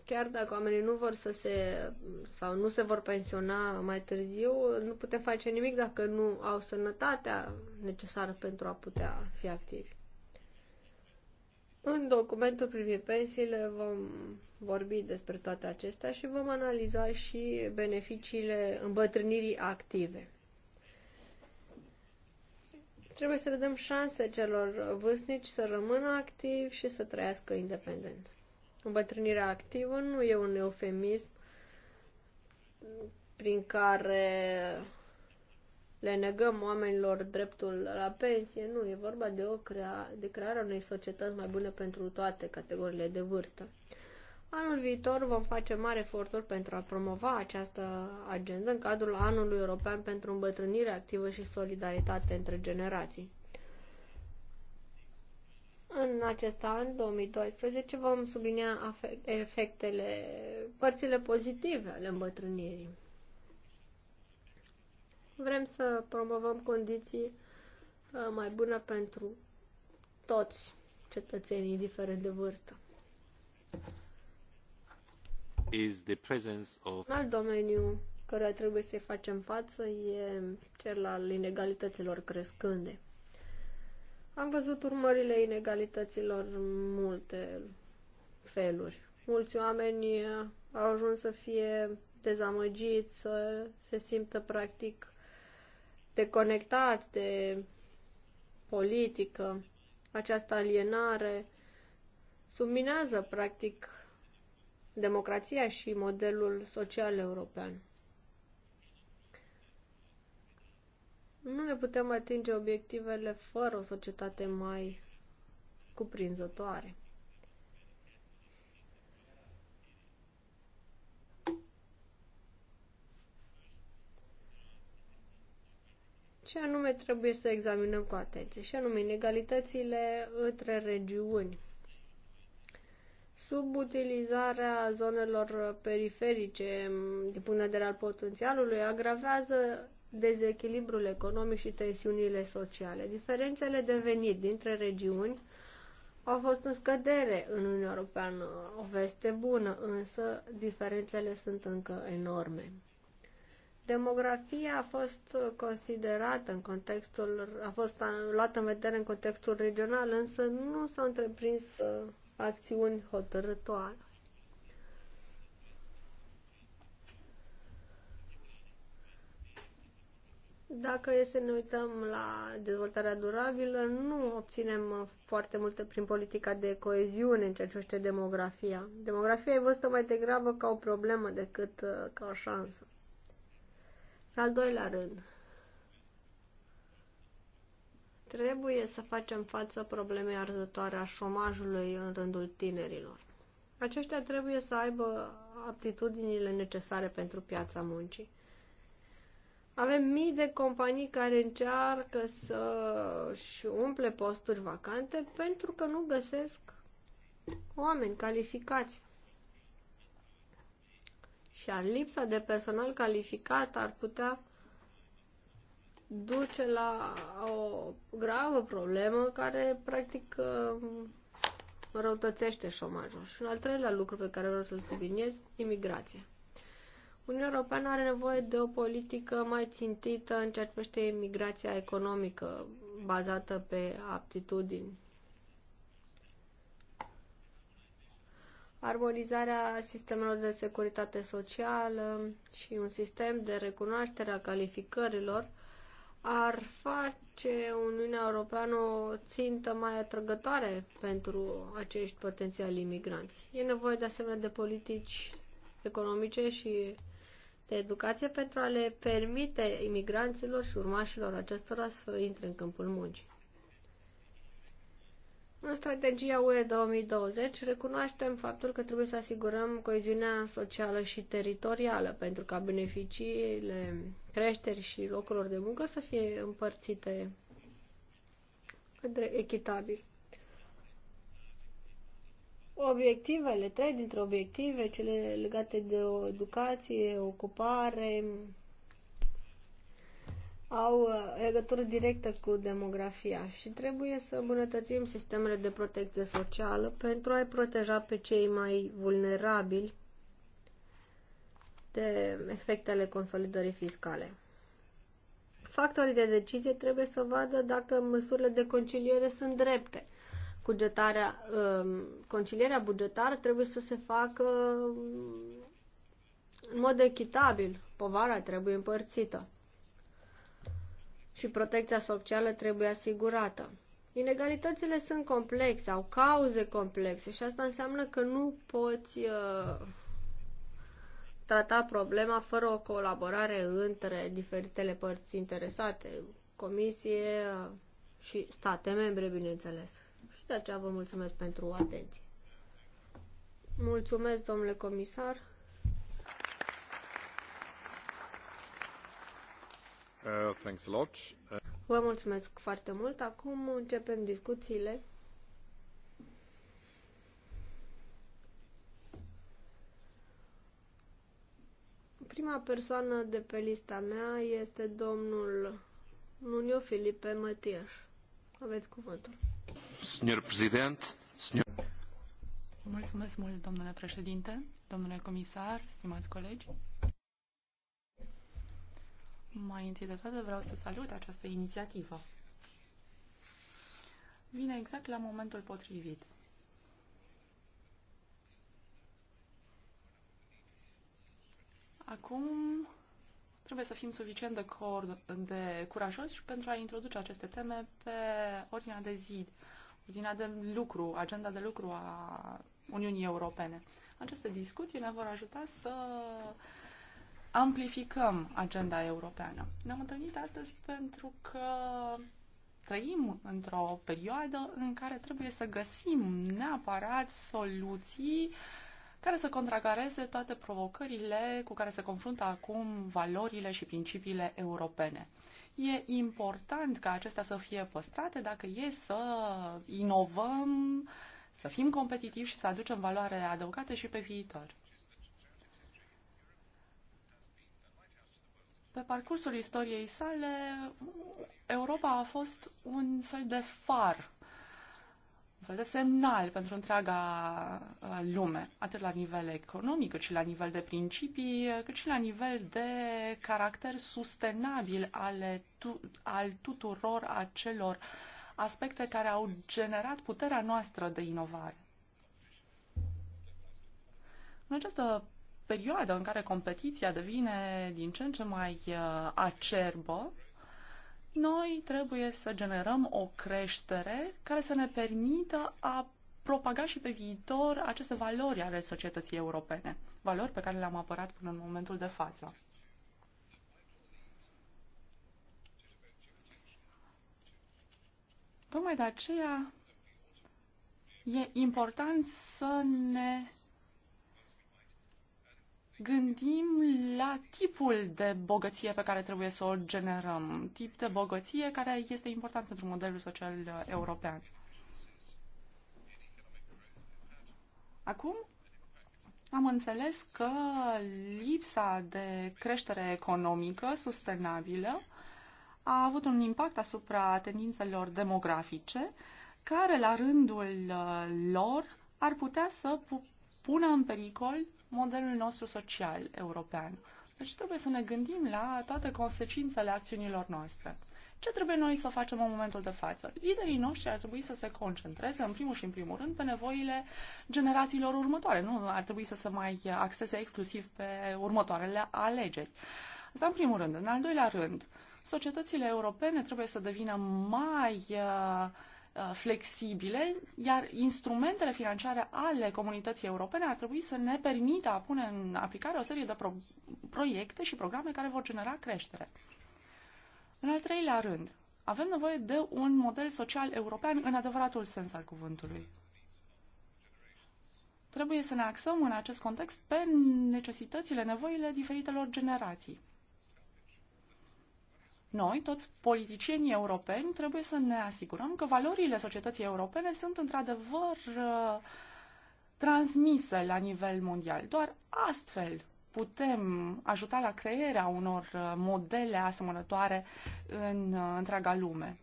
Chiar dacă oamenii nu vor să se sau nu se vor pensiona mai târziu, nu putem face nimic dacă nu au sănătatea necesară pentru a putea fi activi. În documentul privind pensiile vom vorbi despre toate acestea și vom analiza și beneficiile îmbătrânirii active. Trebuie să le dăm șanse celor vârstnici să rămână activi și să trăiască independent. Îmbătrânirea activă nu e un eufemism prin care le negăm oamenilor dreptul la pensie. Nu, e vorba de, o crea- de crearea unei societăți mai bune pentru toate categoriile de vârstă. Anul viitor vom face mari eforturi pentru a promova această agendă în cadrul Anului European pentru îmbătrânire activă și solidaritate între generații. În acest an, 2012, vom sublinia efectele, părțile pozitive ale îmbătrânirii. Vrem să promovăm condiții uh, mai bune pentru toți cetățenii, indiferent de vârstă. Is the presence of... Un alt domeniu care trebuie să-i facem față e cel al inegalităților crescânde. Am văzut urmările inegalităților în multe feluri. Mulți oameni eh, au ajuns să fie dezamăgiți, să se simtă practic deconectați de politică. Această alienare subminează practic democrația și modelul social european. Nu ne putem atinge obiectivele fără o societate mai cuprinzătoare. Ce anume trebuie să examinăm cu atenție? Și anume inegalitățile între regiuni. Subutilizarea zonelor periferice din punct de vedere al potențialului agravează dezechilibrul economic și tensiunile sociale. Diferențele de venit dintre regiuni au fost în scădere în Uniunea Europeană, o veste bună, însă diferențele sunt încă enorme. Demografia a fost considerată în contextul, a fost luată în vedere în contextul regional, însă nu s-au întreprins uh, acțiuni hotărătoare. Dacă e să ne uităm la dezvoltarea durabilă, nu obținem foarte multe prin politica de coeziune în ceea ce este demografia. Demografia e văzută mai degrabă ca o problemă decât uh, ca o șansă. În al doilea rând, trebuie să facem față problemei arzătoare a șomajului în rândul tinerilor. Aceștia trebuie să aibă aptitudinile necesare pentru piața muncii. Avem mii de companii care încearcă să-și umple posturi vacante pentru că nu găsesc oameni calificați. Și ar lipsa de personal calificat ar putea duce la o gravă problemă care practic răutățește șomajul. Și un al treilea lucru pe care vreau să-l subliniez, imigrația. Uniunea Europeană are nevoie de o politică mai țintită în ceea ce privește migrația economică, bazată pe aptitudini. Armonizarea sistemelor de securitate socială și un sistem de recunoaștere a calificărilor ar face Uniunea Europeană o țintă mai atrăgătoare pentru acești potențiali imigranți. E nevoie de asemenea de politici economice și de educație pentru a le permite imigranților și urmașilor acestora să intre în câmpul muncii. În strategia UE 2020 recunoaștem faptul că trebuie să asigurăm coeziunea socială și teritorială pentru ca beneficiile creșterii și locurilor de muncă să fie împărțite echitabil obiectivele, trei dintre obiective, cele legate de o educație, ocupare, au uh, legătură directă cu demografia și trebuie să îmbunătățim sistemele de protecție socială pentru a-i proteja pe cei mai vulnerabili de efectele consolidării fiscale. Factorii de decizie trebuie să vadă dacă măsurile de conciliere sunt drepte Cugetarea, um, concilierea bugetară trebuie să se facă um, în mod echitabil. Povara trebuie împărțită și protecția socială trebuie asigurată. Inegalitățile sunt complexe, au cauze complexe și asta înseamnă că nu poți uh, trata problema fără o colaborare între diferitele părți interesate, comisie uh, și state membre, bineînțeles. Și de aceea vă mulțumesc pentru atenție. Mulțumesc, domnule comisar. Uh, thanks a lot. Uh... Vă mulțumesc foarte mult. Acum începem discuțiile. Prima persoană de pe lista mea este domnul Nunio Filipe Mătieș. Aveți cuvântul. Mulțumesc mult, domnule președinte, domnule comisar, stimați colegi. Mai întâi de toate vreau să salut această inițiativă. Vine exact la momentul potrivit. Acum Trebuie să fim suficient de, cor, de curajoși pentru a introduce aceste teme pe ordinea de zi, ordinea de lucru, agenda de lucru a Uniunii Europene. Aceste discuții ne vor ajuta să amplificăm agenda europeană. Ne-am întâlnit astăzi pentru că trăim într-o perioadă în care trebuie să găsim neapărat soluții uh, care să contracareze toate provocările cu care se confruntă acum valorile și principiile europene. E important ca acestea să fie păstrate dacă e să inovăm, să fim competitivi și să aducem valoare adăugată și pe viitor. Pe parcursul istoriei sale, Europa a fost un fel de far fel de semnal pentru întreaga uh, lume, atât la nivel economic, cât și la nivel de principii, cât și la nivel de caracter sustenabil ale tu, al tuturor acelor aspecte care au generat puterea noastră de inovare. În această perioadă în care competiția devine din ce în ce mai uh, acerbă, noi trebuie să generăm o creștere care să ne permită a propaga și pe viitor aceste valori ale societății europene, valori pe care le-am apărat până în momentul de față. Tocmai de aceea e important să ne gândim la tipul de bogăție pe care trebuie să o generăm, tip de bogăție care este important pentru modelul social uh, european. Acum am înțeles că lipsa de creștere economică sustenabilă a avut un impact asupra tendințelor demografice, care la rândul uh, lor ar putea să pună în pericol modelul nostru social european. Deci trebuie să ne gândim la toate consecințele acțiunilor noastre. Ce trebuie noi să facem în momentul de față? Liderii noștri ar trebui să se concentreze, în primul și în primul rând, pe nevoile generațiilor următoare. Nu ar trebui să se mai axeze exclusiv pe următoarele alegeri. Asta în primul rând. În al doilea rând, societățile europene trebuie să devină mai uh, Uh, flexibile, iar instrumentele financiare ale comunității europene ar trebui să ne permită a pune în aplicare o serie de pro- proiecte și programe care vor genera creștere. În al treilea rând, avem nevoie de un model social european în adevăratul sens al cuvântului. Trebuie să ne axăm în acest context pe necesitățile, nevoile diferitelor generații. Noi, toți politicienii europeni, trebuie să ne asigurăm că valorile societății europene sunt într-adevăr uh, transmise la nivel mondial. Doar astfel putem ajuta la crearea unor uh, modele asemănătoare în uh, întreaga lume.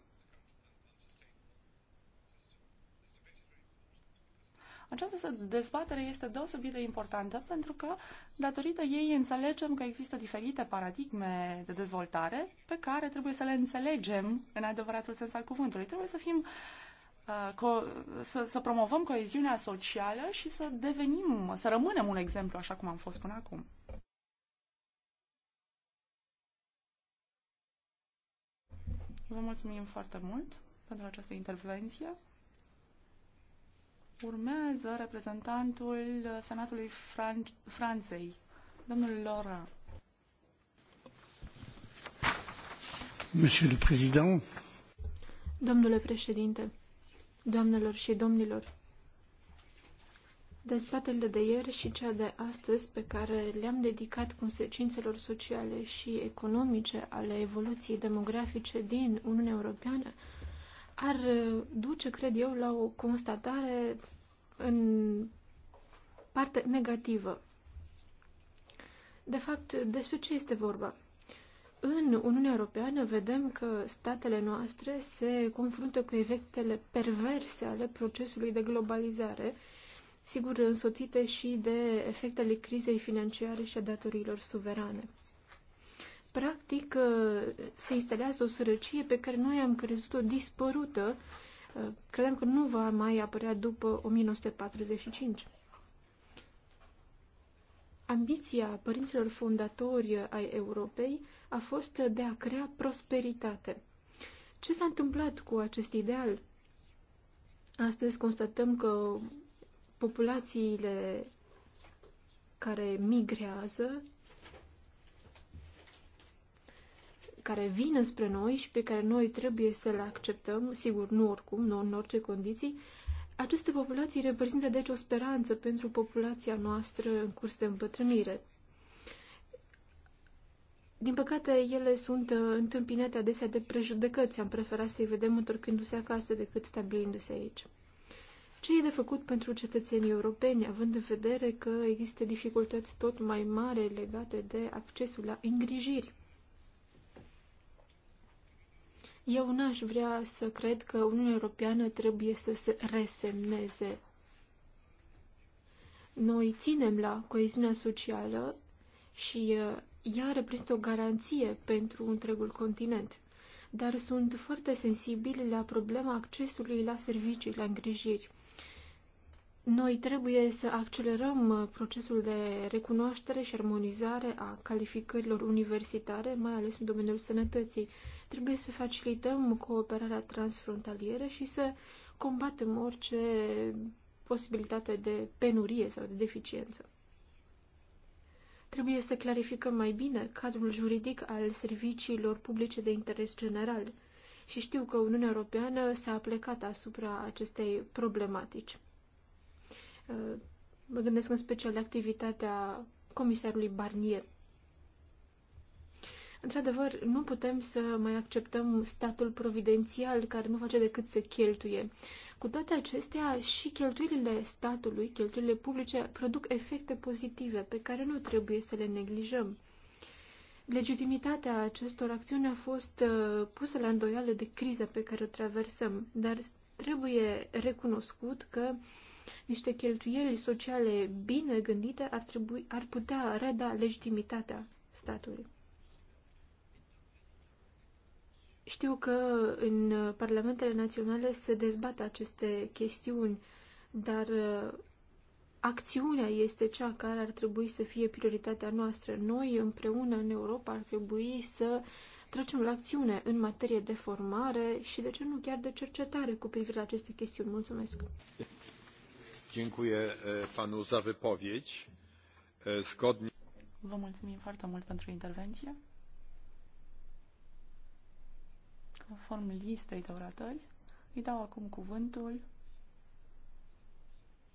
Această dezbatere este deosebit de importantă pentru că, datorită ei, înțelegem că există diferite paradigme de dezvoltare pe care trebuie să le înțelegem în adevăratul sens al cuvântului. Trebuie să fim uh, să, să promovăm coeziunea socială și să devenim, să rămânem un exemplu așa cum am fost până acum. Vă mulțumim foarte mult pentru această intervenție. Urmează reprezentantul Senatului Fran- Franței, domnul Lora. Monsieur le Président. Domnule președinte, doamnelor și domnilor, dezbaterile de ieri și cea de astăzi pe care le-am dedicat consecințelor sociale și economice ale evoluției demografice din Uniunea Europeană ar uh, duce, cred eu, la o constatare în parte negativă. De fapt, despre ce este vorba? În Uniunea Europeană vedem că statele noastre se confruntă cu efectele perverse ale procesului de globalizare, sigur însoțite și de efectele crizei financiare și a datoriilor suverane practic uh, se instalează o sărăcie pe care noi am crezut-o dispărută, uh, credeam că nu va mai apărea după 1945. Ambiția părinților fondatori ai Europei a fost de a crea prosperitate. Ce s-a întâmplat cu acest ideal? Astăzi constatăm că populațiile care migrează care vin spre noi și pe care noi trebuie să le acceptăm, sigur, nu oricum, nu în orice condiții, aceste populații reprezintă deci o speranță pentru populația noastră în curs de îmbătrânire. Din păcate, ele sunt uh, întâmpinate adesea de prejudecăți. Am preferat să-i vedem întorcându-se acasă decât stabilindu-se aici. Ce e de făcut pentru cetățenii europeni, având în vedere că există dificultăți tot mai mari legate de accesul la îngrijiri? Eu n-aș vrea să cred că Uniunea Europeană trebuie să se resemneze. Noi ținem la coeziunea socială și uh, ea reprezintă o garanție pentru întregul continent. Dar sunt foarte sensibili la problema accesului la servicii, la îngrijiri. Noi trebuie să accelerăm uh, procesul de recunoaștere și armonizare a calificărilor universitare, mai ales în domeniul sănătății. Trebuie să facilităm cooperarea transfrontalieră și să combatem orice posibilitate de penurie sau de deficiență. Trebuie să clarificăm mai bine cadrul juridic al serviciilor publice de interes general și știu că Uniunea Europeană s-a plecat asupra acestei problematici. Mă gândesc în special la activitatea comisarului Barnier. Într-adevăr, nu putem să mai acceptăm statul providențial care nu face decât să cheltuie. Cu toate acestea, și cheltuielile statului, cheltuielile publice, produc efecte pozitive pe care nu trebuie să le neglijăm. Legitimitatea acestor acțiuni a fost uh, pusă la îndoială de criza pe care o traversăm, dar trebuie recunoscut că niște cheltuieli sociale bine gândite ar, trebui, ar putea reda legitimitatea statului. Știu că în parlamentele naționale se dezbat aceste chestiuni, dar uh, acțiunea este cea care ar trebui să fie prioritatea noastră. Noi, împreună în Europa, ar trebui să trecem la acțiune în materie de formare și, de ce nu, chiar de cercetare cu privire la aceste chestiuni. Mulțumesc! Vă mulțumim foarte mult pentru intervenție. conform listei de oratori, îi dau acum cuvântul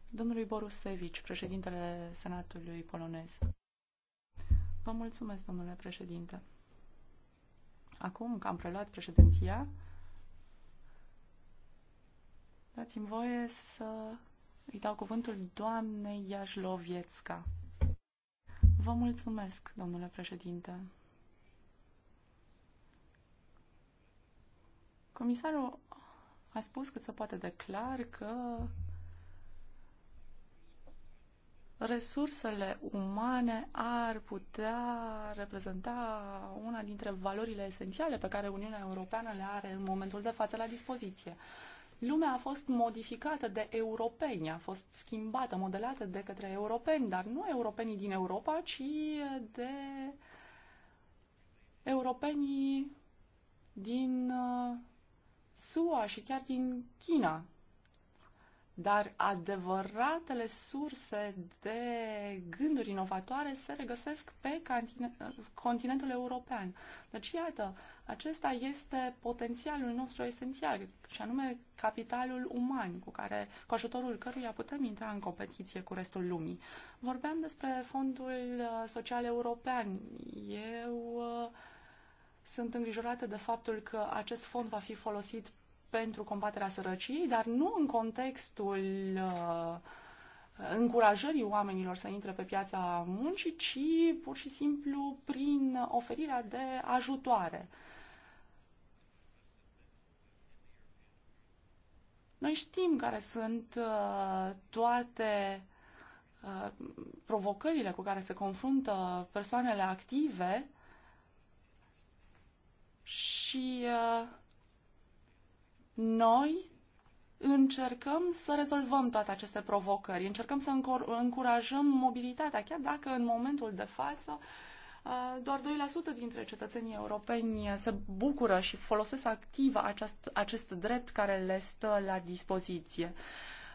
domnului Borusevici, președintele Senatului polonez. Vă mulțumesc, domnule președinte. Acum că am preluat președinția, dați-mi voie să îi dau cuvântul doamnei Iașlovietska. Vă mulțumesc, domnule președinte. Comisarul a spus cât se poate de clar că resursele umane ar putea reprezenta una dintre valorile esențiale pe care Uniunea Europeană le are în momentul de față la dispoziție. Lumea a fost modificată de europeni, a fost schimbată, modelată de către europeni, dar nu europenii din Europa, ci de europenii din uh, SUA și chiar din China. Dar adevăratele surse de gânduri inovatoare se regăsesc pe continentul european. Deci, iată, acesta este potențialul nostru esențial, și anume capitalul uman, cu, care, cu ajutorul căruia putem intra în competiție cu restul lumii. Vorbeam despre Fondul Social European. Eu uh, sunt îngrijorată de faptul că acest fond va fi folosit pentru combaterea sărăciei, dar nu în contextul uh, încurajării oamenilor să intre pe piața muncii, ci pur și simplu prin oferirea de ajutoare. Noi știm care sunt uh, toate uh, provocările cu care se confruntă persoanele active și uh, noi încercăm să rezolvăm toate aceste provocări, încercăm să încurajăm mobilitatea, chiar dacă în momentul de față uh, doar 2% dintre cetățenii europeni se bucură și folosesc activ acest, acest drept care le stă la dispoziție. Uh,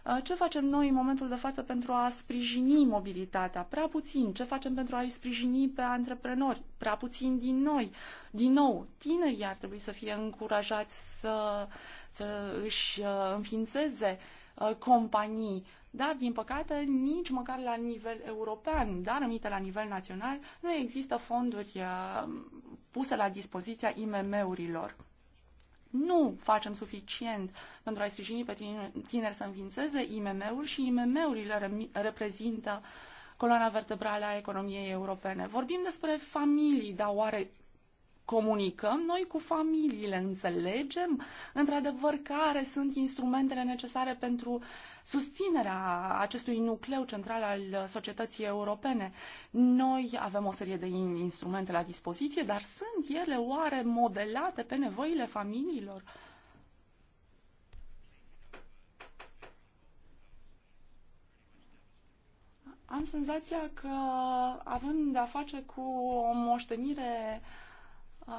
Uh, ce facem noi în momentul de față pentru a sprijini mobilitatea? Prea puțin. Ce facem pentru a-i sprijini pe antreprenori? Prea puțin din noi. Din nou, tinerii ar trebui să fie încurajați să, să își uh, înființeze uh, companii, dar din păcate nici măcar la nivel european, dar aminte la nivel național, nu există fonduri puse la dispoziția IMM-urilor nu facem suficient pentru a-i sprijini pe tineri să înființeze IMM-uri și IMM-urile reprezintă coloana vertebrală a economiei europene. Vorbim despre familii, dar oare comunicăm noi cu familiile, înțelegem într-adevăr care sunt instrumentele necesare pentru susținerea acestui nucleu central al societății europene. Noi avem o serie de instrumente la dispoziție, dar sunt ele oare modelate pe nevoile familiilor? Am senzația că avem de-a face cu o moștenire uh, Uh,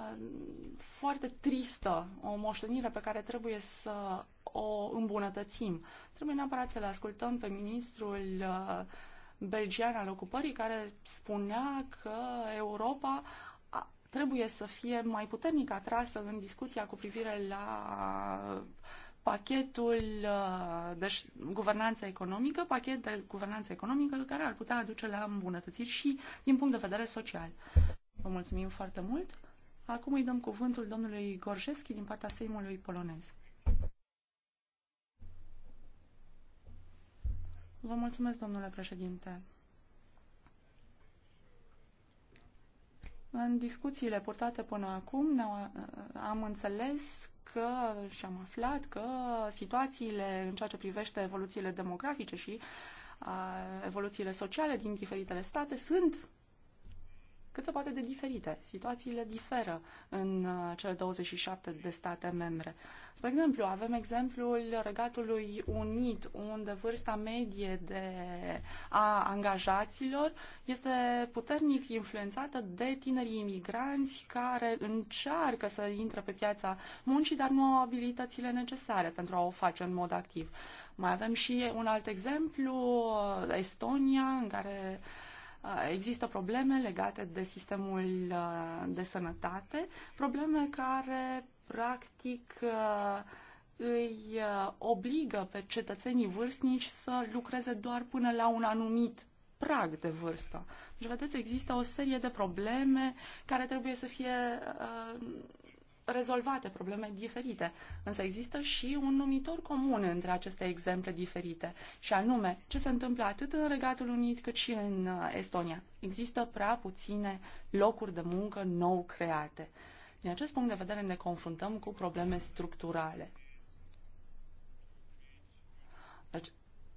foarte tristă, o moștenire pe care trebuie să o îmbunătățim. Trebuie neapărat să le ascultăm pe ministrul uh, belgian al ocupării care spunea că Europa trebuie să fie mai puternic atrasă în discuția cu privire la pachetul uh, de guvernanță economică, pachet de guvernanță economică care ar putea aduce la îmbunătățiri și din punct de vedere social. Vă mulțumim foarte mult! Acum îi dăm cuvântul domnului Gorjeschi din partea Seimului polonez. Vă mulțumesc, domnule președinte. În discuțiile purtate până acum am înțeles că și am aflat că situațiile în ceea ce privește evoluțiile demografice și a, evoluțiile sociale din diferitele state sunt cât se poate de diferite. Situațiile diferă în uh, cele 27 de state membre. Spre exemplu, avem exemplul Regatului Unit, unde vârsta medie de a angajaților este puternic influențată de tinerii imigranți care încearcă să intre pe piața muncii, dar nu au abilitățile necesare pentru a o face în mod activ. Mai avem și un alt exemplu, uh, Estonia, în care Există probleme legate de sistemul uh, de sănătate, probleme care practic uh, îi uh, obligă pe cetățenii vârstnici să lucreze doar până la un anumit prag de vârstă. Deci, vedeți, există o serie de probleme care trebuie să fie uh, rezolvate probleme diferite, însă există și un numitor comun între aceste exemple diferite, și anume ce se întâmplă atât în Regatul Unit cât și în uh, Estonia. Există prea puține locuri de muncă nou create. Din acest punct de vedere ne confruntăm cu probleme structurale. Deci,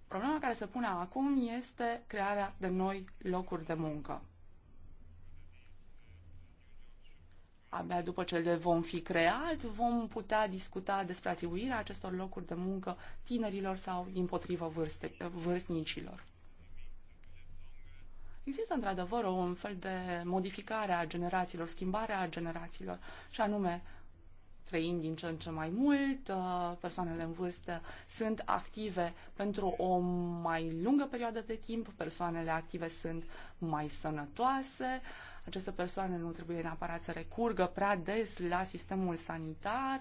problema care se pune acum este crearea de noi locuri de muncă. abia după ce le vom fi creat, vom putea discuta despre atribuirea acestor locuri de muncă tinerilor sau, din potrivă, vârstnicilor. Există într-adevăr un fel de modificare a generațiilor, schimbare a generațiilor, și anume trăim din ce în ce mai mult, ă, persoanele în vârstă sunt active pentru o mai lungă perioadă de timp, persoanele active sunt mai sănătoase, uh, aceste persoane nu trebuie neapărat să recurgă prea des la sistemul sanitar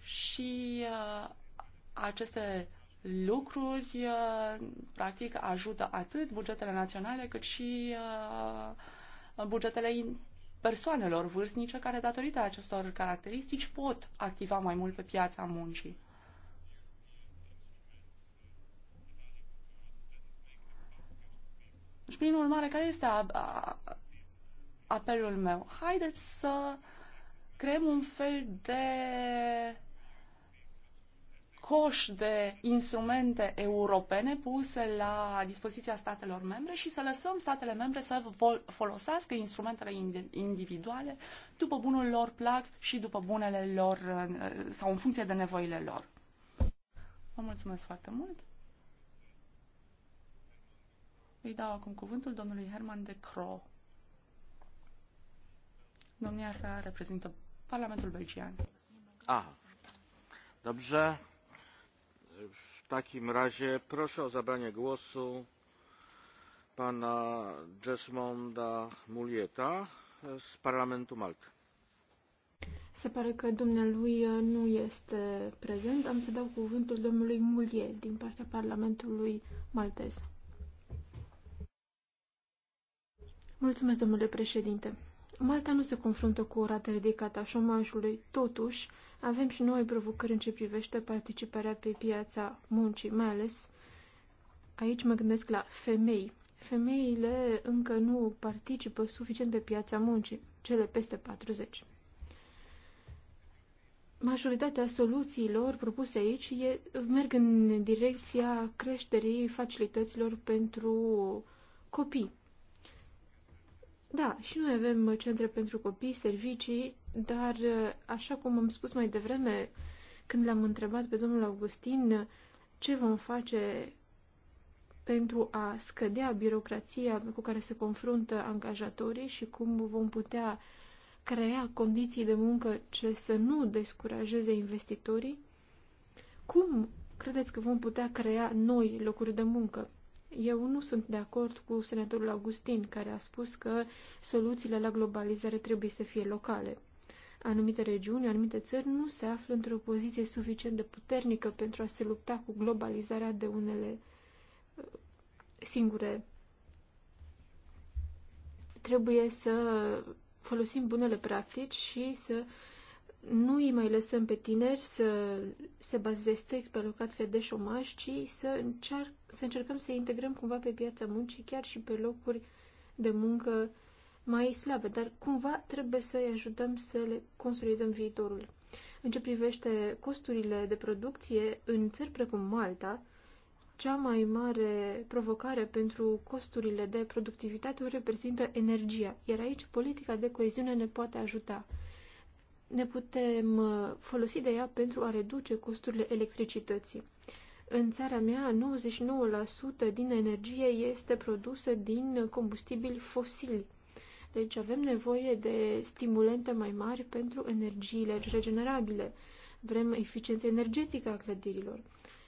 și uh, aceste lucruri uh, practic ajută atât bugetele naționale cât și uh, bugetele persoanelor vârstnice care datorită acestor caracteristici pot activa mai mult pe piața muncii. Și prin urmare, care este a, a, apelul meu. Haideți să creăm un fel de coș de instrumente europene puse la dispoziția statelor membre și să lăsăm statele membre să folosească instrumentele individuale după bunul lor plac și după bunele lor uh, sau în funcție de nevoile lor. Vă mulțumesc foarte mult. Îi dau acum cuvântul domnului Herman de Croo. Domnia sa reprezintă Parlamentul Belgian. Aha. Dobrze. W takim razie proszę o zabranie głosu pana Jesmonda Mulieta z Parlamentu Malta. Se pare că dumnealui nu este prezent. Am să dau cuvântul domnului Mulie din partea Parlamentului maltez. Mulțumesc, domnule președinte. Malta nu se confruntă cu o rată ridicată a șomajului, totuși avem și noi provocări în ce privește participarea pe piața muncii, mai ales aici mă gândesc la femei. Femeile încă nu participă suficient pe piața muncii, cele peste 40. Majoritatea soluțiilor propuse aici e, merg în direcția creșterii facilităților pentru copii. Da, și noi avem centre pentru copii, servicii, dar uh, așa cum am spus mai devreme, când l-am întrebat pe domnul Augustin uh, ce vom face pentru a scădea birocrația cu care se confruntă angajatorii și cum vom putea crea condiții de muncă ce să nu descurajeze investitorii, cum credeți că vom putea crea noi locuri de muncă? Eu nu sunt de acord cu senatorul Augustin, care a spus că soluțiile la globalizare trebuie să fie locale. Anumite regiuni, anumite țări nu se află într-o poziție suficient de puternică pentru a se lupta cu globalizarea de unele uh, singure. Trebuie să folosim bunele practici și să nu îi mai lăsăm pe tineri să se bazeze strict pe locațiile de șomaj, ci să, încerc, să încercăm să integrăm cumva pe piața muncii, chiar și pe locuri de muncă mai slabe, dar cumva trebuie să îi ajutăm să le consolidăm viitorul. În ce privește costurile de producție în țări precum Malta, cea mai mare provocare pentru costurile de productivitate o reprezintă energia, iar aici politica de coeziune ne poate ajuta ne putem uh, folosi de ea pentru a reduce costurile electricității. În țara mea, 99% din energie este produsă din combustibili fosili. Deci avem nevoie de stimulente mai mari pentru energiile regenerabile. Vrem eficiență energetică a clădirilor.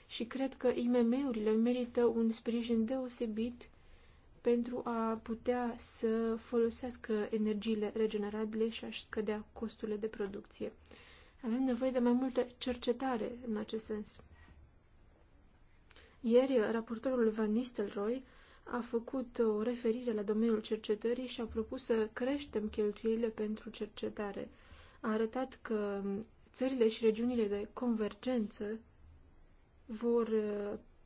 Și cred că IMM-urile merită un sprijin deosebit pentru a putea să folosească energiile regenerabile și a scădea costurile de producție. Avem nevoie de mai multă cercetare în acest sens. Ieri, raportorul Van Nistelrooy a făcut o referire la domeniul cercetării și a propus să creștem cheltuielile pentru cercetare. A arătat că țările și regiunile de convergență vor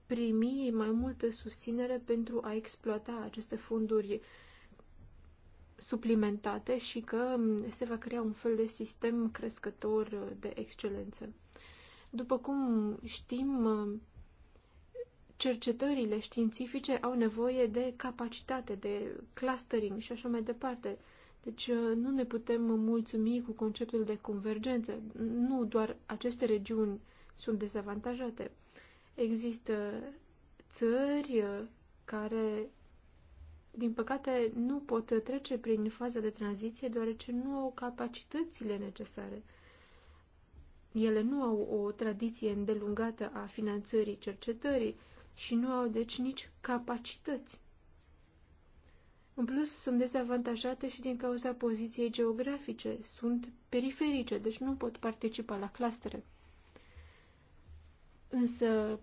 primi mai multă susținere pentru a exploata aceste fonduri suplimentate și că se va crea un fel de sistem crescător de excelență. După cum știm, cercetările științifice au nevoie de capacitate, de clustering și așa mai departe. Deci nu ne putem mulțumi cu conceptul de convergență. Nu doar aceste regiuni sunt dezavantajate. Există țări uh, care, din păcate, nu pot trece prin faza de tranziție deoarece nu au capacitățile necesare. Ele nu au o tradiție îndelungată a finanțării cercetării și nu au, deci, nici capacități. În plus, sunt dezavantajate și din cauza poziției geografice. Sunt periferice, deci nu pot participa la clastere. Însă,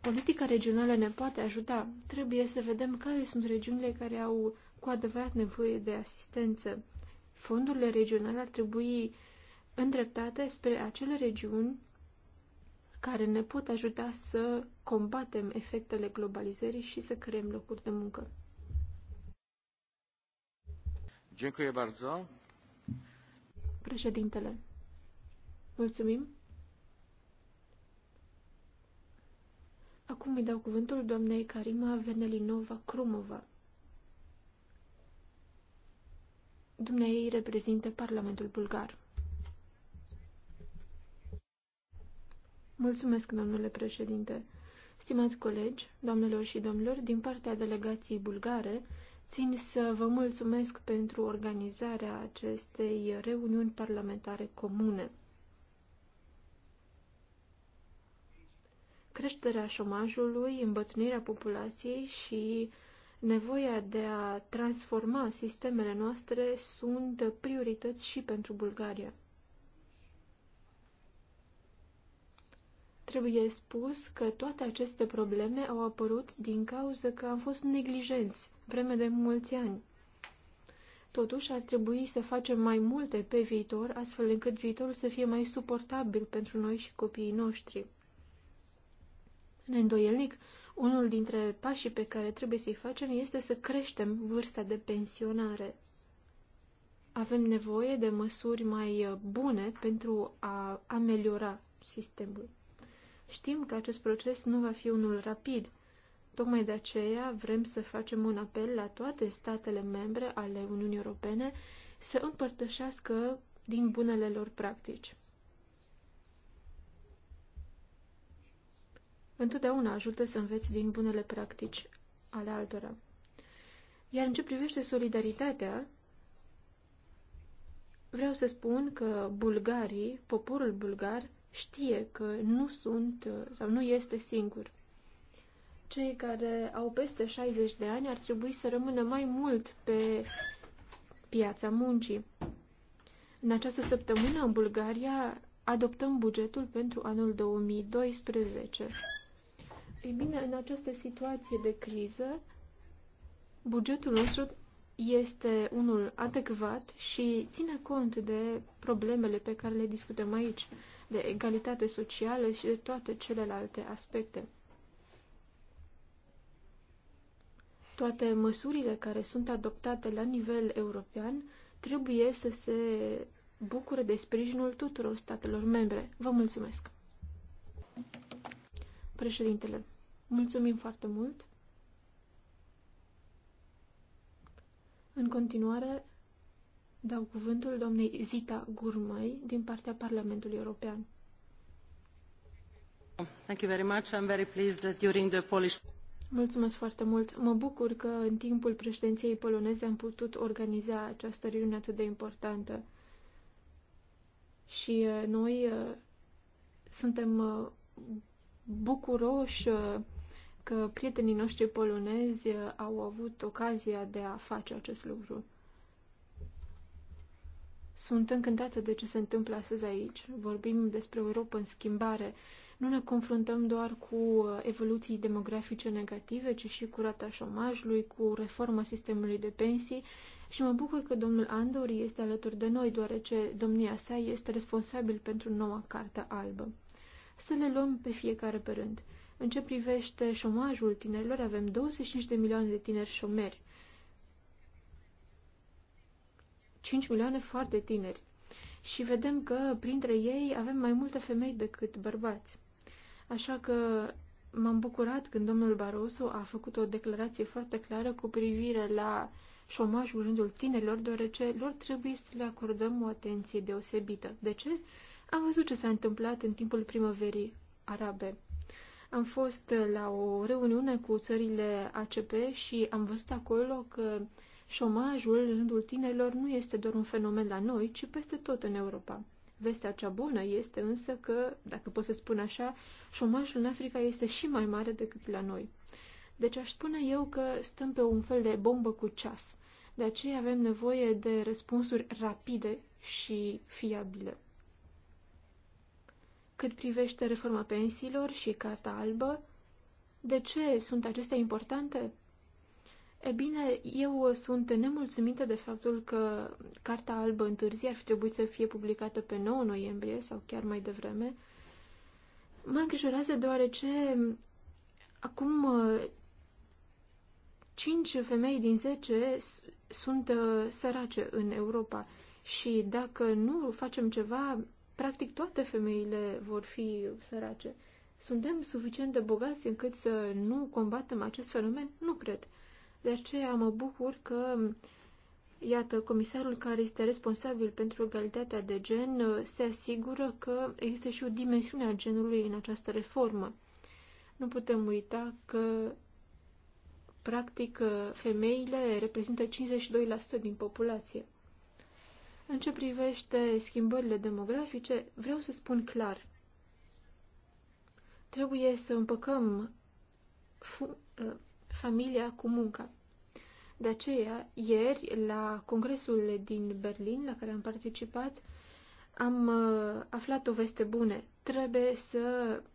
politica regională ne poate ajuta. Trebuie să vedem care sunt regiunile care au cu adevărat nevoie de asistență. Fondurile regionale ar trebui îndreptate spre acele regiuni care ne pot ajuta să combatem efectele globalizării și să creăm locuri de muncă. Dziękuję Președintele, mulțumim. Acum îi dau cuvântul doamnei Karima Venelinova Krumova. ei reprezintă Parlamentul Bulgar. Mulțumesc, domnule președinte. Stimați colegi, doamnelor și domnilor, din partea delegației bulgare, țin să vă mulțumesc pentru organizarea acestei reuniuni parlamentare comune. creșterea șomajului, îmbătrânirea populației și nevoia de a transforma sistemele noastre sunt priorități și pentru Bulgaria. Trebuie spus că toate aceste probleme au apărut din cauza că am fost neglijenți vreme de mulți ani. Totuși, ar trebui să facem mai multe pe viitor, astfel încât viitorul să fie mai suportabil pentru noi și copiii noștri neîndoielnic, unul dintre pașii pe care trebuie să-i facem este să creștem vârsta de pensionare. Avem nevoie de măsuri mai uh, bune pentru a ameliora sistemul. Știm că acest proces nu va fi unul rapid. Tocmai de aceea vrem să facem un apel la toate statele membre ale Uniunii Europene să împărtășească din bunele lor practici. întotdeauna ajută să înveți din bunele practici ale altora. Iar în ce privește solidaritatea, vreau să spun că bulgarii, poporul bulgar, știe că nu sunt uh, sau nu este singur. Cei care au peste 60 de ani ar trebui să rămână mai mult pe piața muncii. În această săptămână, în Bulgaria, adoptăm bugetul pentru anul 2012. Ei bine, în această situație de criză, bugetul nostru este unul adecvat și ține cont de problemele pe care le discutăm aici, de egalitate socială și de toate celelalte aspecte. Toate măsurile care sunt adoptate la nivel european trebuie să se bucure de sprijinul tuturor statelor membre. Vă mulțumesc! Președintele, mulțumim foarte mult. În continuare, dau cuvântul doamnei Zita Gurmai din partea Parlamentului European. Thank you very much. I'm very pleased that during the Polish Mulțumesc foarte mult. Mă bucur că în timpul președinției poloneze am putut organiza această reuniune atât de importantă. Și uh, noi uh, suntem uh, bucuroși uh, că prietenii noștri polonezi uh, au avut ocazia de a face acest lucru. Sunt încântată de ce se întâmplă astăzi aici. Vorbim despre Europa în schimbare. Nu ne confruntăm doar cu uh, evoluții demografice negative, ci și cu rata șomajului, cu reforma sistemului de pensii și mă bucur că domnul Andor este alături de noi, deoarece domnia sa este responsabil pentru noua carte albă să le luăm pe fiecare pe rând. În ce privește șomajul tinerilor, avem 25 de milioane de tineri șomeri. 5 milioane foarte tineri. Și vedem că printre ei avem mai multe femei decât bărbați. Așa că m-am bucurat când domnul Barroso a făcut o declarație foarte clară cu privire la șomajul rândul tinerilor, deoarece lor trebuie să le acordăm o atenție deosebită. De ce? Am văzut ce s-a întâmplat în timpul primăverii arabe. Am fost uh, la o reuniune cu țările ACP și am văzut acolo că șomajul în rândul tinerilor nu este doar un fenomen la noi, ci peste tot în Europa. Vestea cea bună este însă că, dacă pot să spun așa, șomajul în Africa este și mai mare decât la noi. Deci aș spune eu că stăm pe un fel de bombă cu ceas. De aceea avem nevoie de răspunsuri rapide și fiabile. Cât privește reforma pensiilor și Carta Albă, de ce sunt acestea importante? E bine, eu sunt nemulțumită de faptul că Carta Albă întârzi ar fi trebuit să fie publicată pe 9 noiembrie sau chiar mai devreme. Mă îngrijorează deoarece acum 5 uh, femei din 10 sunt uh, sărace în Europa și dacă nu facem ceva, practic toate femeile vor fi sărace. Suntem suficient de bogați încât să nu combatem acest fenomen? Nu cred. De aceea mă bucur că, iată, comisarul care este responsabil pentru egalitatea de gen uh, se asigură că există și o dimensiune a genului în această reformă. Nu putem uita că, practic, uh, femeile reprezintă 52% din populație. În ce privește schimbările demografice, vreau să spun clar. Trebuie să împăcăm ă, familia cu munca. De aceea, ieri, la congresul din Berlin, la care am participat, am uh, aflat o veste bună. Trebuie să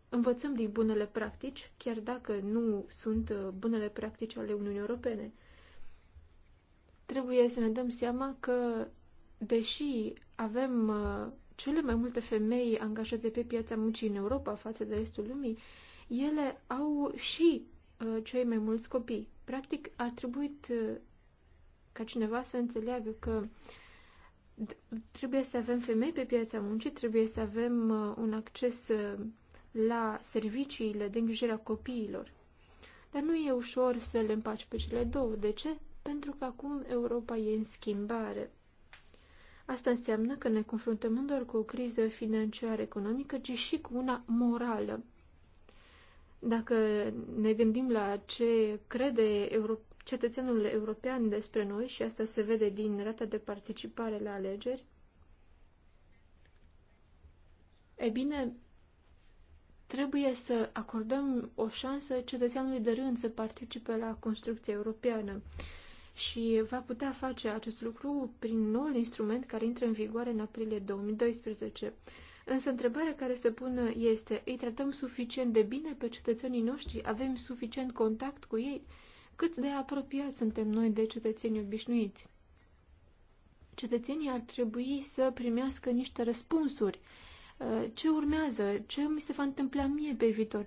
învățăm din bunele practici, chiar dacă nu sunt uh, bunele practici ale Uniunii Europene. Trebuie să ne dăm seama că deși avem uh, cele mai multe femei angajate pe piața muncii în Europa față de restul lumii, ele au și uh, cei mai mulți copii. Practic, ar trebui uh, ca cineva să înțeleagă că trebuie să avem femei pe piața muncii, trebuie să avem un acces la serviciile de îngrijire a copiilor. Dar nu e ușor să le împaci pe cele două. De ce? Pentru că acum Europa e în schimbare. Asta înseamnă că ne confruntăm nu doar cu o criză financiară economică, ci și cu una morală. Dacă ne gândim la ce crede Euro- cetățenul european despre noi, și asta se vede din rata de participare la alegeri, e bine, trebuie să acordăm o șansă cetățeanului de rând să participe la construcția europeană și va putea face acest lucru prin noul instrument care intră în vigoare în aprilie 2012. Însă întrebarea care se pune este, îi tratăm suficient de bine pe cetățenii noștri? Avem suficient contact cu ei? Cât de apropiați suntem noi de cetățenii obișnuiți? Cetățenii ar trebui să primească niște răspunsuri. Uh, ce urmează? Ce mi se va întâmpla mie pe viitor?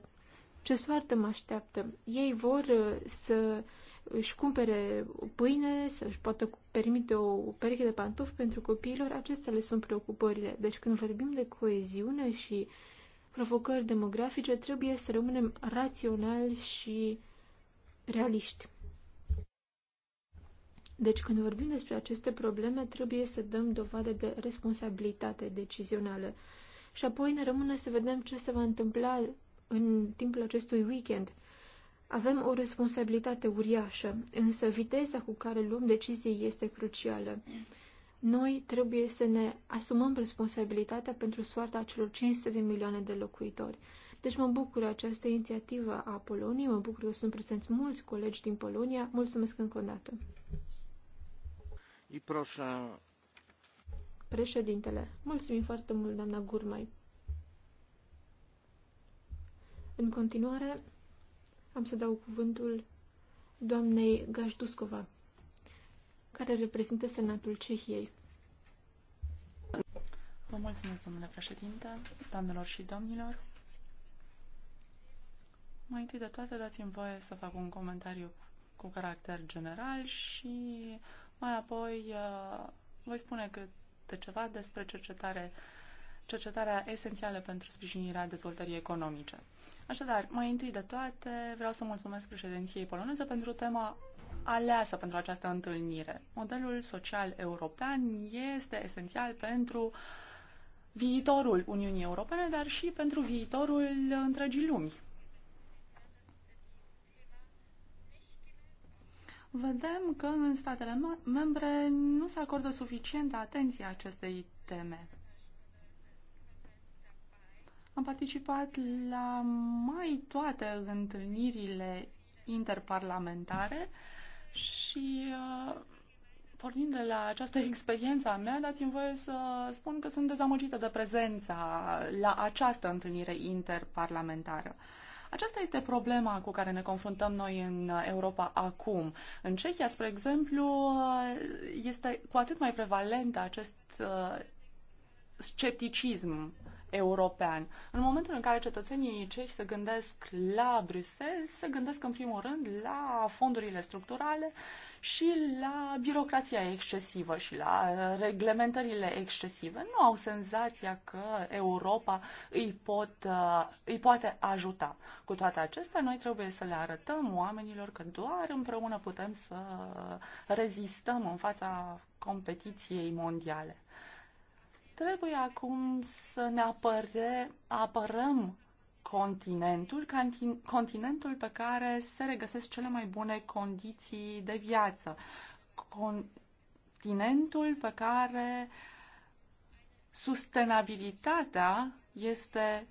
Ce soartă mă așteaptă? Ei vor uh, să își cumpere pâine, să-și poată permite o pereche de pantofi pentru copiilor, acestea le sunt preocupările. Deci când vorbim de coeziune și provocări demografice, trebuie să rămânem raționali și realiști. Deci când vorbim despre aceste probleme, trebuie să dăm dovadă de responsabilitate decizională. Și apoi ne rămâne să vedem ce se va întâmpla în timpul acestui weekend – avem o responsabilitate uriașă, însă viteza cu care luăm decizii este crucială. Noi trebuie să ne asumăm responsabilitatea pentru soarta celor 500 de milioane de locuitori. Deci mă bucur această inițiativă a Poloniei, mă bucur că sunt prezenți mulți colegi din Polonia. Mulțumesc încă o dată. I proșa... Președintele, mulțumim foarte mult, doamna Gurmai. În continuare, am să dau cuvântul doamnei Gașduscova, care reprezintă Senatul Cehiei. Vă mulțumesc, domnule președinte, doamnelor și domnilor. Mai întâi de toate, dați-mi voie să fac un comentariu cu caracter general și mai apoi uh, voi spune câte ceva despre cercetare uh, cercetarea esențială pentru sprijinirea dezvoltării economice. Așadar, mai întâi de toate, vreau să mulțumesc președinției poloneze pentru tema aleasă pentru această întâlnire. Modelul social european este esențial pentru viitorul Uniunii Europene, dar și pentru viitorul întregii lumi. Vedem că în statele membre nu se acordă suficientă atenție acestei teme. Am participat la mai toate întâlnirile interparlamentare și uh, pornind de la această experiență a mea, dați-mi voie să spun că sunt dezamăgită de prezența la această întâlnire interparlamentară. Aceasta este problema cu care ne confruntăm noi în Europa acum. În Cehia, spre exemplu, este cu atât mai prevalent acest uh, scepticism uh, european. În momentul în care cetățenii cehi se gândesc la Bruxelles, se gândesc în primul rând la fondurile structurale și la birocrația excesivă și la reglementările excesive. Nu au senzația că Europa îi, pot, uh, îi poate ajuta. Cu toate acestea, noi trebuie să le arătăm oamenilor că doar împreună putem să rezistăm în fața competiției mondiale. Trebuie acum să ne apăre, apărăm continentul, continentul pe care se regăsesc cele mai bune condiții de viață, continentul pe care sustenabilitatea este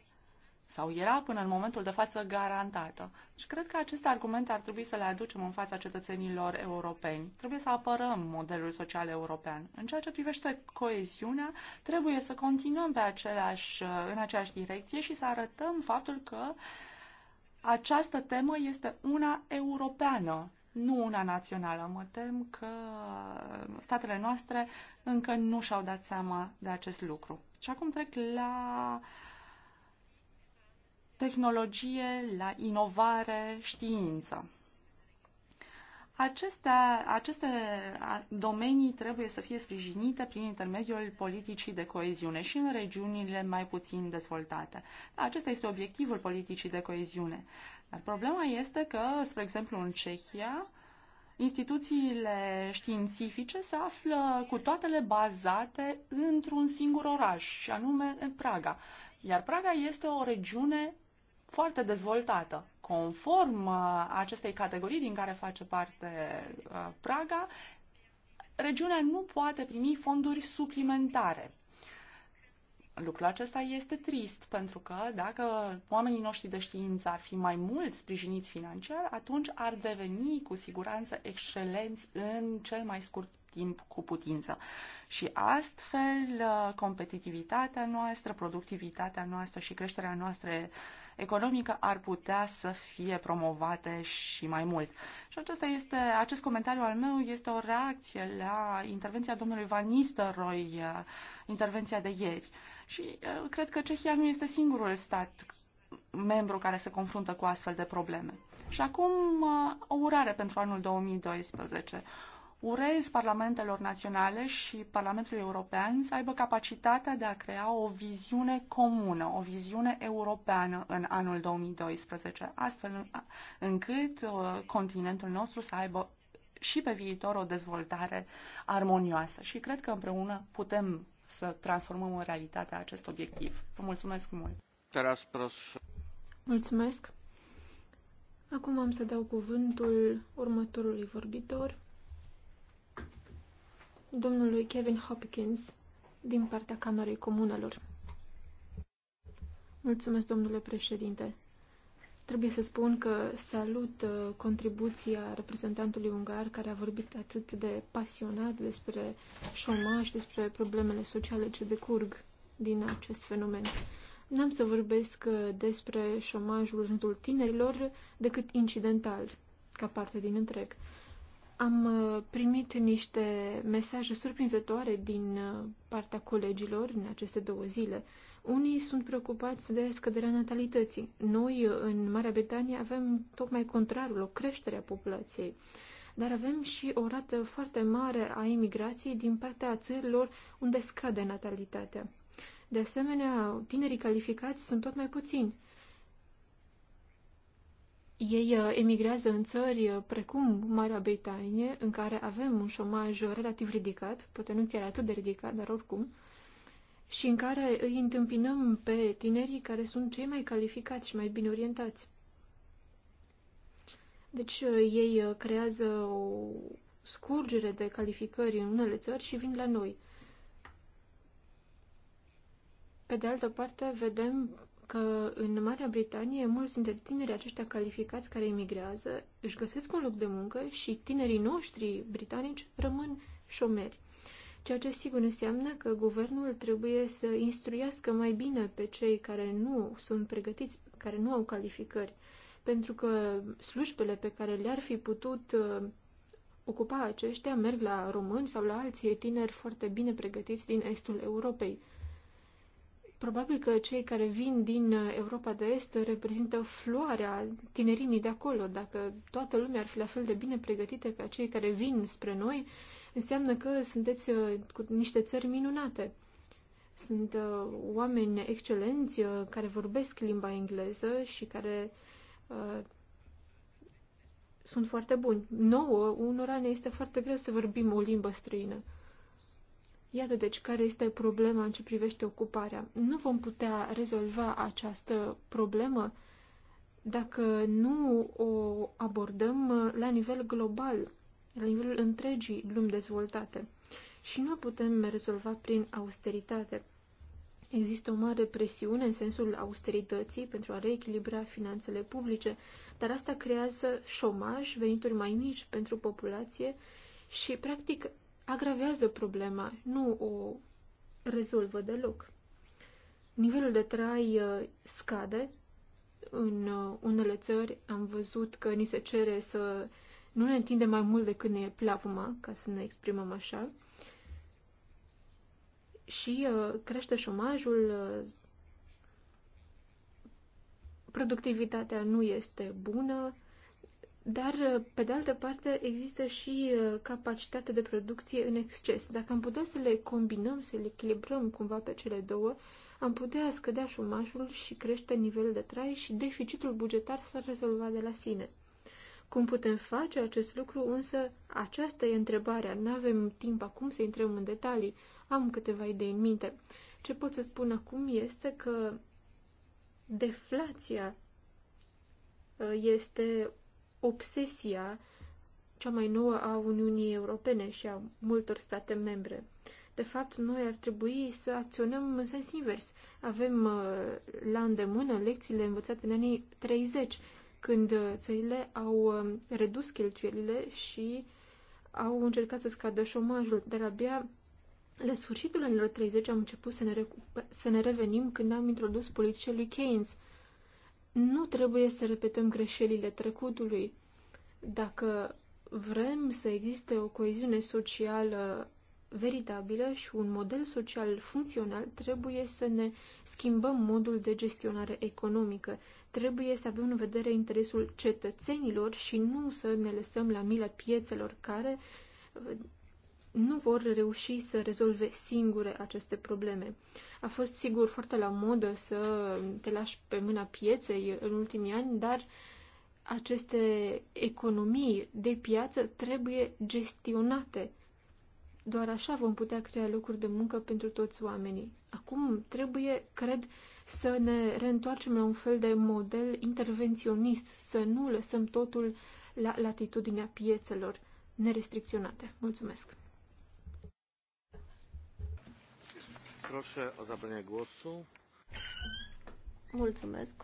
sau era până în momentul de față garantată. Și cred că aceste argumente ar trebui să le aducem în fața cetățenilor europeni. Trebuie să apărăm modelul social european. În ceea ce privește coeziunea, trebuie să continuăm pe aceleași, în aceeași direcție și să arătăm faptul că această temă este una europeană, nu una națională. Mă tem că statele noastre încă nu și-au dat seama de acest lucru. Și acum trec la uh, tehnologie, la inovare, știință. Aceste, aceste domenii trebuie să fie sprijinite prin intermediul politicii de coeziune și în regiunile mai puțin dezvoltate. Acesta este obiectivul politicii de coeziune. Dar problema este că, spre exemplu, în Cehia, instituțiile științifice se află cu toatele bazate într-un singur oraș, și anume în Praga. Iar Praga este o regiune foarte dezvoltată. Conform uh, acestei categorii din care face parte uh, Praga, regiunea nu poate primi fonduri suplimentare. Lucrul acesta este trist, pentru că dacă oamenii noștri de știință ar fi mai mult sprijiniți financiar, atunci ar deveni cu siguranță excelenți în cel mai scurt timp cu putință. Și astfel, uh, competitivitatea noastră, productivitatea noastră și creșterea noastră uh, economică ar putea să fie promovate și mai mult. Și acesta este, acest comentariu al meu este o reacție la intervenția domnului Van Nistelrooy, uh, intervenția de ieri. Și uh, cred că Cehia nu este singurul stat membru care se confruntă cu astfel de probleme. Și acum uh, o urare pentru anul 2012 urez parlamentelor naționale și Parlamentului European să aibă capacitatea de a crea o viziune comună, o viziune europeană în anul 2012, astfel încât uh, continentul nostru să aibă și pe viitor o dezvoltare armonioasă. Și cred că împreună putem să transformăm în realitate acest obiectiv. Vă mulțumesc mult! Mulțumesc! Acum am să dau cuvântul următorului vorbitor, domnului Kevin Hopkins din partea Camerei Comunelor. Mulțumesc, domnule președinte. Trebuie să spun că salut uh, contribuția reprezentantului ungar care a vorbit atât de pasionat despre șomaj, despre problemele sociale ce decurg din acest fenomen. N-am să vorbesc uh, despre șomajul în rândul tinerilor decât incidental, ca parte din întreg. Am uh, primit niște mesaje surprinzătoare din uh, partea colegilor în aceste două zile. Unii sunt preocupați de scăderea natalității. Noi, uh, în Marea Britanie, avem tocmai contrarul, o creștere a populației. Dar avem și o rată foarte mare a imigrației din partea țărilor unde scade natalitatea. De asemenea, tinerii calificați sunt tot mai puțini. Ei uh, emigrează în țări uh, precum Marea Britanie, în care avem un șomaj relativ ridicat, poate nu chiar atât de ridicat, dar oricum, și în care îi întâmpinăm pe tinerii care sunt cei mai calificați și mai bine orientați. Deci uh, ei creează o scurgere de calificări în unele țări și vin la noi. Pe de altă parte, vedem că în Marea Britanie mulți dintre tinerii aceștia calificați care emigrează își găsesc un loc de muncă și tinerii noștri britanici rămân șomeri. Ceea ce sigur înseamnă că guvernul trebuie să instruiască mai bine pe cei care nu sunt pregătiți, care nu au calificări, pentru că slujbele pe care le-ar fi putut uh, ocupa aceștia merg la români sau la alții tineri foarte bine pregătiți din estul Europei. Probabil că cei care vin din uh, Europa de Est reprezintă floarea tinerimii de acolo. Dacă toată lumea ar fi la fel de bine pregătită ca cei care vin spre noi, înseamnă că sunteți uh, cu niște țări minunate. Sunt uh, oameni excelenți uh, care vorbesc limba engleză și care uh, sunt foarte buni. Nouă, unora ne este foarte greu să vorbim o limbă străină. Iată deci care este problema în ce privește ocuparea. Nu vom putea rezolva această problemă dacă nu o abordăm la nivel global, la nivelul întregii lumi dezvoltate. Și nu o putem rezolva prin austeritate. Există o mare presiune în sensul austerității pentru a reechilibra finanțele publice, dar asta creează șomaj, venituri mai mici pentru populație și, practic, agravează problema, nu o rezolvă deloc. Nivelul de trai uh, scade. În uh, unele țări am văzut că ni se cere să nu ne întindem mai mult decât ne e plavuma, ca să ne exprimăm așa. Și uh, crește șomajul, productivitatea nu este bună, dar, pe de altă parte, există și uh, capacitatea de producție în exces. Dacă am putea să le combinăm, să le echilibrăm cumva pe cele două, am putea scădea șumajul și crește nivelul de trai și deficitul bugetar s-ar rezolva de la sine. Cum putem face acest lucru, însă, aceasta e întrebarea. Nu avem timp acum să intrăm în detalii. Am câteva idei în minte. Ce pot să spun acum este că deflația uh, este obsesia cea mai nouă a Uniunii Europene și a multor state membre. De fapt, noi ar trebui să acționăm în sens invers. Avem uh, la îndemână lecțiile învățate în anii 30, când uh, țările au um, redus cheltuielile și au încercat să scadă șomajul, dar abia la sfârșitul anilor 30 am început să ne, să ne revenim când am introdus politicile lui Keynes – nu trebuie să repetăm greșelile trecutului. Dacă vrem să existe o coeziune socială veritabilă și un model social funcțional, trebuie să ne schimbăm modul de gestionare economică. Trebuie să avem în vedere interesul cetățenilor și nu să ne lăsăm la mila piețelor care nu vor reuși să rezolve singure aceste probleme. A fost sigur foarte la modă să te lași pe mâna pieței în ultimii ani, dar aceste economii de piață trebuie gestionate. Doar așa vom putea crea locuri de muncă pentru toți oamenii. Acum trebuie, cred, să ne reîntoarcem la un fel de model intervenționist, să nu lăsăm totul la latitudinea piețelor nerestricționate. Mulțumesc! Proszę o zabranie głosu. Mulțumesc.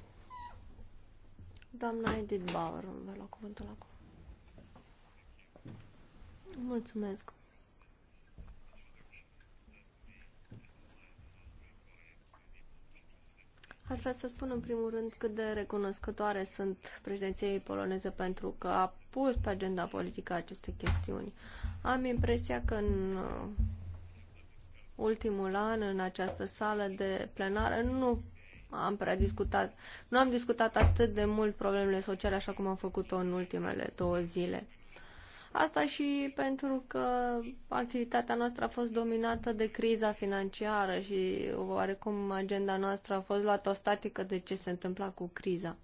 Doamna Edith Bauer vă lua cuvântul acum. Mulțumesc. Aș vrea să spun în primul rând cât de recunoscătoare sunt președinției poloneze pentru că a pus pe agenda politică aceste chestiuni. Am impresia că în ultimul an în această sală de plenară nu am prea discutat, nu am discutat atât de mult problemele sociale așa cum am făcut-o în ultimele două zile. Asta și pentru că activitatea noastră a fost dominată de criza financiară și oarecum agenda noastră a fost luată o statică de ce se întâmpla cu criza.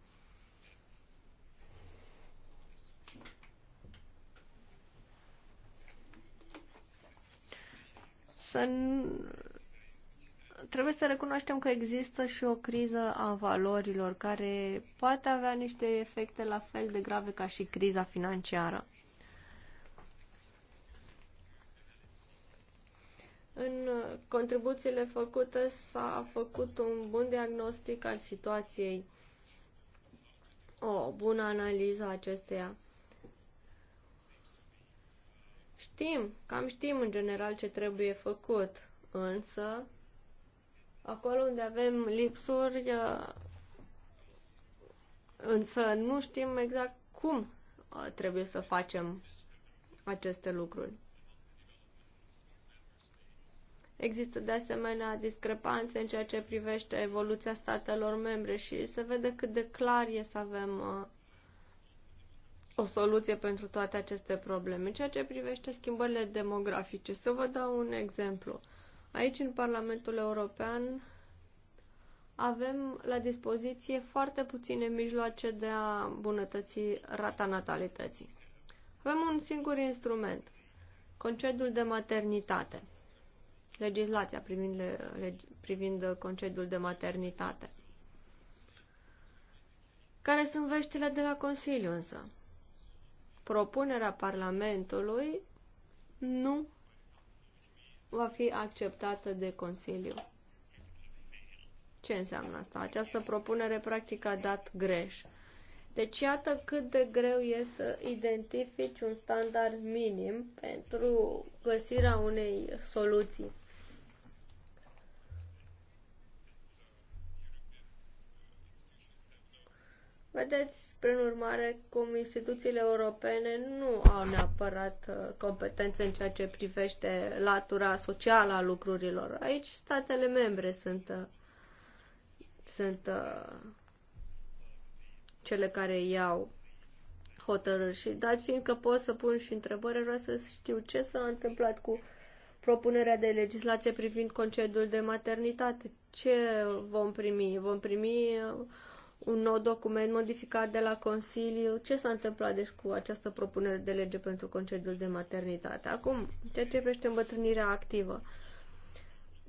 să trebuie să recunoaștem că există și o criză a valorilor care poate avea niște efecte la fel de grave ca și criza financiară. În contribuțiile făcute s-a făcut un bun diagnostic al situației, o bună analiză a acesteia. Știm, cam știm în general ce trebuie făcut, însă acolo unde avem lipsuri, ă, însă nu știm exact cum ă, trebuie să facem aceste lucruri. Există de asemenea discrepanțe în ceea ce privește evoluția statelor membre și se vede cât de clar e să avem ă, o soluție pentru toate aceste probleme. Ceea ce privește schimbările demografice, să vă dau un exemplu. Aici, în Parlamentul European, avem la dispoziție foarte puține mijloace de a îmbunătăți rata natalității. Avem un singur instrument, concediul de maternitate, legislația privind, legi, privind concediul de maternitate. Care sunt veștile de la Consiliu însă? propunerea Parlamentului nu va fi acceptată de Consiliu. Ce înseamnă asta? Această propunere practic a dat greș. Deci iată cât de greu e să identifici un standard minim pentru găsirea unei soluții. Vedeți, prin urmare, cum instituțiile europene nu au neapărat uh, competențe în ceea ce privește latura socială a lucrurilor. Aici statele membre sunt, uh, sunt uh, cele care iau hotărâri și dat fiindcă pot să pun și întrebări, vreau să știu ce s-a întâmplat cu propunerea de legislație privind concediul de maternitate. Ce vom primi? Vom primi un nou document modificat de la Consiliu. Ce s-a întâmplat deci cu această propunere de lege pentru concediul de maternitate? Acum, ceea ce privește îmbătrânirea activă.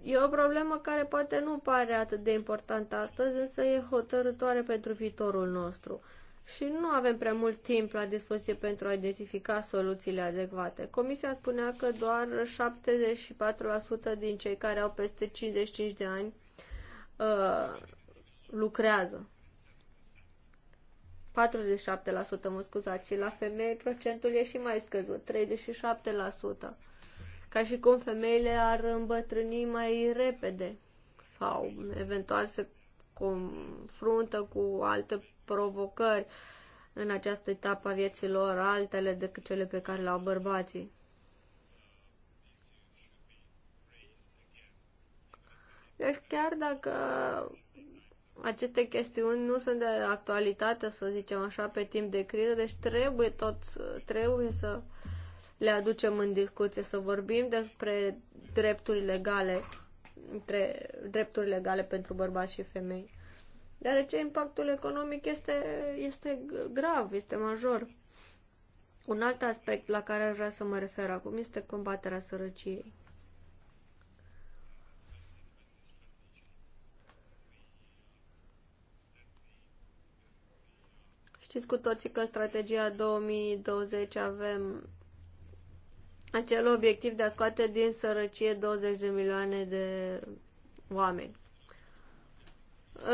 E o problemă care poate nu pare atât de importantă astăzi, însă e hotărătoare pentru viitorul nostru. Și nu avem prea mult timp la dispoziție pentru a identifica soluțiile adecvate. Comisia spunea că doar 74% din cei care au peste 55 de ani uh, lucrează. 47%, mă scuzați, și la femei procentul e și mai scăzut, 37%. Ca și cum femeile ar îmbătrâni mai repede sau eventual se confruntă cu alte provocări în această etapă a vieții lor, altele decât cele pe care le-au bărbații. Deci chiar dacă aceste chestiuni nu sunt de actualitate, să zicem așa, pe timp de criză, deci trebuie tot, trebuie să le aducem în discuție, să vorbim despre drepturi legale, între drepturi legale pentru bărbați și femei. Deoarece impactul economic este, este grav, este major. Un alt aspect la care aș vrea să mă refer acum este combaterea sărăciei. Știți cu toții că în strategia 2020 avem acel obiectiv de a scoate din sărăcie 20 de milioane de oameni.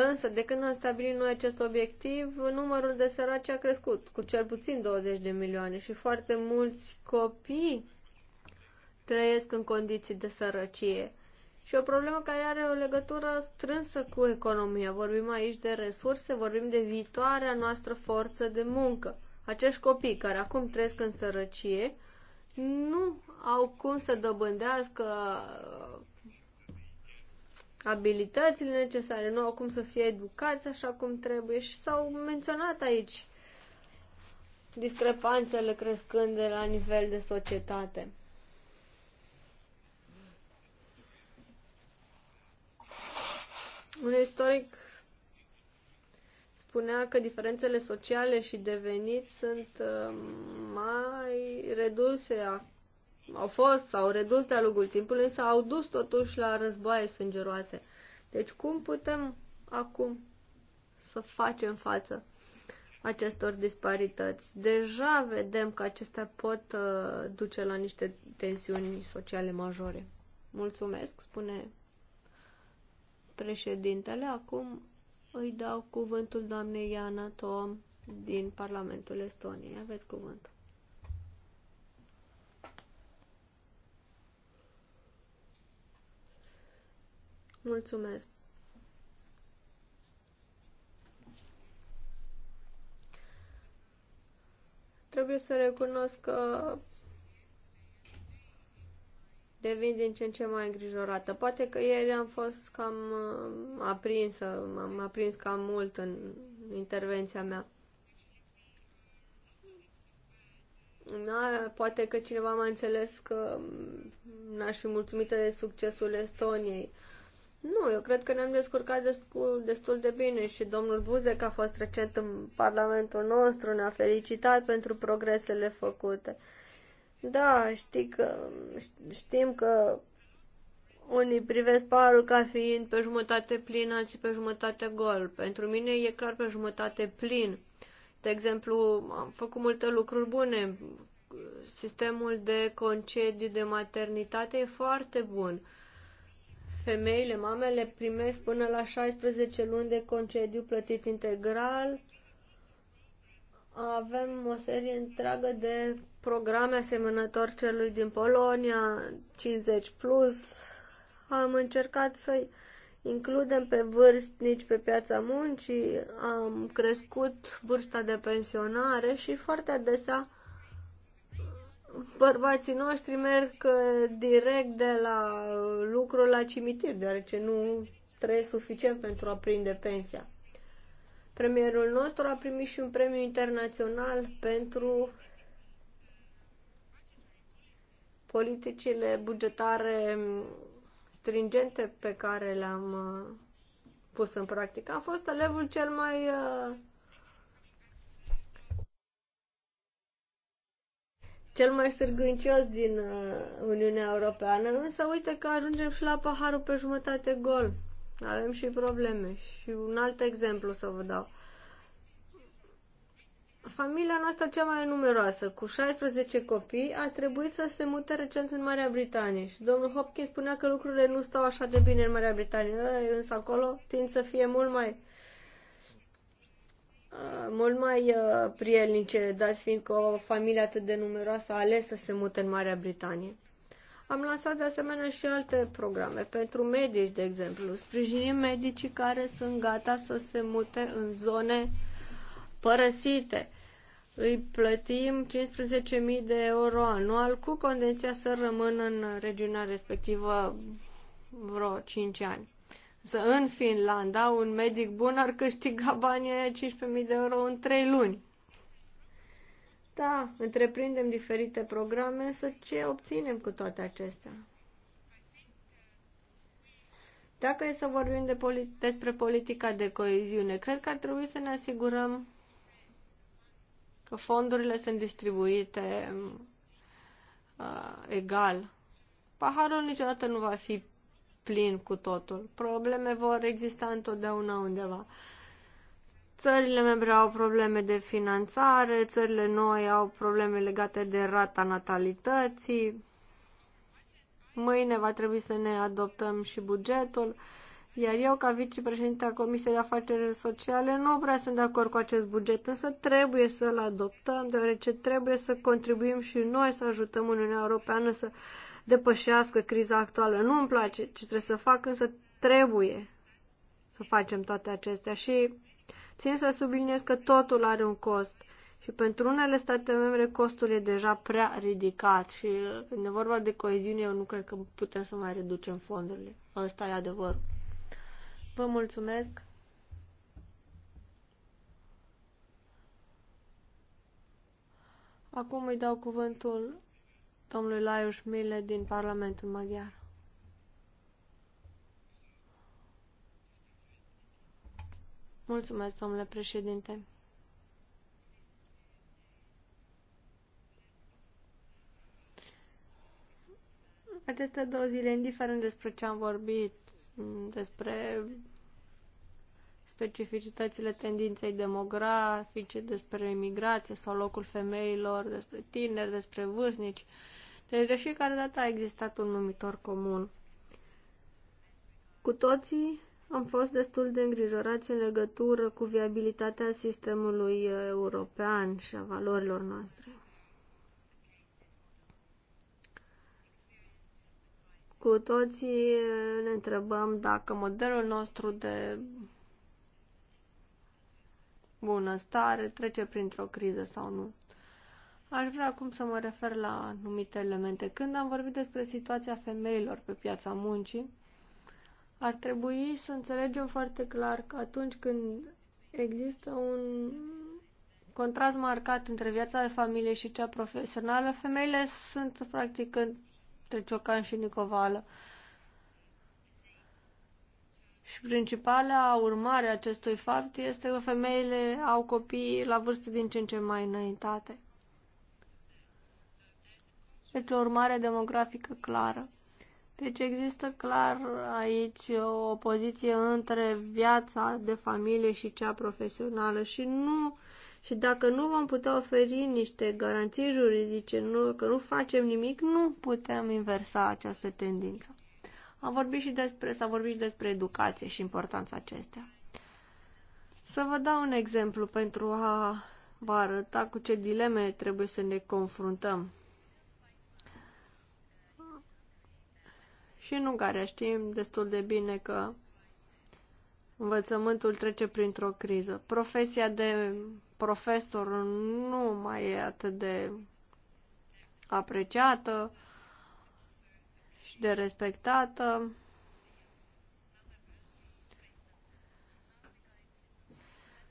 Însă, de când am stabilit noi acest obiectiv, numărul de săraci a crescut cu cel puțin 20 de milioane și foarte mulți copii trăiesc în condiții de sărăcie și o problemă care are o legătură strânsă cu economia. Vorbim aici de resurse, vorbim de viitoarea noastră forță de muncă. Acești copii care acum trăiesc în sărăcie nu au cum să dobândească uh, abilitățile necesare, nu au cum să fie educați așa cum trebuie și s-au menționat aici discrepanțele crescând de la nivel de societate. Un istoric spunea că diferențele sociale și de venit sunt uh, mai reduse, au fost, sau reduse redus de-a lungul timpului, însă au dus totuși la războaie sângeroase. Deci cum putem acum să facem față acestor disparități? Deja vedem că acestea pot uh, duce la niște tensiuni sociale majore. Mulțumesc, spune președintele. Acum îi dau cuvântul doamnei Iana Tom din Parlamentul Estoniei. Aveți cuvântul. Mulțumesc. Trebuie să recunosc că devin din ce în ce mai îngrijorată. Poate că ieri am fost cam uh, aprinsă, m-am aprins cam mult în intervenția mea. Da, poate că cineva m-a înțeles că n-aș fi mulțumită de succesul Estoniei. Nu, eu cred că ne-am descurcat destul, destul de bine și domnul Buzek a fost recent în Parlamentul nostru, ne-a felicitat pentru progresele făcute. Uh, da, știi că, știm că unii privesc parul ca fiind pe jumătate plin, alții pe jumătate gol. Pentru mine e clar pe jumătate plin. De exemplu, am făcut multe lucruri bune. Sistemul de concediu de maternitate e foarte bun. Femeile, mamele primesc până la 16 luni de concediu plătit integral, avem o serie întreagă de programe asemănător celui din Polonia, 50 plus. Am încercat să-i includem pe vârstnici pe piața muncii, am crescut vârsta de pensionare și foarte adesea bărbații noștri merg uh, direct de la lucru la cimitir, deoarece nu trăiesc suficient pentru a prinde pensia. Premierul nostru a primit și un premiu internațional pentru politicile bugetare stringente pe care le-am uh, pus în practică. A fost elevul cel mai uh, cel mai sârgâncios din uh, Uniunea Europeană, însă uite că ajungem și la paharul pe jumătate gol. Avem și probleme. Și un alt exemplu să vă dau. Familia noastră cea mai numeroasă, cu 16 copii, a trebuit să se mute recent în Marea Britanie și domnul Hopkins spunea că lucrurile nu stau așa de bine în Marea Britanie, ă, însă acolo tind să fie mult mai ă, mult mai ă, prielnice, dați fiindcă o familie atât de numeroasă a ales să se mute în Marea Britanie. Am lansat de asemenea și alte programe pentru medici, de exemplu. Sprijinim medicii care sunt gata să se mute în zone părăsite. Îi plătim 15.000 de euro anual cu condiția să rămână în regiunea respectivă vreo 5 ani. Să în Finlanda, un medic bun ar câștiga banii 15.000 de euro în 3 luni da, întreprindem diferite programe, însă ce obținem cu toate acestea? Dacă e să vorbim de poli- despre politica de coeziune, cred că ar trebui să ne asigurăm că fondurile sunt distribuite uh, egal. Paharul niciodată nu va fi plin cu totul. Probleme vor exista întotdeauna undeva. Uh, Țările membre au probleme de finanțare, țările noi au probleme legate de rata natalității. Mâine va trebui să ne adoptăm și bugetul. Iar eu, ca vicepreședinte a Comisiei de Afaceri Sociale, nu prea sunt de acord cu acest buget, însă trebuie să-l adoptăm, deoarece trebuie să contribuim și noi să ajutăm Uniunea Europeană să depășească criza actuală. Nu îmi place ce trebuie să fac, însă trebuie să facem toate acestea și Țin să subliniez că totul are un cost și pentru unele state membre costul e deja prea ridicat și uh, când e vorba de coeziune eu nu cred că putem să mai reducem fondurile. Ăsta e adevărul. Vă mulțumesc! Acum îi dau cuvântul domnului Laius Mile din Parlamentul Maghiar. Mulțumesc, domnule președinte. Aceste două zile, indiferent despre ce am vorbit, despre specificitățile tendinței demografice, despre imigrație sau locul femeilor, despre tineri, despre vârstnici. Deci de fiecare dată a existat un numitor comun. Cu toții am fost destul de îngrijorați în legătură cu viabilitatea sistemului uh, european și a valorilor noastre. Cu toții uh, ne întrebăm dacă modelul nostru de bunăstare trece printr-o criză sau nu. Aș vrea acum să mă refer la anumite elemente. Când am vorbit despre situația femeilor pe piața muncii, ar trebui să înțelegem foarte clar că atunci când există un contrast marcat între viața de familie și cea profesională, femeile sunt practic între ciocan și nicovală. Și principala urmare a acestui fapt este că femeile au copii la vârste din ce în ce mai înaintate. Deci o urmare demografică clară. Deci există clar aici o opoziție între viața de familie și cea profesională și nu și dacă nu vom putea oferi niște garanții juridice, nu, că nu facem nimic, nu putem inversa această tendință. Am vorbit și despre, s-a vorbit și despre educație și importanța acestea. Să vă dau un exemplu pentru a vă arăta cu ce dileme trebuie să ne confruntăm și în Ungaria știm destul de bine că învățământul trece printr-o criză. Profesia de profesor nu mai e atât de apreciată și de respectată.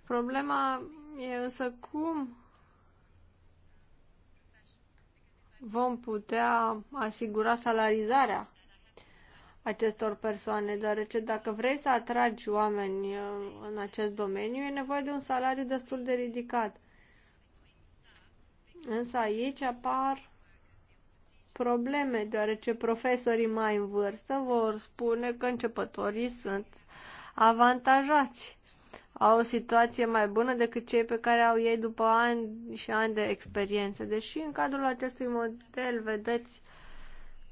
Problema e însă cum vom putea asigura salarizarea acestor persoane, deoarece dacă vrei să atragi oameni uh, în acest domeniu, e nevoie de un salariu destul de ridicat. Însă aici apar probleme, deoarece profesorii mai în vârstă vor spune că începătorii sunt avantajați. Au o situație mai bună decât cei pe care au ei după ani și ani de experiență. Deși în cadrul acestui model vedeți uh,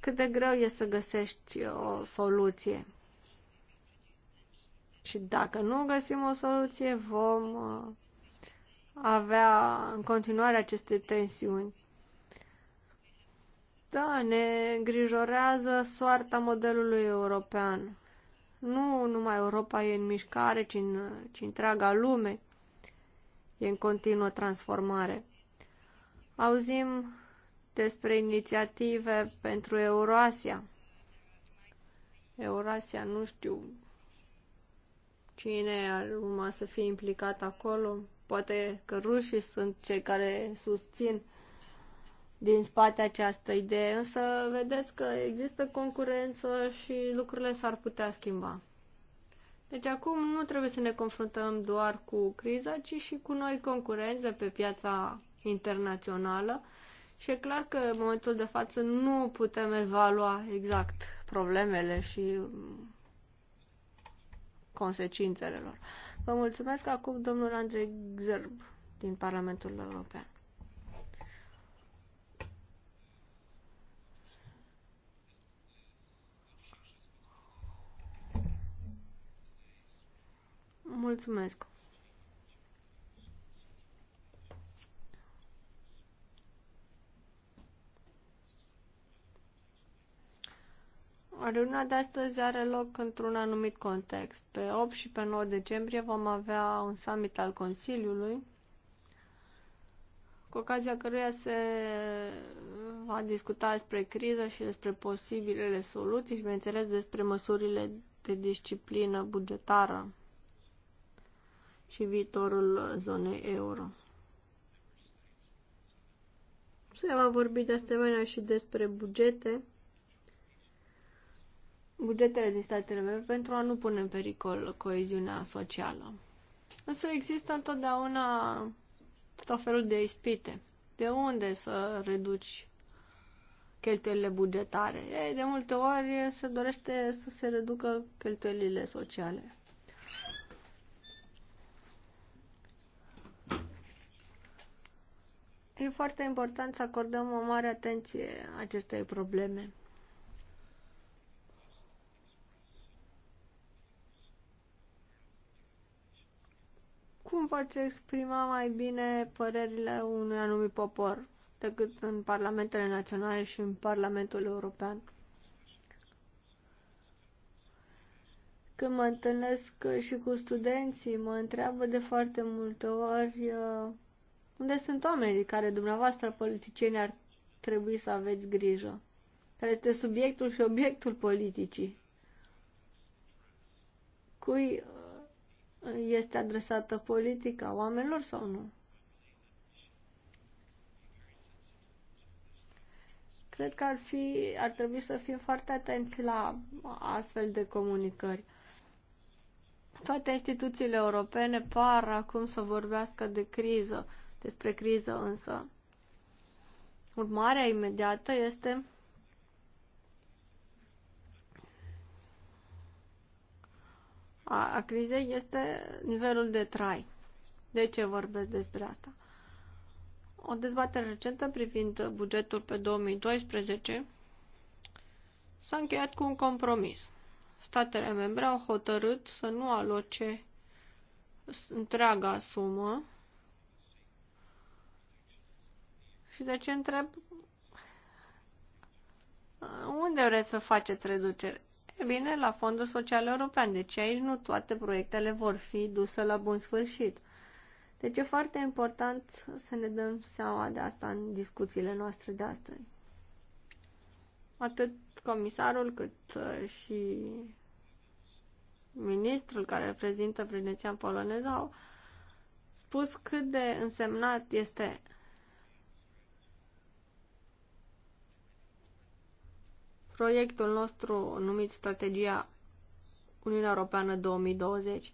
cât de greu e să găsești o soluție. Și dacă nu găsim o soluție, vom uh, avea în continuare aceste tensiuni. Da, ne îngrijorează soarta modelului european. Nu numai Europa e în mișcare, ci, în, ci întreaga lume e în continuă transformare. Auzim despre inițiative pentru Euroasia. Eurasia, nu știu cine ar urma să fie implicat acolo. Poate că rușii sunt cei care susțin din spate această idee, însă vedeți că există concurență și lucrurile s-ar putea schimba. Deci acum nu trebuie să ne confruntăm doar cu criza, ci și cu noi concurenți pe piața internațională și e clar că în momentul de față nu putem evalua exact problemele și mm, consecințele lor. Vă mulțumesc acum domnul Andrei Zerb din Parlamentul European. Mulțumesc. Reuniunea de astăzi are loc într-un anumit context. Pe 8 și pe 9 decembrie vom avea un summit al Consiliului, cu ocazia căruia se va discuta despre criză și despre posibilele soluții și, bineînțeles, despre măsurile de disciplină bugetară și viitorul zonei euro. Se va vorbi de asemenea și despre bugete bugetele din statele membre pentru a nu pune în pericol coeziunea socială. Însă există întotdeauna tot felul de ispite. De unde să reduci cheltuielile bugetare? Ei, de multe ori se dorește să se reducă cheltuielile sociale. E foarte important să acordăm o mare atenție acestei probleme. cum poți exprima mai bine părerile unui anumit popor decât în parlamentele naționale și în Parlamentul European. Când mă întâlnesc și cu studenții, mă întreabă de foarte multe ori uh, unde sunt oamenii de care dumneavoastră politicieni ar trebui să aveți grijă, care este subiectul și obiectul politicii. Cui este adresată politica oamenilor sau nu? Cred că ar, fi, ar trebui să fim foarte atenți la astfel de comunicări. Toate instituțiile europene par acum să vorbească de criză, despre criză însă. Urmarea imediată este a, a crizei este nivelul de trai. De ce vorbesc despre asta? O dezbatere recentă privind bugetul pe 2012 s-a încheiat cu un compromis. Statele membre au hotărât să nu aloce întreaga sumă. Și de ce întreb? Unde vreți să faceți reducere? bine, la Fondul Social European. Deci aici nu toate proiectele vor fi duse la bun sfârșit. Deci e foarte important să ne dăm seama de asta în discuțiile noastre de astăzi. Atât comisarul cât uh, și ministrul care reprezintă prezidenția poloneză au spus cât de însemnat este proiectul nostru numit Strategia Uniunea Europeană 2020.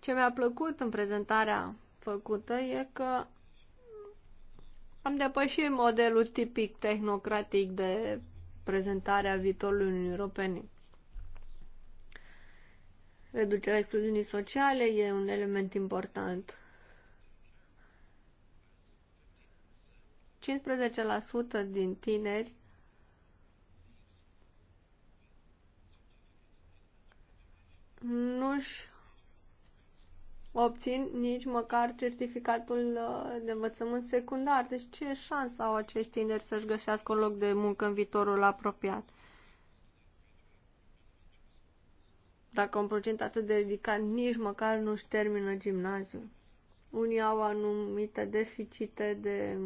Ce mi-a plăcut în prezentarea făcută e că am depășit modelul tipic tehnocratic de prezentare a viitorului Uniunii Europene. Reducerea excluziunii sociale e un element important. 15% din tineri nu-și obțin nici măcar certificatul uh, de învățământ secundar. Deci ce șansă au acești tineri să-și găsească un loc de muncă în viitorul apropiat? Dacă un procent atât de ridicat, nici măcar nu-și termină gimnaziul. Unii au anumite deficite de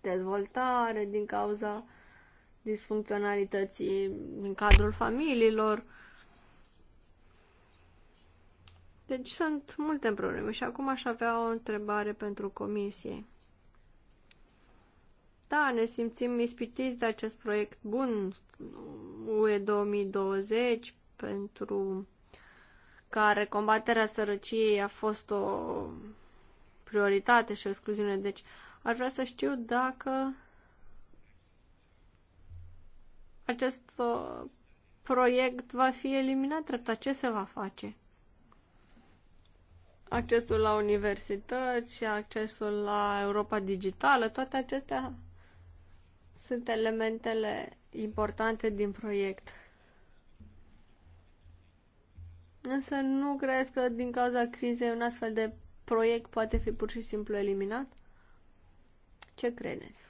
dezvoltare din cauza disfuncționalității din cadrul familiilor, deci sunt multe probleme și acum aș avea o întrebare pentru comisie. Da, ne simțim ispitiți de acest proiect bun, UE 2020, pentru care combaterea sărăciei a fost o prioritate și o excluziune. Deci ar vrea să știu dacă acest uh, proiect va fi eliminat treptat. Ce se va face? accesul la universități, accesul la Europa digitală, toate acestea sunt elementele importante din proiect. Însă nu crezi că din cauza crizei un astfel de proiect poate fi pur și simplu eliminat? Ce credeți?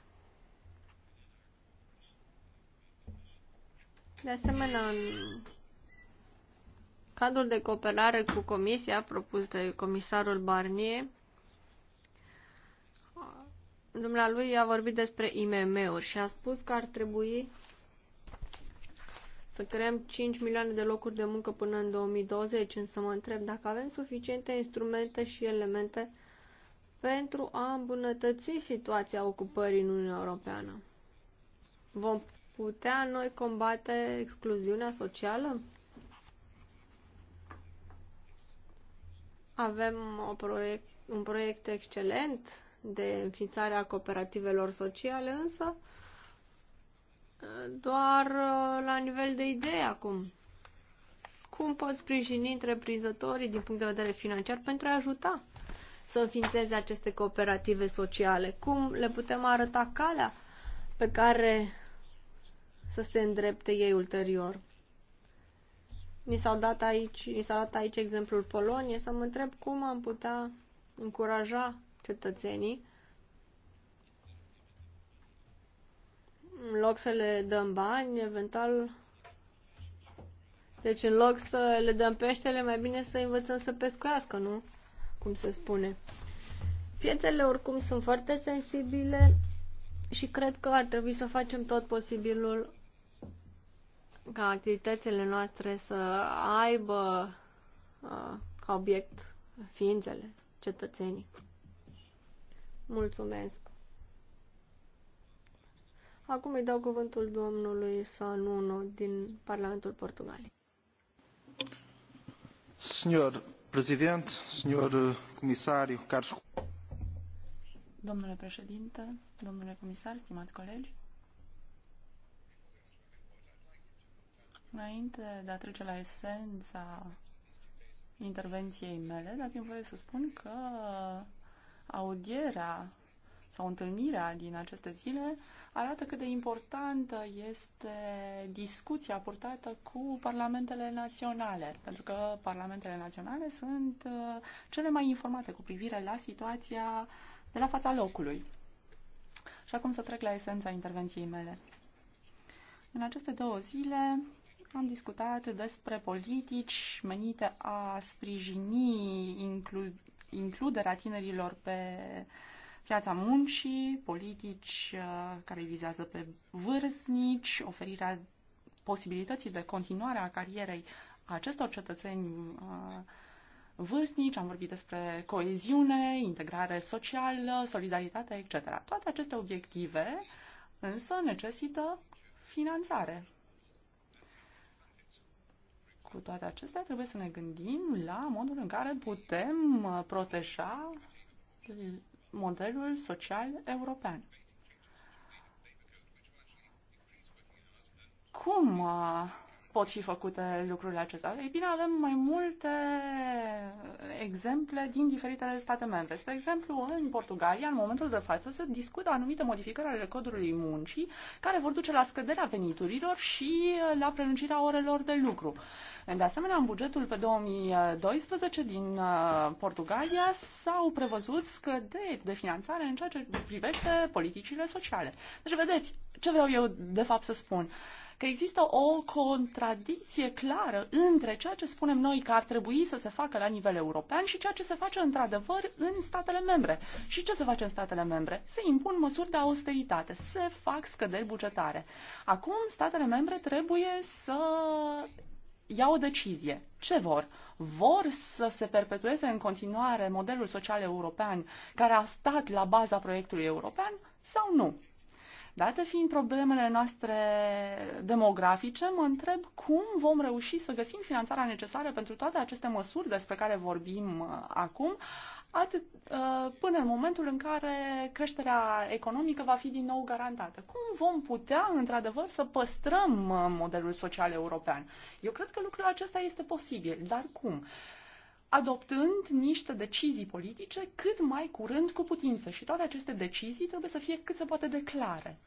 De asemenea, în Cadrul de cooperare cu Comisia propus de comisarul Barnier, dumnealui a vorbit despre IMM-uri și a spus că ar trebui să creăm 5 milioane de locuri de muncă până în 2020, însă mă întreb dacă avem suficiente instrumente și elemente pentru a îmbunătăți situația ocupării în Uniunea Europeană. Vom putea noi combate excluziunea socială? Avem o proiect, un proiect excelent de înființare a cooperativelor sociale, însă doar uh, la nivel de idee acum. Cum poți sprijini întreprinzătorii din punct de vedere financiar pentru a ajuta să înființeze aceste cooperative sociale? Cum le putem arăta calea pe care să se îndrepte ei ulterior? Ni s-au dat aici, ni s-a dat aici exemplul Poloniei, să mă întreb cum am putea încuraja cetățenii în loc să le dăm bani, eventual deci în loc să le dăm peștele, mai bine să învățăm să pescuiască, nu? Cum se spune. Piețele oricum sunt foarte sensibile și cred că ar trebui să facem tot posibilul ca activitățile noastre să aibă uh, ca obiect ființele, cetățenii. Mulțumesc! Acum îi dau cuvântul domnului Sanuno din Parlamentul Portugaliei. Senhor Presidente, Senhor Comissário, caros... Domnule președinte, domnule comisar, stimați colegi, Înainte de a trece la esența intervenției mele, dați-mi voie să spun că audierea sau întâlnirea din aceste zile arată cât de importantă este discuția purtată cu parlamentele naționale, pentru că parlamentele naționale sunt uh, cele mai informate cu privire la situația de la fața locului. Și acum să trec la esența intervenției mele. În aceste două zile am discutat despre politici menite a sprijini inclu- includerea tinerilor pe piața muncii, politici uh, care vizează pe vârstnici, oferirea posibilității de continuare a carierei acestor cetățeni uh, vârstnici, am vorbit despre coeziune, integrare socială, solidaritate, etc. Toate aceste obiective însă necesită finanțare cu toate acestea, trebuie să ne gândim la modul în care putem uh, proteja uh, modelul social european. Cum uh, pot fi făcute lucrurile acestea? Ei bine, avem mai multe exemple din diferitele state membre. Spre exemplu, în Portugalia, în momentul de față, se discută anumite modificări ale codului muncii care vor duce la scăderea veniturilor și la prelungirea orelor de lucru. De asemenea, în bugetul pe 2012 din uh, Portugalia s-au prevăzut scăderi de finanțare în ceea ce privește politicile sociale. Deci, vedeți, ce vreau eu de fapt să spun? Uh, că există o contradicție clară între ceea ce spunem noi că ar trebui să se facă la nivel european și ceea ce se face într-adevăr în statele membre. Și ce se face în statele membre? Se impun măsuri de austeritate, se fac scăderi bugetare. Acum statele membre trebuie să ia o decizie. Ce vor? Vor să se perpetueze în continuare modelul social european care a stat la baza proiectului european sau nu? Date fiind problemele noastre demografice, mă întreb cum vom reuși să găsim finanțarea necesară pentru toate aceste măsuri despre care vorbim uh, acum, atât uh, până în momentul în care creșterea economică va fi din nou garantată. Cum vom putea, într-adevăr, să păstrăm uh, modelul social european? Eu cred că lucrul acesta este posibil, dar cum? adoptând niște decizii politice cât mai curând cu putință și toate aceste decizii trebuie să fie cât se poate de clare.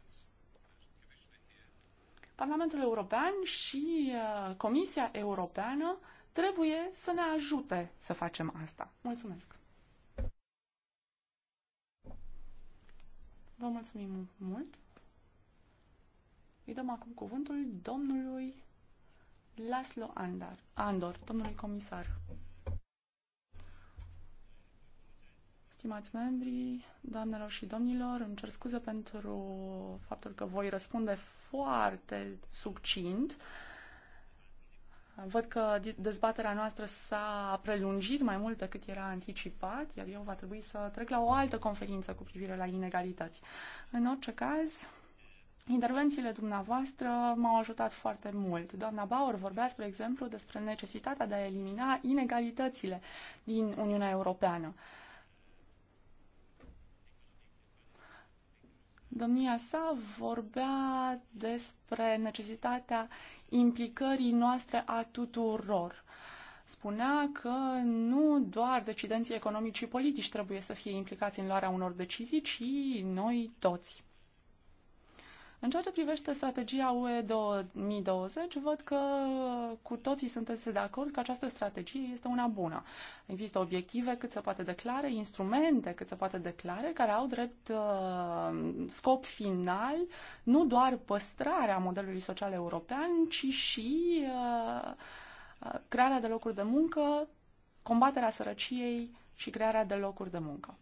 Parlamentul European și uh, Comisia Europeană trebuie să ne ajute să facem asta. Mulțumesc! Vă mulțumim mult! Îi dăm acum cuvântul domnului Laslo Andar, Andor, domnului comisar. Stimați membri, doamnelor și domnilor, îmi cer scuze pentru faptul că voi răspunde foarte succint. Văd că dezbaterea noastră s-a prelungit mai mult decât era anticipat, iar eu va trebui să trec la o altă conferință cu privire la inegalități. În orice caz, Intervențiile dumneavoastră m-au ajutat foarte mult. Doamna Bauer vorbea, spre exemplu, despre necesitatea de a elimina inegalitățile din Uniunea Europeană. Uh, Domnia sa vorbea despre necesitatea implicării noastre a tuturor. Spunea că nu doar decidenții economici și politici trebuie să fie implicați în luarea unor decizii, ci noi toți. În ceea ce privește strategia UE 2020, văd că cu toții sunteți de acord că această strategie este una bună. Există obiective cât se poate declare, instrumente cât se poate declare, care au drept uh, scop final nu doar păstrarea modelului social european, ci și uh, uh crearea de locuri de muncă, combaterea sărăciei și crearea de locuri de muncă.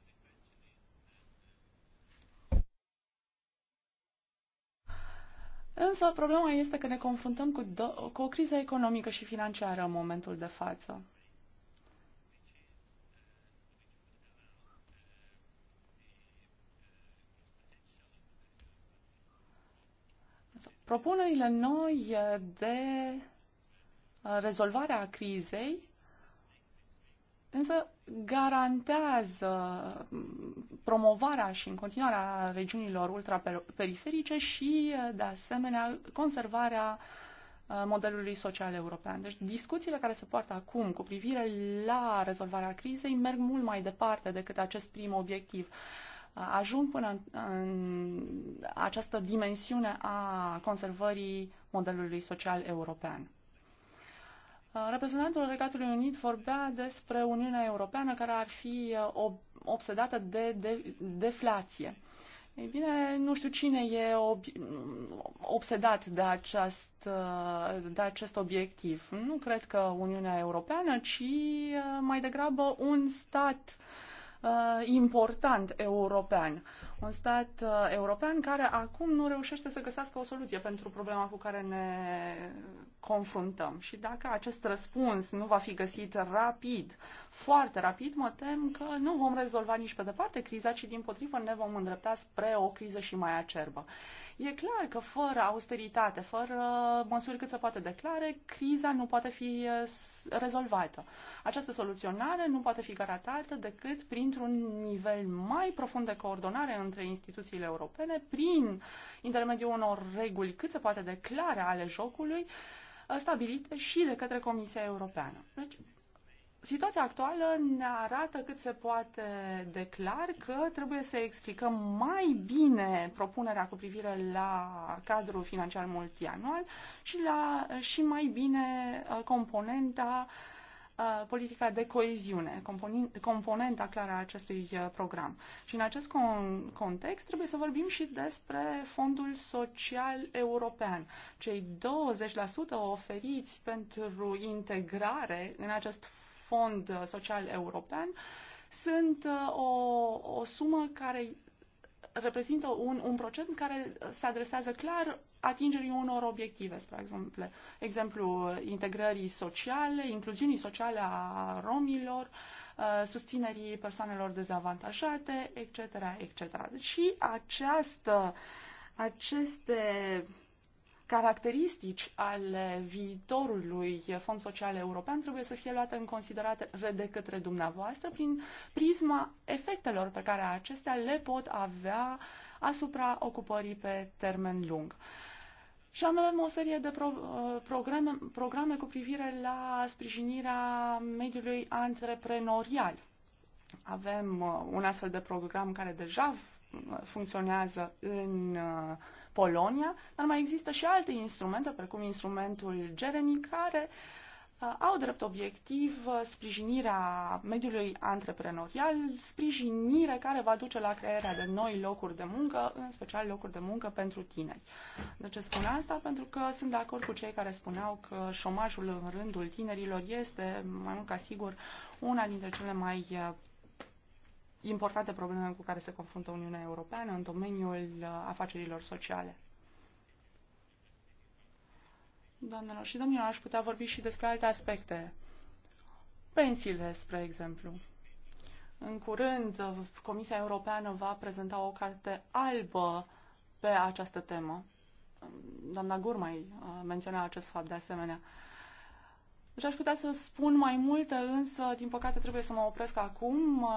Însă problema este că ne confruntăm cu, cu o criză economică și financiară în momentul de față. Propunerile noi de uh, rezolvare a crizei însă garantează mm, promovarea și în continuarea regiunilor ultraperiferice și, de asemenea, conservarea uh, modelului social european. Deci discuțiile care se poartă acum cu privire la rezolvarea crizei merg mult mai departe decât acest prim obiectiv. Uh, ajung până în, în această dimensiune a conservării modelului social european. Uh, reprezentantul Regatului Unit vorbea despre Uniunea Europeană care ar fi uh, obsedată de, de deflație. Ei bine, nu știu cine e ob- obsedat de acest, uh, de acest obiectiv. Nu cred că Uniunea Europeană, ci mai degrabă un stat important european un stat uh, european care acum nu reușește să găsească o soluție pentru problema cu care ne confruntăm. Și dacă acest răspuns nu va fi găsit rapid, foarte rapid, mă tem că nu vom rezolva nici pe departe criza, ci din potrivă ne vom îndrepta spre o criză și mai acerbă. E clar că fără austeritate, fără măsuri cât se poate declare, criza nu poate fi rezolvată. Această soluționare nu poate fi garantată decât printr-un nivel mai profund de coordonare între instituțiile europene, prin intermediul unor reguli cât se poate declare ale jocului, stabilite și de către Comisia Europeană. Deci, Situația actuală ne arată cât se poate de clar că trebuie să explicăm mai bine propunerea cu privire la cadrul financiar multianual și, la, și mai bine uh, componenta uh, politica de coeziune, componenta clară a acestui uh, program. Și în acest context trebuie să vorbim și despre Fondul Social European. Cei 20% oferiți pentru integrare în acest fond social european sunt uh, o, o sumă care reprezintă un, un procent care se adresează clar atingerii unor obiective, spre exemplu, exemplu integrării sociale, incluziunii sociale a romilor, uh, susținerii persoanelor dezavantajate, etc., etc. Deci și această, aceste caracteristici ale viitorului Fond Social European trebuie să fie luate în considerare de către dumneavoastră prin prisma efectelor pe care acestea le pot avea asupra ocupării pe termen lung. Și avem o serie de pro, uh, programe, programe cu privire la sprijinirea mediului antreprenorial. Avem uh, un astfel de program care deja funcționează în uh, Polonia, dar mai există și alte instrumente, precum instrumentul Jeremy, care uh, au drept obiectiv uh, sprijinirea mediului antreprenorial, sprijinire care va duce la crearea de noi locuri de muncă, în special locuri de muncă pentru tineri. De ce spun asta? Pentru că sunt de acord cu cei care spuneau că șomajul în rândul tinerilor este, mai mult ca sigur, una dintre cele mai uh, importante probleme cu care se confruntă Uniunea Europeană în domeniul uh, afacerilor sociale. Doamnelor și domnilor, aș putea vorbi și despre alte aspecte. Pensiile, spre exemplu. În curând, uh, Comisia Europeană va prezenta o carte albă pe această temă. Doamna Gurmai uh, menționa acest fapt de asemenea. Uh, deci aș putea să spun mai multe, însă, din păcate, trebuie să mă opresc acum,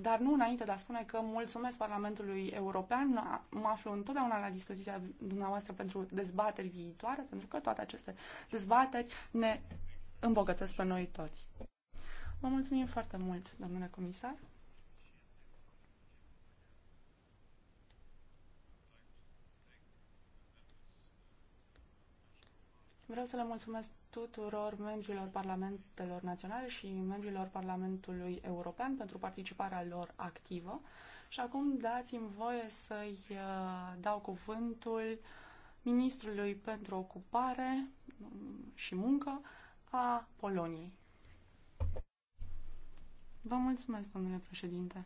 dar nu înainte de a spune că mulțumesc Parlamentului European. Mă aflu întotdeauna la dispoziția dumneavoastră pentru dezbateri viitoare, pentru că toate aceste dezbateri ne îmbogățesc pe noi toți. Vă mulțumim foarte mult, domnule comisar. Vreau să le mulțumesc tuturor membrilor parlamentelor naționale și membrilor Parlamentului European pentru participarea lor activă. Și acum dați-mi voie să-i uh, dau cuvântul ministrului pentru ocupare mm, și muncă a Poloniei. Vă mulțumesc, domnule președinte.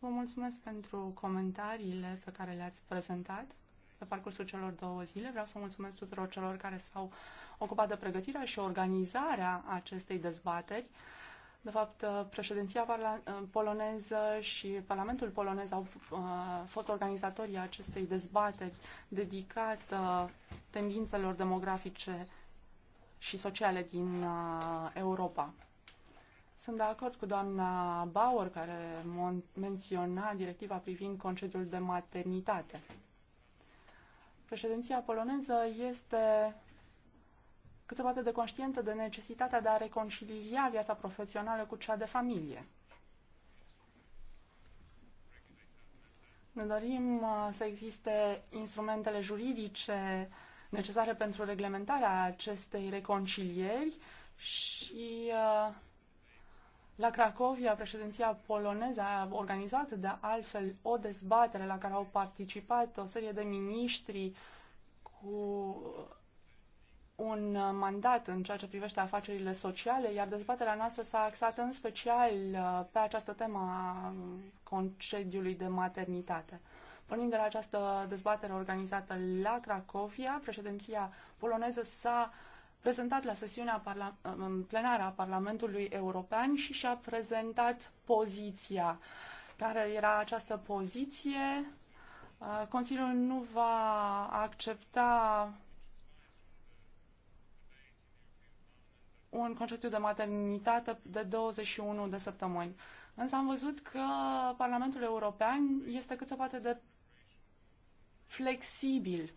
Vă mulțumesc pentru comentariile pe care le-ați prezentat pe parcursul celor două zile. Vreau să mulțumesc tuturor celor care s-au ocupat de pregătirea și organizarea acestei dezbateri. De fapt, președinția poloneză și Parlamentul polonez au uh, fost organizatorii acestei dezbateri dedicată tendințelor demografice și sociale din uh, Europa. Sunt de acord cu doamna Bauer, care menționa directiva privind concediul de maternitate. Președinția poloneză este cât se poate de conștientă de necesitatea de a reconcilia viața profesională cu cea de familie. Ne dorim uh, să existe instrumentele juridice necesare pentru reglementarea acestei reconcilieri și uh, la Cracovia, președinția poloneză a organizat de altfel o dezbatere la care au participat o serie de miniștri cu un mandat în ceea ce privește afacerile sociale, iar dezbaterea noastră s-a axat în special uh, pe această temă a concediului de maternitate. Pornind de la această dezbatere organizată la Cracovia, președinția poloneză s-a uh, prezentat la sesiunea plenară a Parlamentului European și și-a prezentat poziția. Care era această poziție? Consiliul nu va accepta un concediu de maternitate de 21 de săptămâni. Însă am văzut că Parlamentul European este cât se poate de flexibil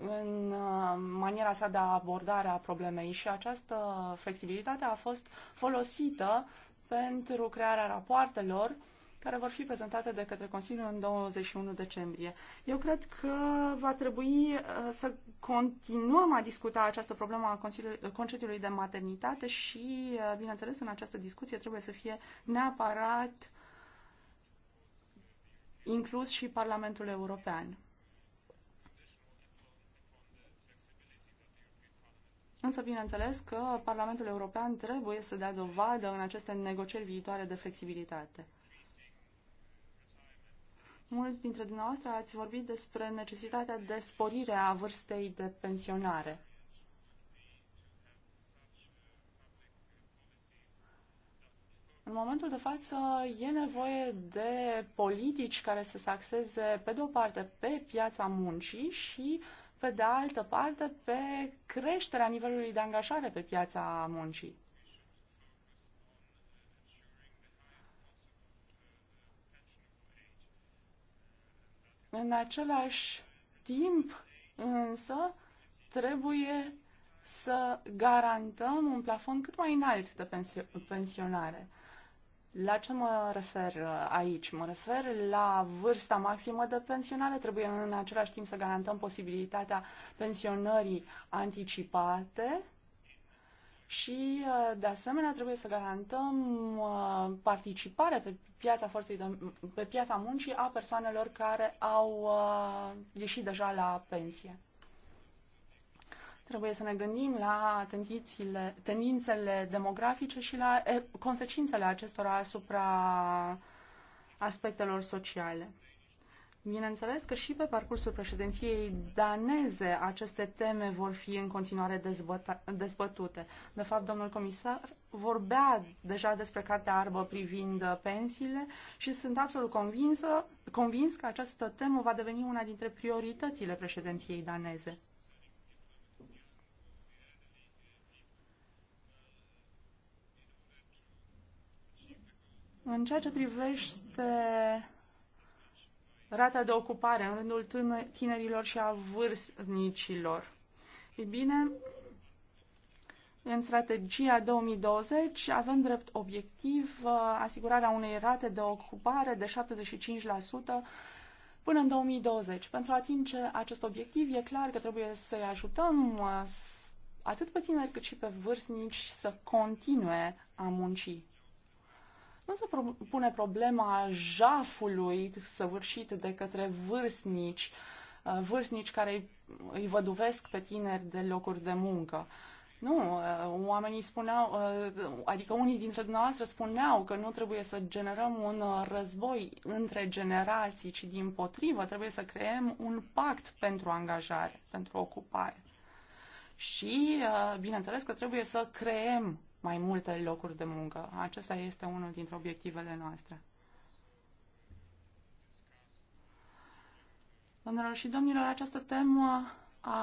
în uh, maniera sa de abordare a problemei și această flexibilitate a fost folosită pentru crearea rapoartelor care vor fi prezentate de către Consiliu în 21 decembrie. Eu cred că va trebui uh, să continuăm a discuta această problemă a uh, concediului de maternitate și, bineînțeles, în această discuție trebuie să fie neapărat inclus și Parlamentul European. Însă, bineînțeles că Parlamentul European trebuie să dea dovadă în aceste negocieri viitoare de flexibilitate. Mulți dintre dumneavoastră ați vorbit despre necesitatea de sporire a vârstei de pensionare. În momentul de față e nevoie de politici care să se axeze pe de o parte pe piața muncii și uh, pe de altă parte, pe creșterea nivelului de angajare pe piața muncii. În același timp, însă, trebuie să garantăm un plafon cât mai înalt de pensionare. La ce mă refer uh, aici? Mă refer la vârsta maximă de pensionare. Trebuie în același timp să garantăm posibilitatea pensionării anticipate și, uh, de asemenea, trebuie să garantăm uh, participare pe piața, forței de, pe piața muncii a persoanelor care au ieșit deja la pensie. Trebuie să ne gândim la tendințele, demografice și la e, consecințele acestora asupra aspectelor sociale. Bineînțeles că și pe parcursul președinției daneze aceste teme vor fi în continuare dezbăta, dezbătute. De fapt, domnul comisar vorbea deja despre cartea arbă privind pensiile și sunt absolut convinsă, convins că această temă va deveni una dintre prioritățile președinției daneze. În ceea ce privește rata de ocupare în rândul tinerilor și a vârstnicilor, e bine, în strategia 2020 avem drept obiectiv uh, asigurarea unei rate de ocupare de 75% până în 2020. Pentru a atinge acest obiectiv, e clar că trebuie să-i ajutăm uh, atât pe tineri cât și pe vârstnici să continue a munci. Nu se pune problema jafului săvârșit de către vârstnici, uh, vârstnici care îi văduvesc pe tineri de locuri de muncă. Nu, uh, oamenii spuneau, uh, adică unii dintre dumneavoastră spuneau că nu trebuie să generăm un război între generații, ci din potrivă trebuie să creăm un pact pentru angajare, pentru ocupare. Și, bineînțeles, că trebuie să creăm mai multe locuri de muncă. Acesta este unul dintre obiectivele noastre. Domnilor și domnilor, această temă a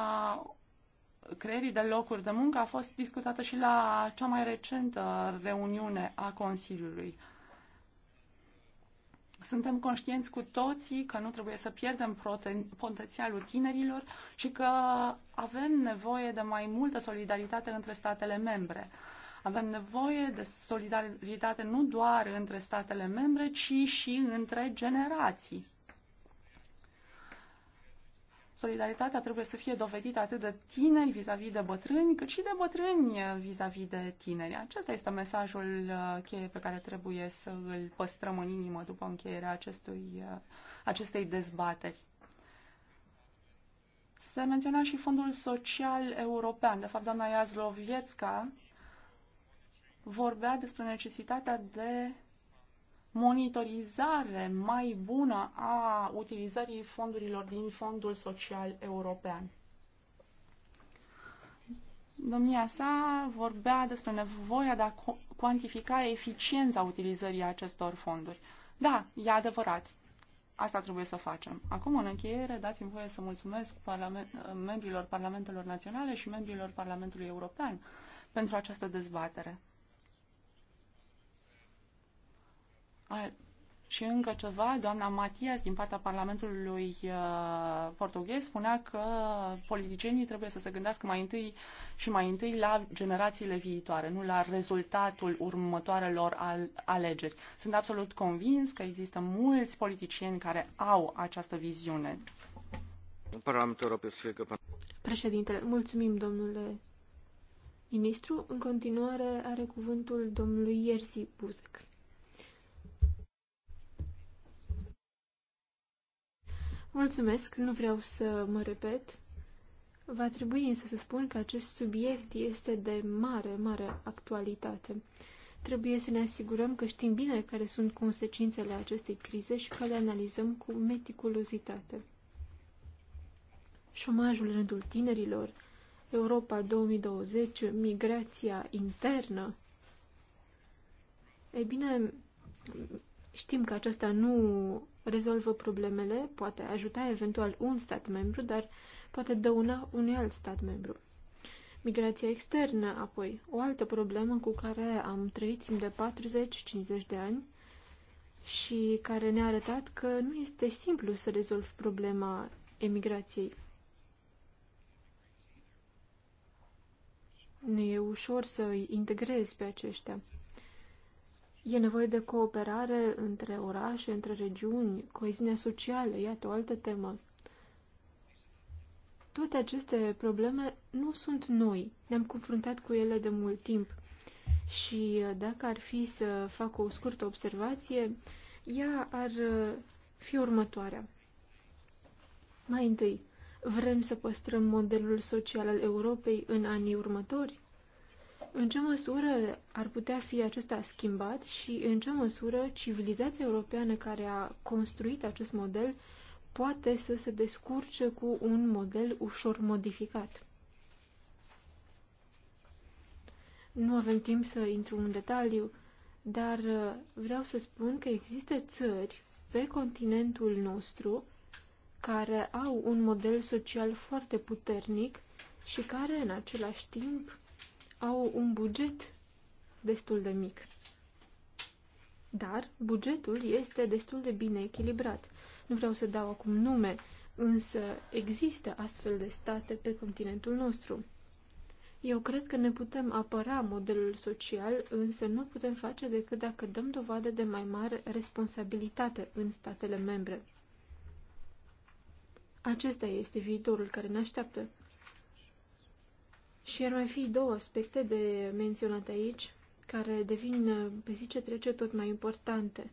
creierii de locuri de muncă a fost discutată și la cea mai recentă reuniune a Consiliului. Suntem conștienți cu toții că nu trebuie să pierdem potențialul tinerilor și că avem nevoie de mai multă solidaritate între statele membre. Avem nevoie de solidaritate nu doar între statele membre, ci și între generații. Solidaritatea trebuie să fie dovedită atât de tineri vis-a-vis -vis de bătrâni, cât și de bătrâni vis-a-vis -vis de tineri. Acesta este mesajul uh, cheie pe care trebuie să îl păstrăm în inimă după încheierea acestui, uh, acestei dezbateri. Se menționa și Fondul Social European. De fapt, doamna Iazlovietska vorbea despre necesitatea de monitorizare mai bună a utilizării fondurilor din Fondul Social European. Domnia sa vorbea despre nevoia de a cuantifica eficiența utilizării acestor fonduri. Da, e adevărat. Asta trebuie să facem. Acum, în încheiere, dați-mi voie să mulțumesc parlament, membrilor Parlamentelor Naționale și membrilor Parlamentului European pentru această dezbatere. Și încă ceva, doamna Matias din partea Parlamentului uh, portughez spunea că politicienii trebuie să se gândească mai întâi și mai întâi la generațiile viitoare, nu la rezultatul următoarelor alegeri. Sunt absolut convins că există mulți politicieni care au această viziune. Președintele, mulțumim, domnule ministru. În continuare are cuvântul domnului Iersi Buzek. Mulțumesc, nu vreau să mă repet. Va trebui însă să spun că acest subiect este de mare, mare actualitate. Trebuie să ne asigurăm că știm bine care sunt consecințele acestei crize și că le analizăm cu meticulozitate. Șomajul în rândul tinerilor, Europa 2020, migrația internă. Ei bine, știm că aceasta nu rezolvă problemele, poate ajuta eventual un stat membru, dar poate dăuna unui alt stat membru. Migrația externă, apoi, o altă problemă cu care am trăit timp de 40-50 de ani și care ne-a arătat că nu este simplu să rezolvi problema emigrației. Nu e ușor să îi integrezi pe aceștia. E nevoie de cooperare între orașe, între regiuni, coeziune socială, iată o altă temă. Toate aceste probleme nu sunt noi. Ne-am confruntat cu ele de mult timp. Și uh, dacă ar fi să fac o scurtă observație, ea ar uh, fi următoarea. Mai întâi, vrem să păstrăm modelul social al Europei în anii următori? În ce măsură ar putea fi acesta schimbat și în ce măsură civilizația europeană care a construit acest model poate să se descurce cu un model ușor modificat? Nu avem timp să intru în detaliu, dar uh, vreau să spun că există țări pe continentul nostru care au un model social foarte puternic și care în același timp au un buget destul de mic. Dar bugetul este destul de bine echilibrat. Nu vreau să dau acum nume, însă există astfel de state pe continentul nostru. Eu cred că ne putem apăra modelul social, însă nu putem face decât dacă dăm dovadă de mai mare responsabilitate în statele membre. Acesta este viitorul care ne așteaptă. Și ar mai fi două aspecte de menționat aici, care devin, pe zi ce trece, tot mai importante.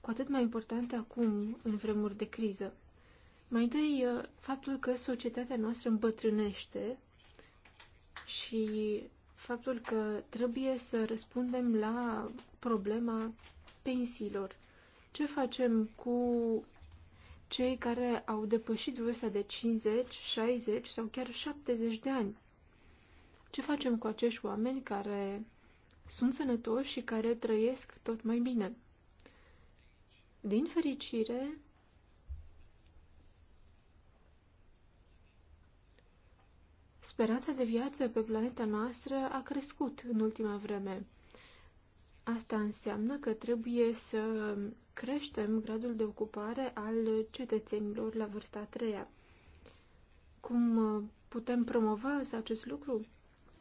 Cu atât mai importante acum, în vremuri de criză. Mai întâi, uh, faptul că societatea noastră îmbătrânește și faptul că trebuie să răspundem la problema pensiilor. Ce facem cu cei care au depășit vârsta de 50, 60 sau chiar 70 de ani. Ce facem cu acești oameni care sunt sănătoși și care trăiesc tot mai bine? Din fericire, speranța de viață pe planeta noastră a crescut în ultima vreme – Asta înseamnă că trebuie să creștem gradul de ocupare al cetățenilor la vârsta a treia. Cum uh, putem promova acest lucru?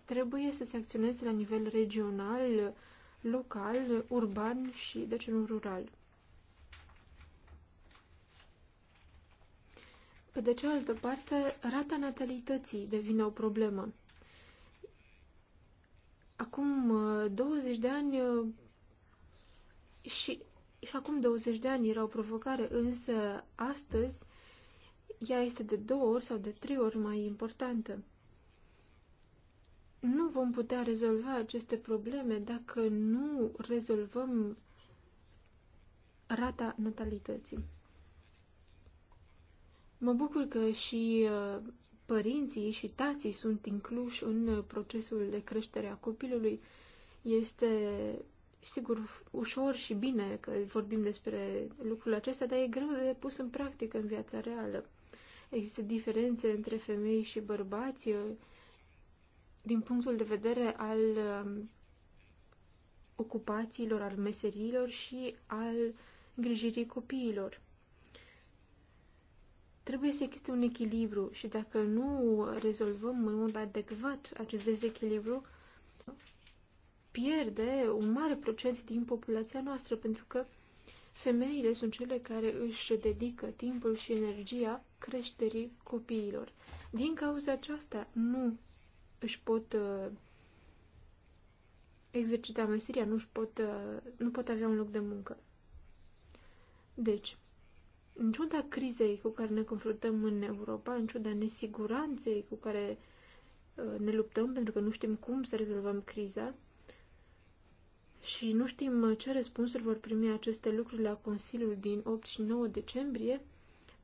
Trebuie să se acționeze la nivel regional, local, urban și, de ce nu, rural. Pe de cealaltă parte, rata natalității devine o problemă. Acum 20 uh, de ani uh, și, și acum 20 de ani era o provocare, însă astăzi ea este de două ori sau de trei ori mai importantă. Nu vom putea rezolva aceste probleme dacă nu rezolvăm rata natalității. Mă bucur că și uh, părinții și tații sunt incluși în procesul de creștere a copilului, este sigur ușor și bine că vorbim despre lucrul acesta, dar e greu de pus în practică în viața reală. Există diferențe între femei și bărbați uh, din punctul de vedere al um, ocupațiilor, al meseriilor și al îngrijirii copiilor. Trebuie să existe un echilibru și dacă nu rezolvăm în mod adecvat acest dezechilibru, pierde un mare procent din populația noastră, pentru că femeile sunt cele care își dedică timpul și energia creșterii copiilor. Din cauza aceasta nu își pot uh, exercita meseria, nu, își pot, uh, nu pot avea un loc de muncă. Deci, în ciuda crizei cu care ne confruntăm în Europa, în ciuda nesiguranței cu care uh, ne luptăm pentru că nu știm cum să rezolvăm criza și nu știm uh, ce răspunsuri vor primi aceste lucruri la Consiliul din 8 și 9 decembrie,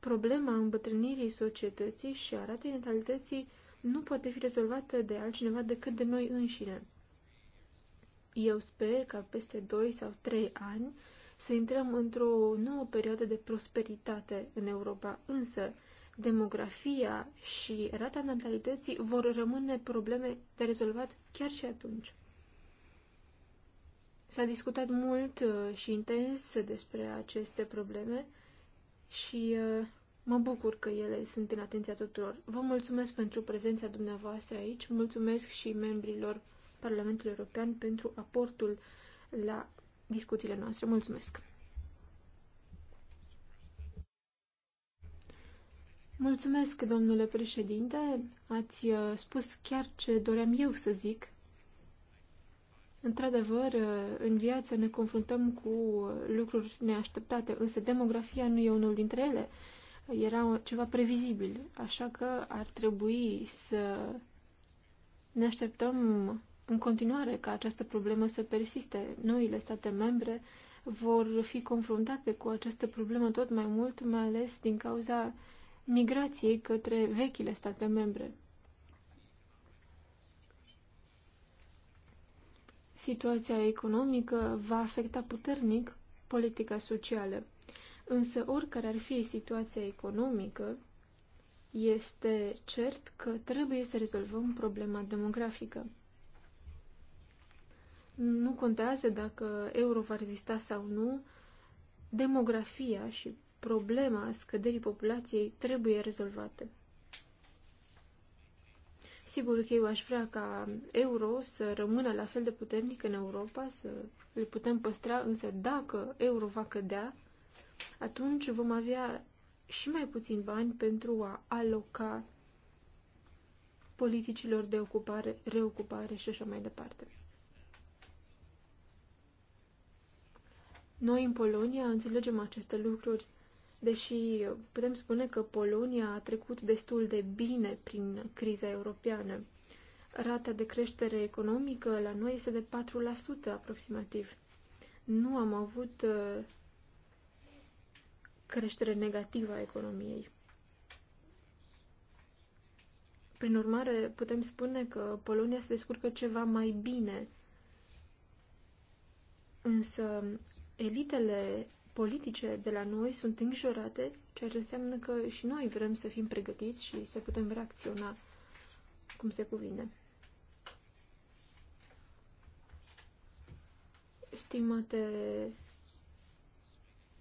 problema îmbătrânirii societății și a ratei natalității nu poate fi rezolvată de altcineva decât de noi înșine. Eu sper ca peste 2 sau 3 ani să intrăm într-o nouă perioadă de prosperitate în Europa, însă demografia și rata natalității vor rămâne probleme de rezolvat chiar și atunci. S-a discutat mult uh, și intens despre aceste probleme și uh, mă bucur că ele sunt în atenția tuturor. Vă mulțumesc pentru prezența dumneavoastră aici, mulțumesc și membrilor Parlamentului European pentru aportul la discuțiile noastre. Mulțumesc! Mulțumesc, domnule președinte. Ați uh, spus chiar ce doream eu să zic. Într-adevăr, uh, în viață ne confruntăm cu uh, lucruri neașteptate, însă demografia nu e unul dintre ele. Era ceva previzibil, așa că ar trebui să ne așteptăm în continuare ca această problemă să persiste. Noile state membre vor fi confruntate cu această problemă tot mai mult, mai ales din cauza migrației către vechile state membre. Situația economică va afecta puternic politica socială. Însă, oricare ar fi situația economică, este cert că trebuie să rezolvăm problema demografică. Nu contează dacă euro va rezista sau nu, demografia și problema scăderii populației trebuie rezolvate. Sigur că eu aș vrea ca euro să rămână la fel de puternic în Europa, să îl putem păstra, însă dacă euro va cădea, atunci vom avea și mai puțin bani pentru a aloca politicilor de ocupare, reocupare și așa mai departe. Noi în Polonia înțelegem aceste lucruri, deși putem spune că Polonia a trecut destul de bine prin criza europeană. Rata de creștere economică la noi este de 4% aproximativ. Nu am avut uh, creștere negativă a economiei. Prin urmare, putem spune că Polonia se descurcă ceva mai bine, însă elitele politice de la noi sunt îngrijorate, ceea ce înseamnă că și noi vrem să fim pregătiți și să putem reacționa cum se cuvine. Stimate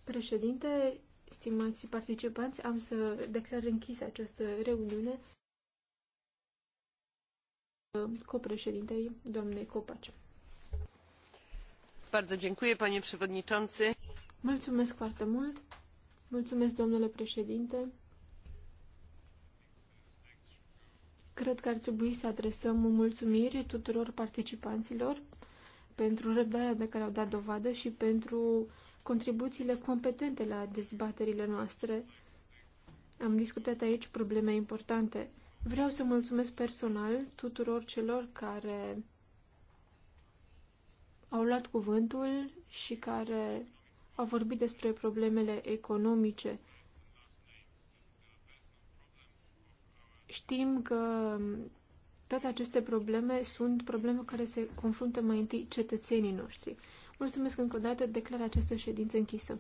președinte, stimați participanți, am să declar închis această reuniune copreședintei doamnei Copaci domnule președinte. Cred că ar trebui să adresăm mulțumiri tuturor participanților pentru răbdarea de care au dat dovadă și pentru contribuțiile competente la dezbaterile noastre. Am discutat aici probleme importante. Vreau să mulțumesc personal tuturor celor care au luat cuvântul și care au vorbit despre problemele economice. Știm că toate aceste probleme sunt probleme care se confruntă mai întâi cetățenii noștri. Mulțumesc încă o dată, declar această ședință închisă.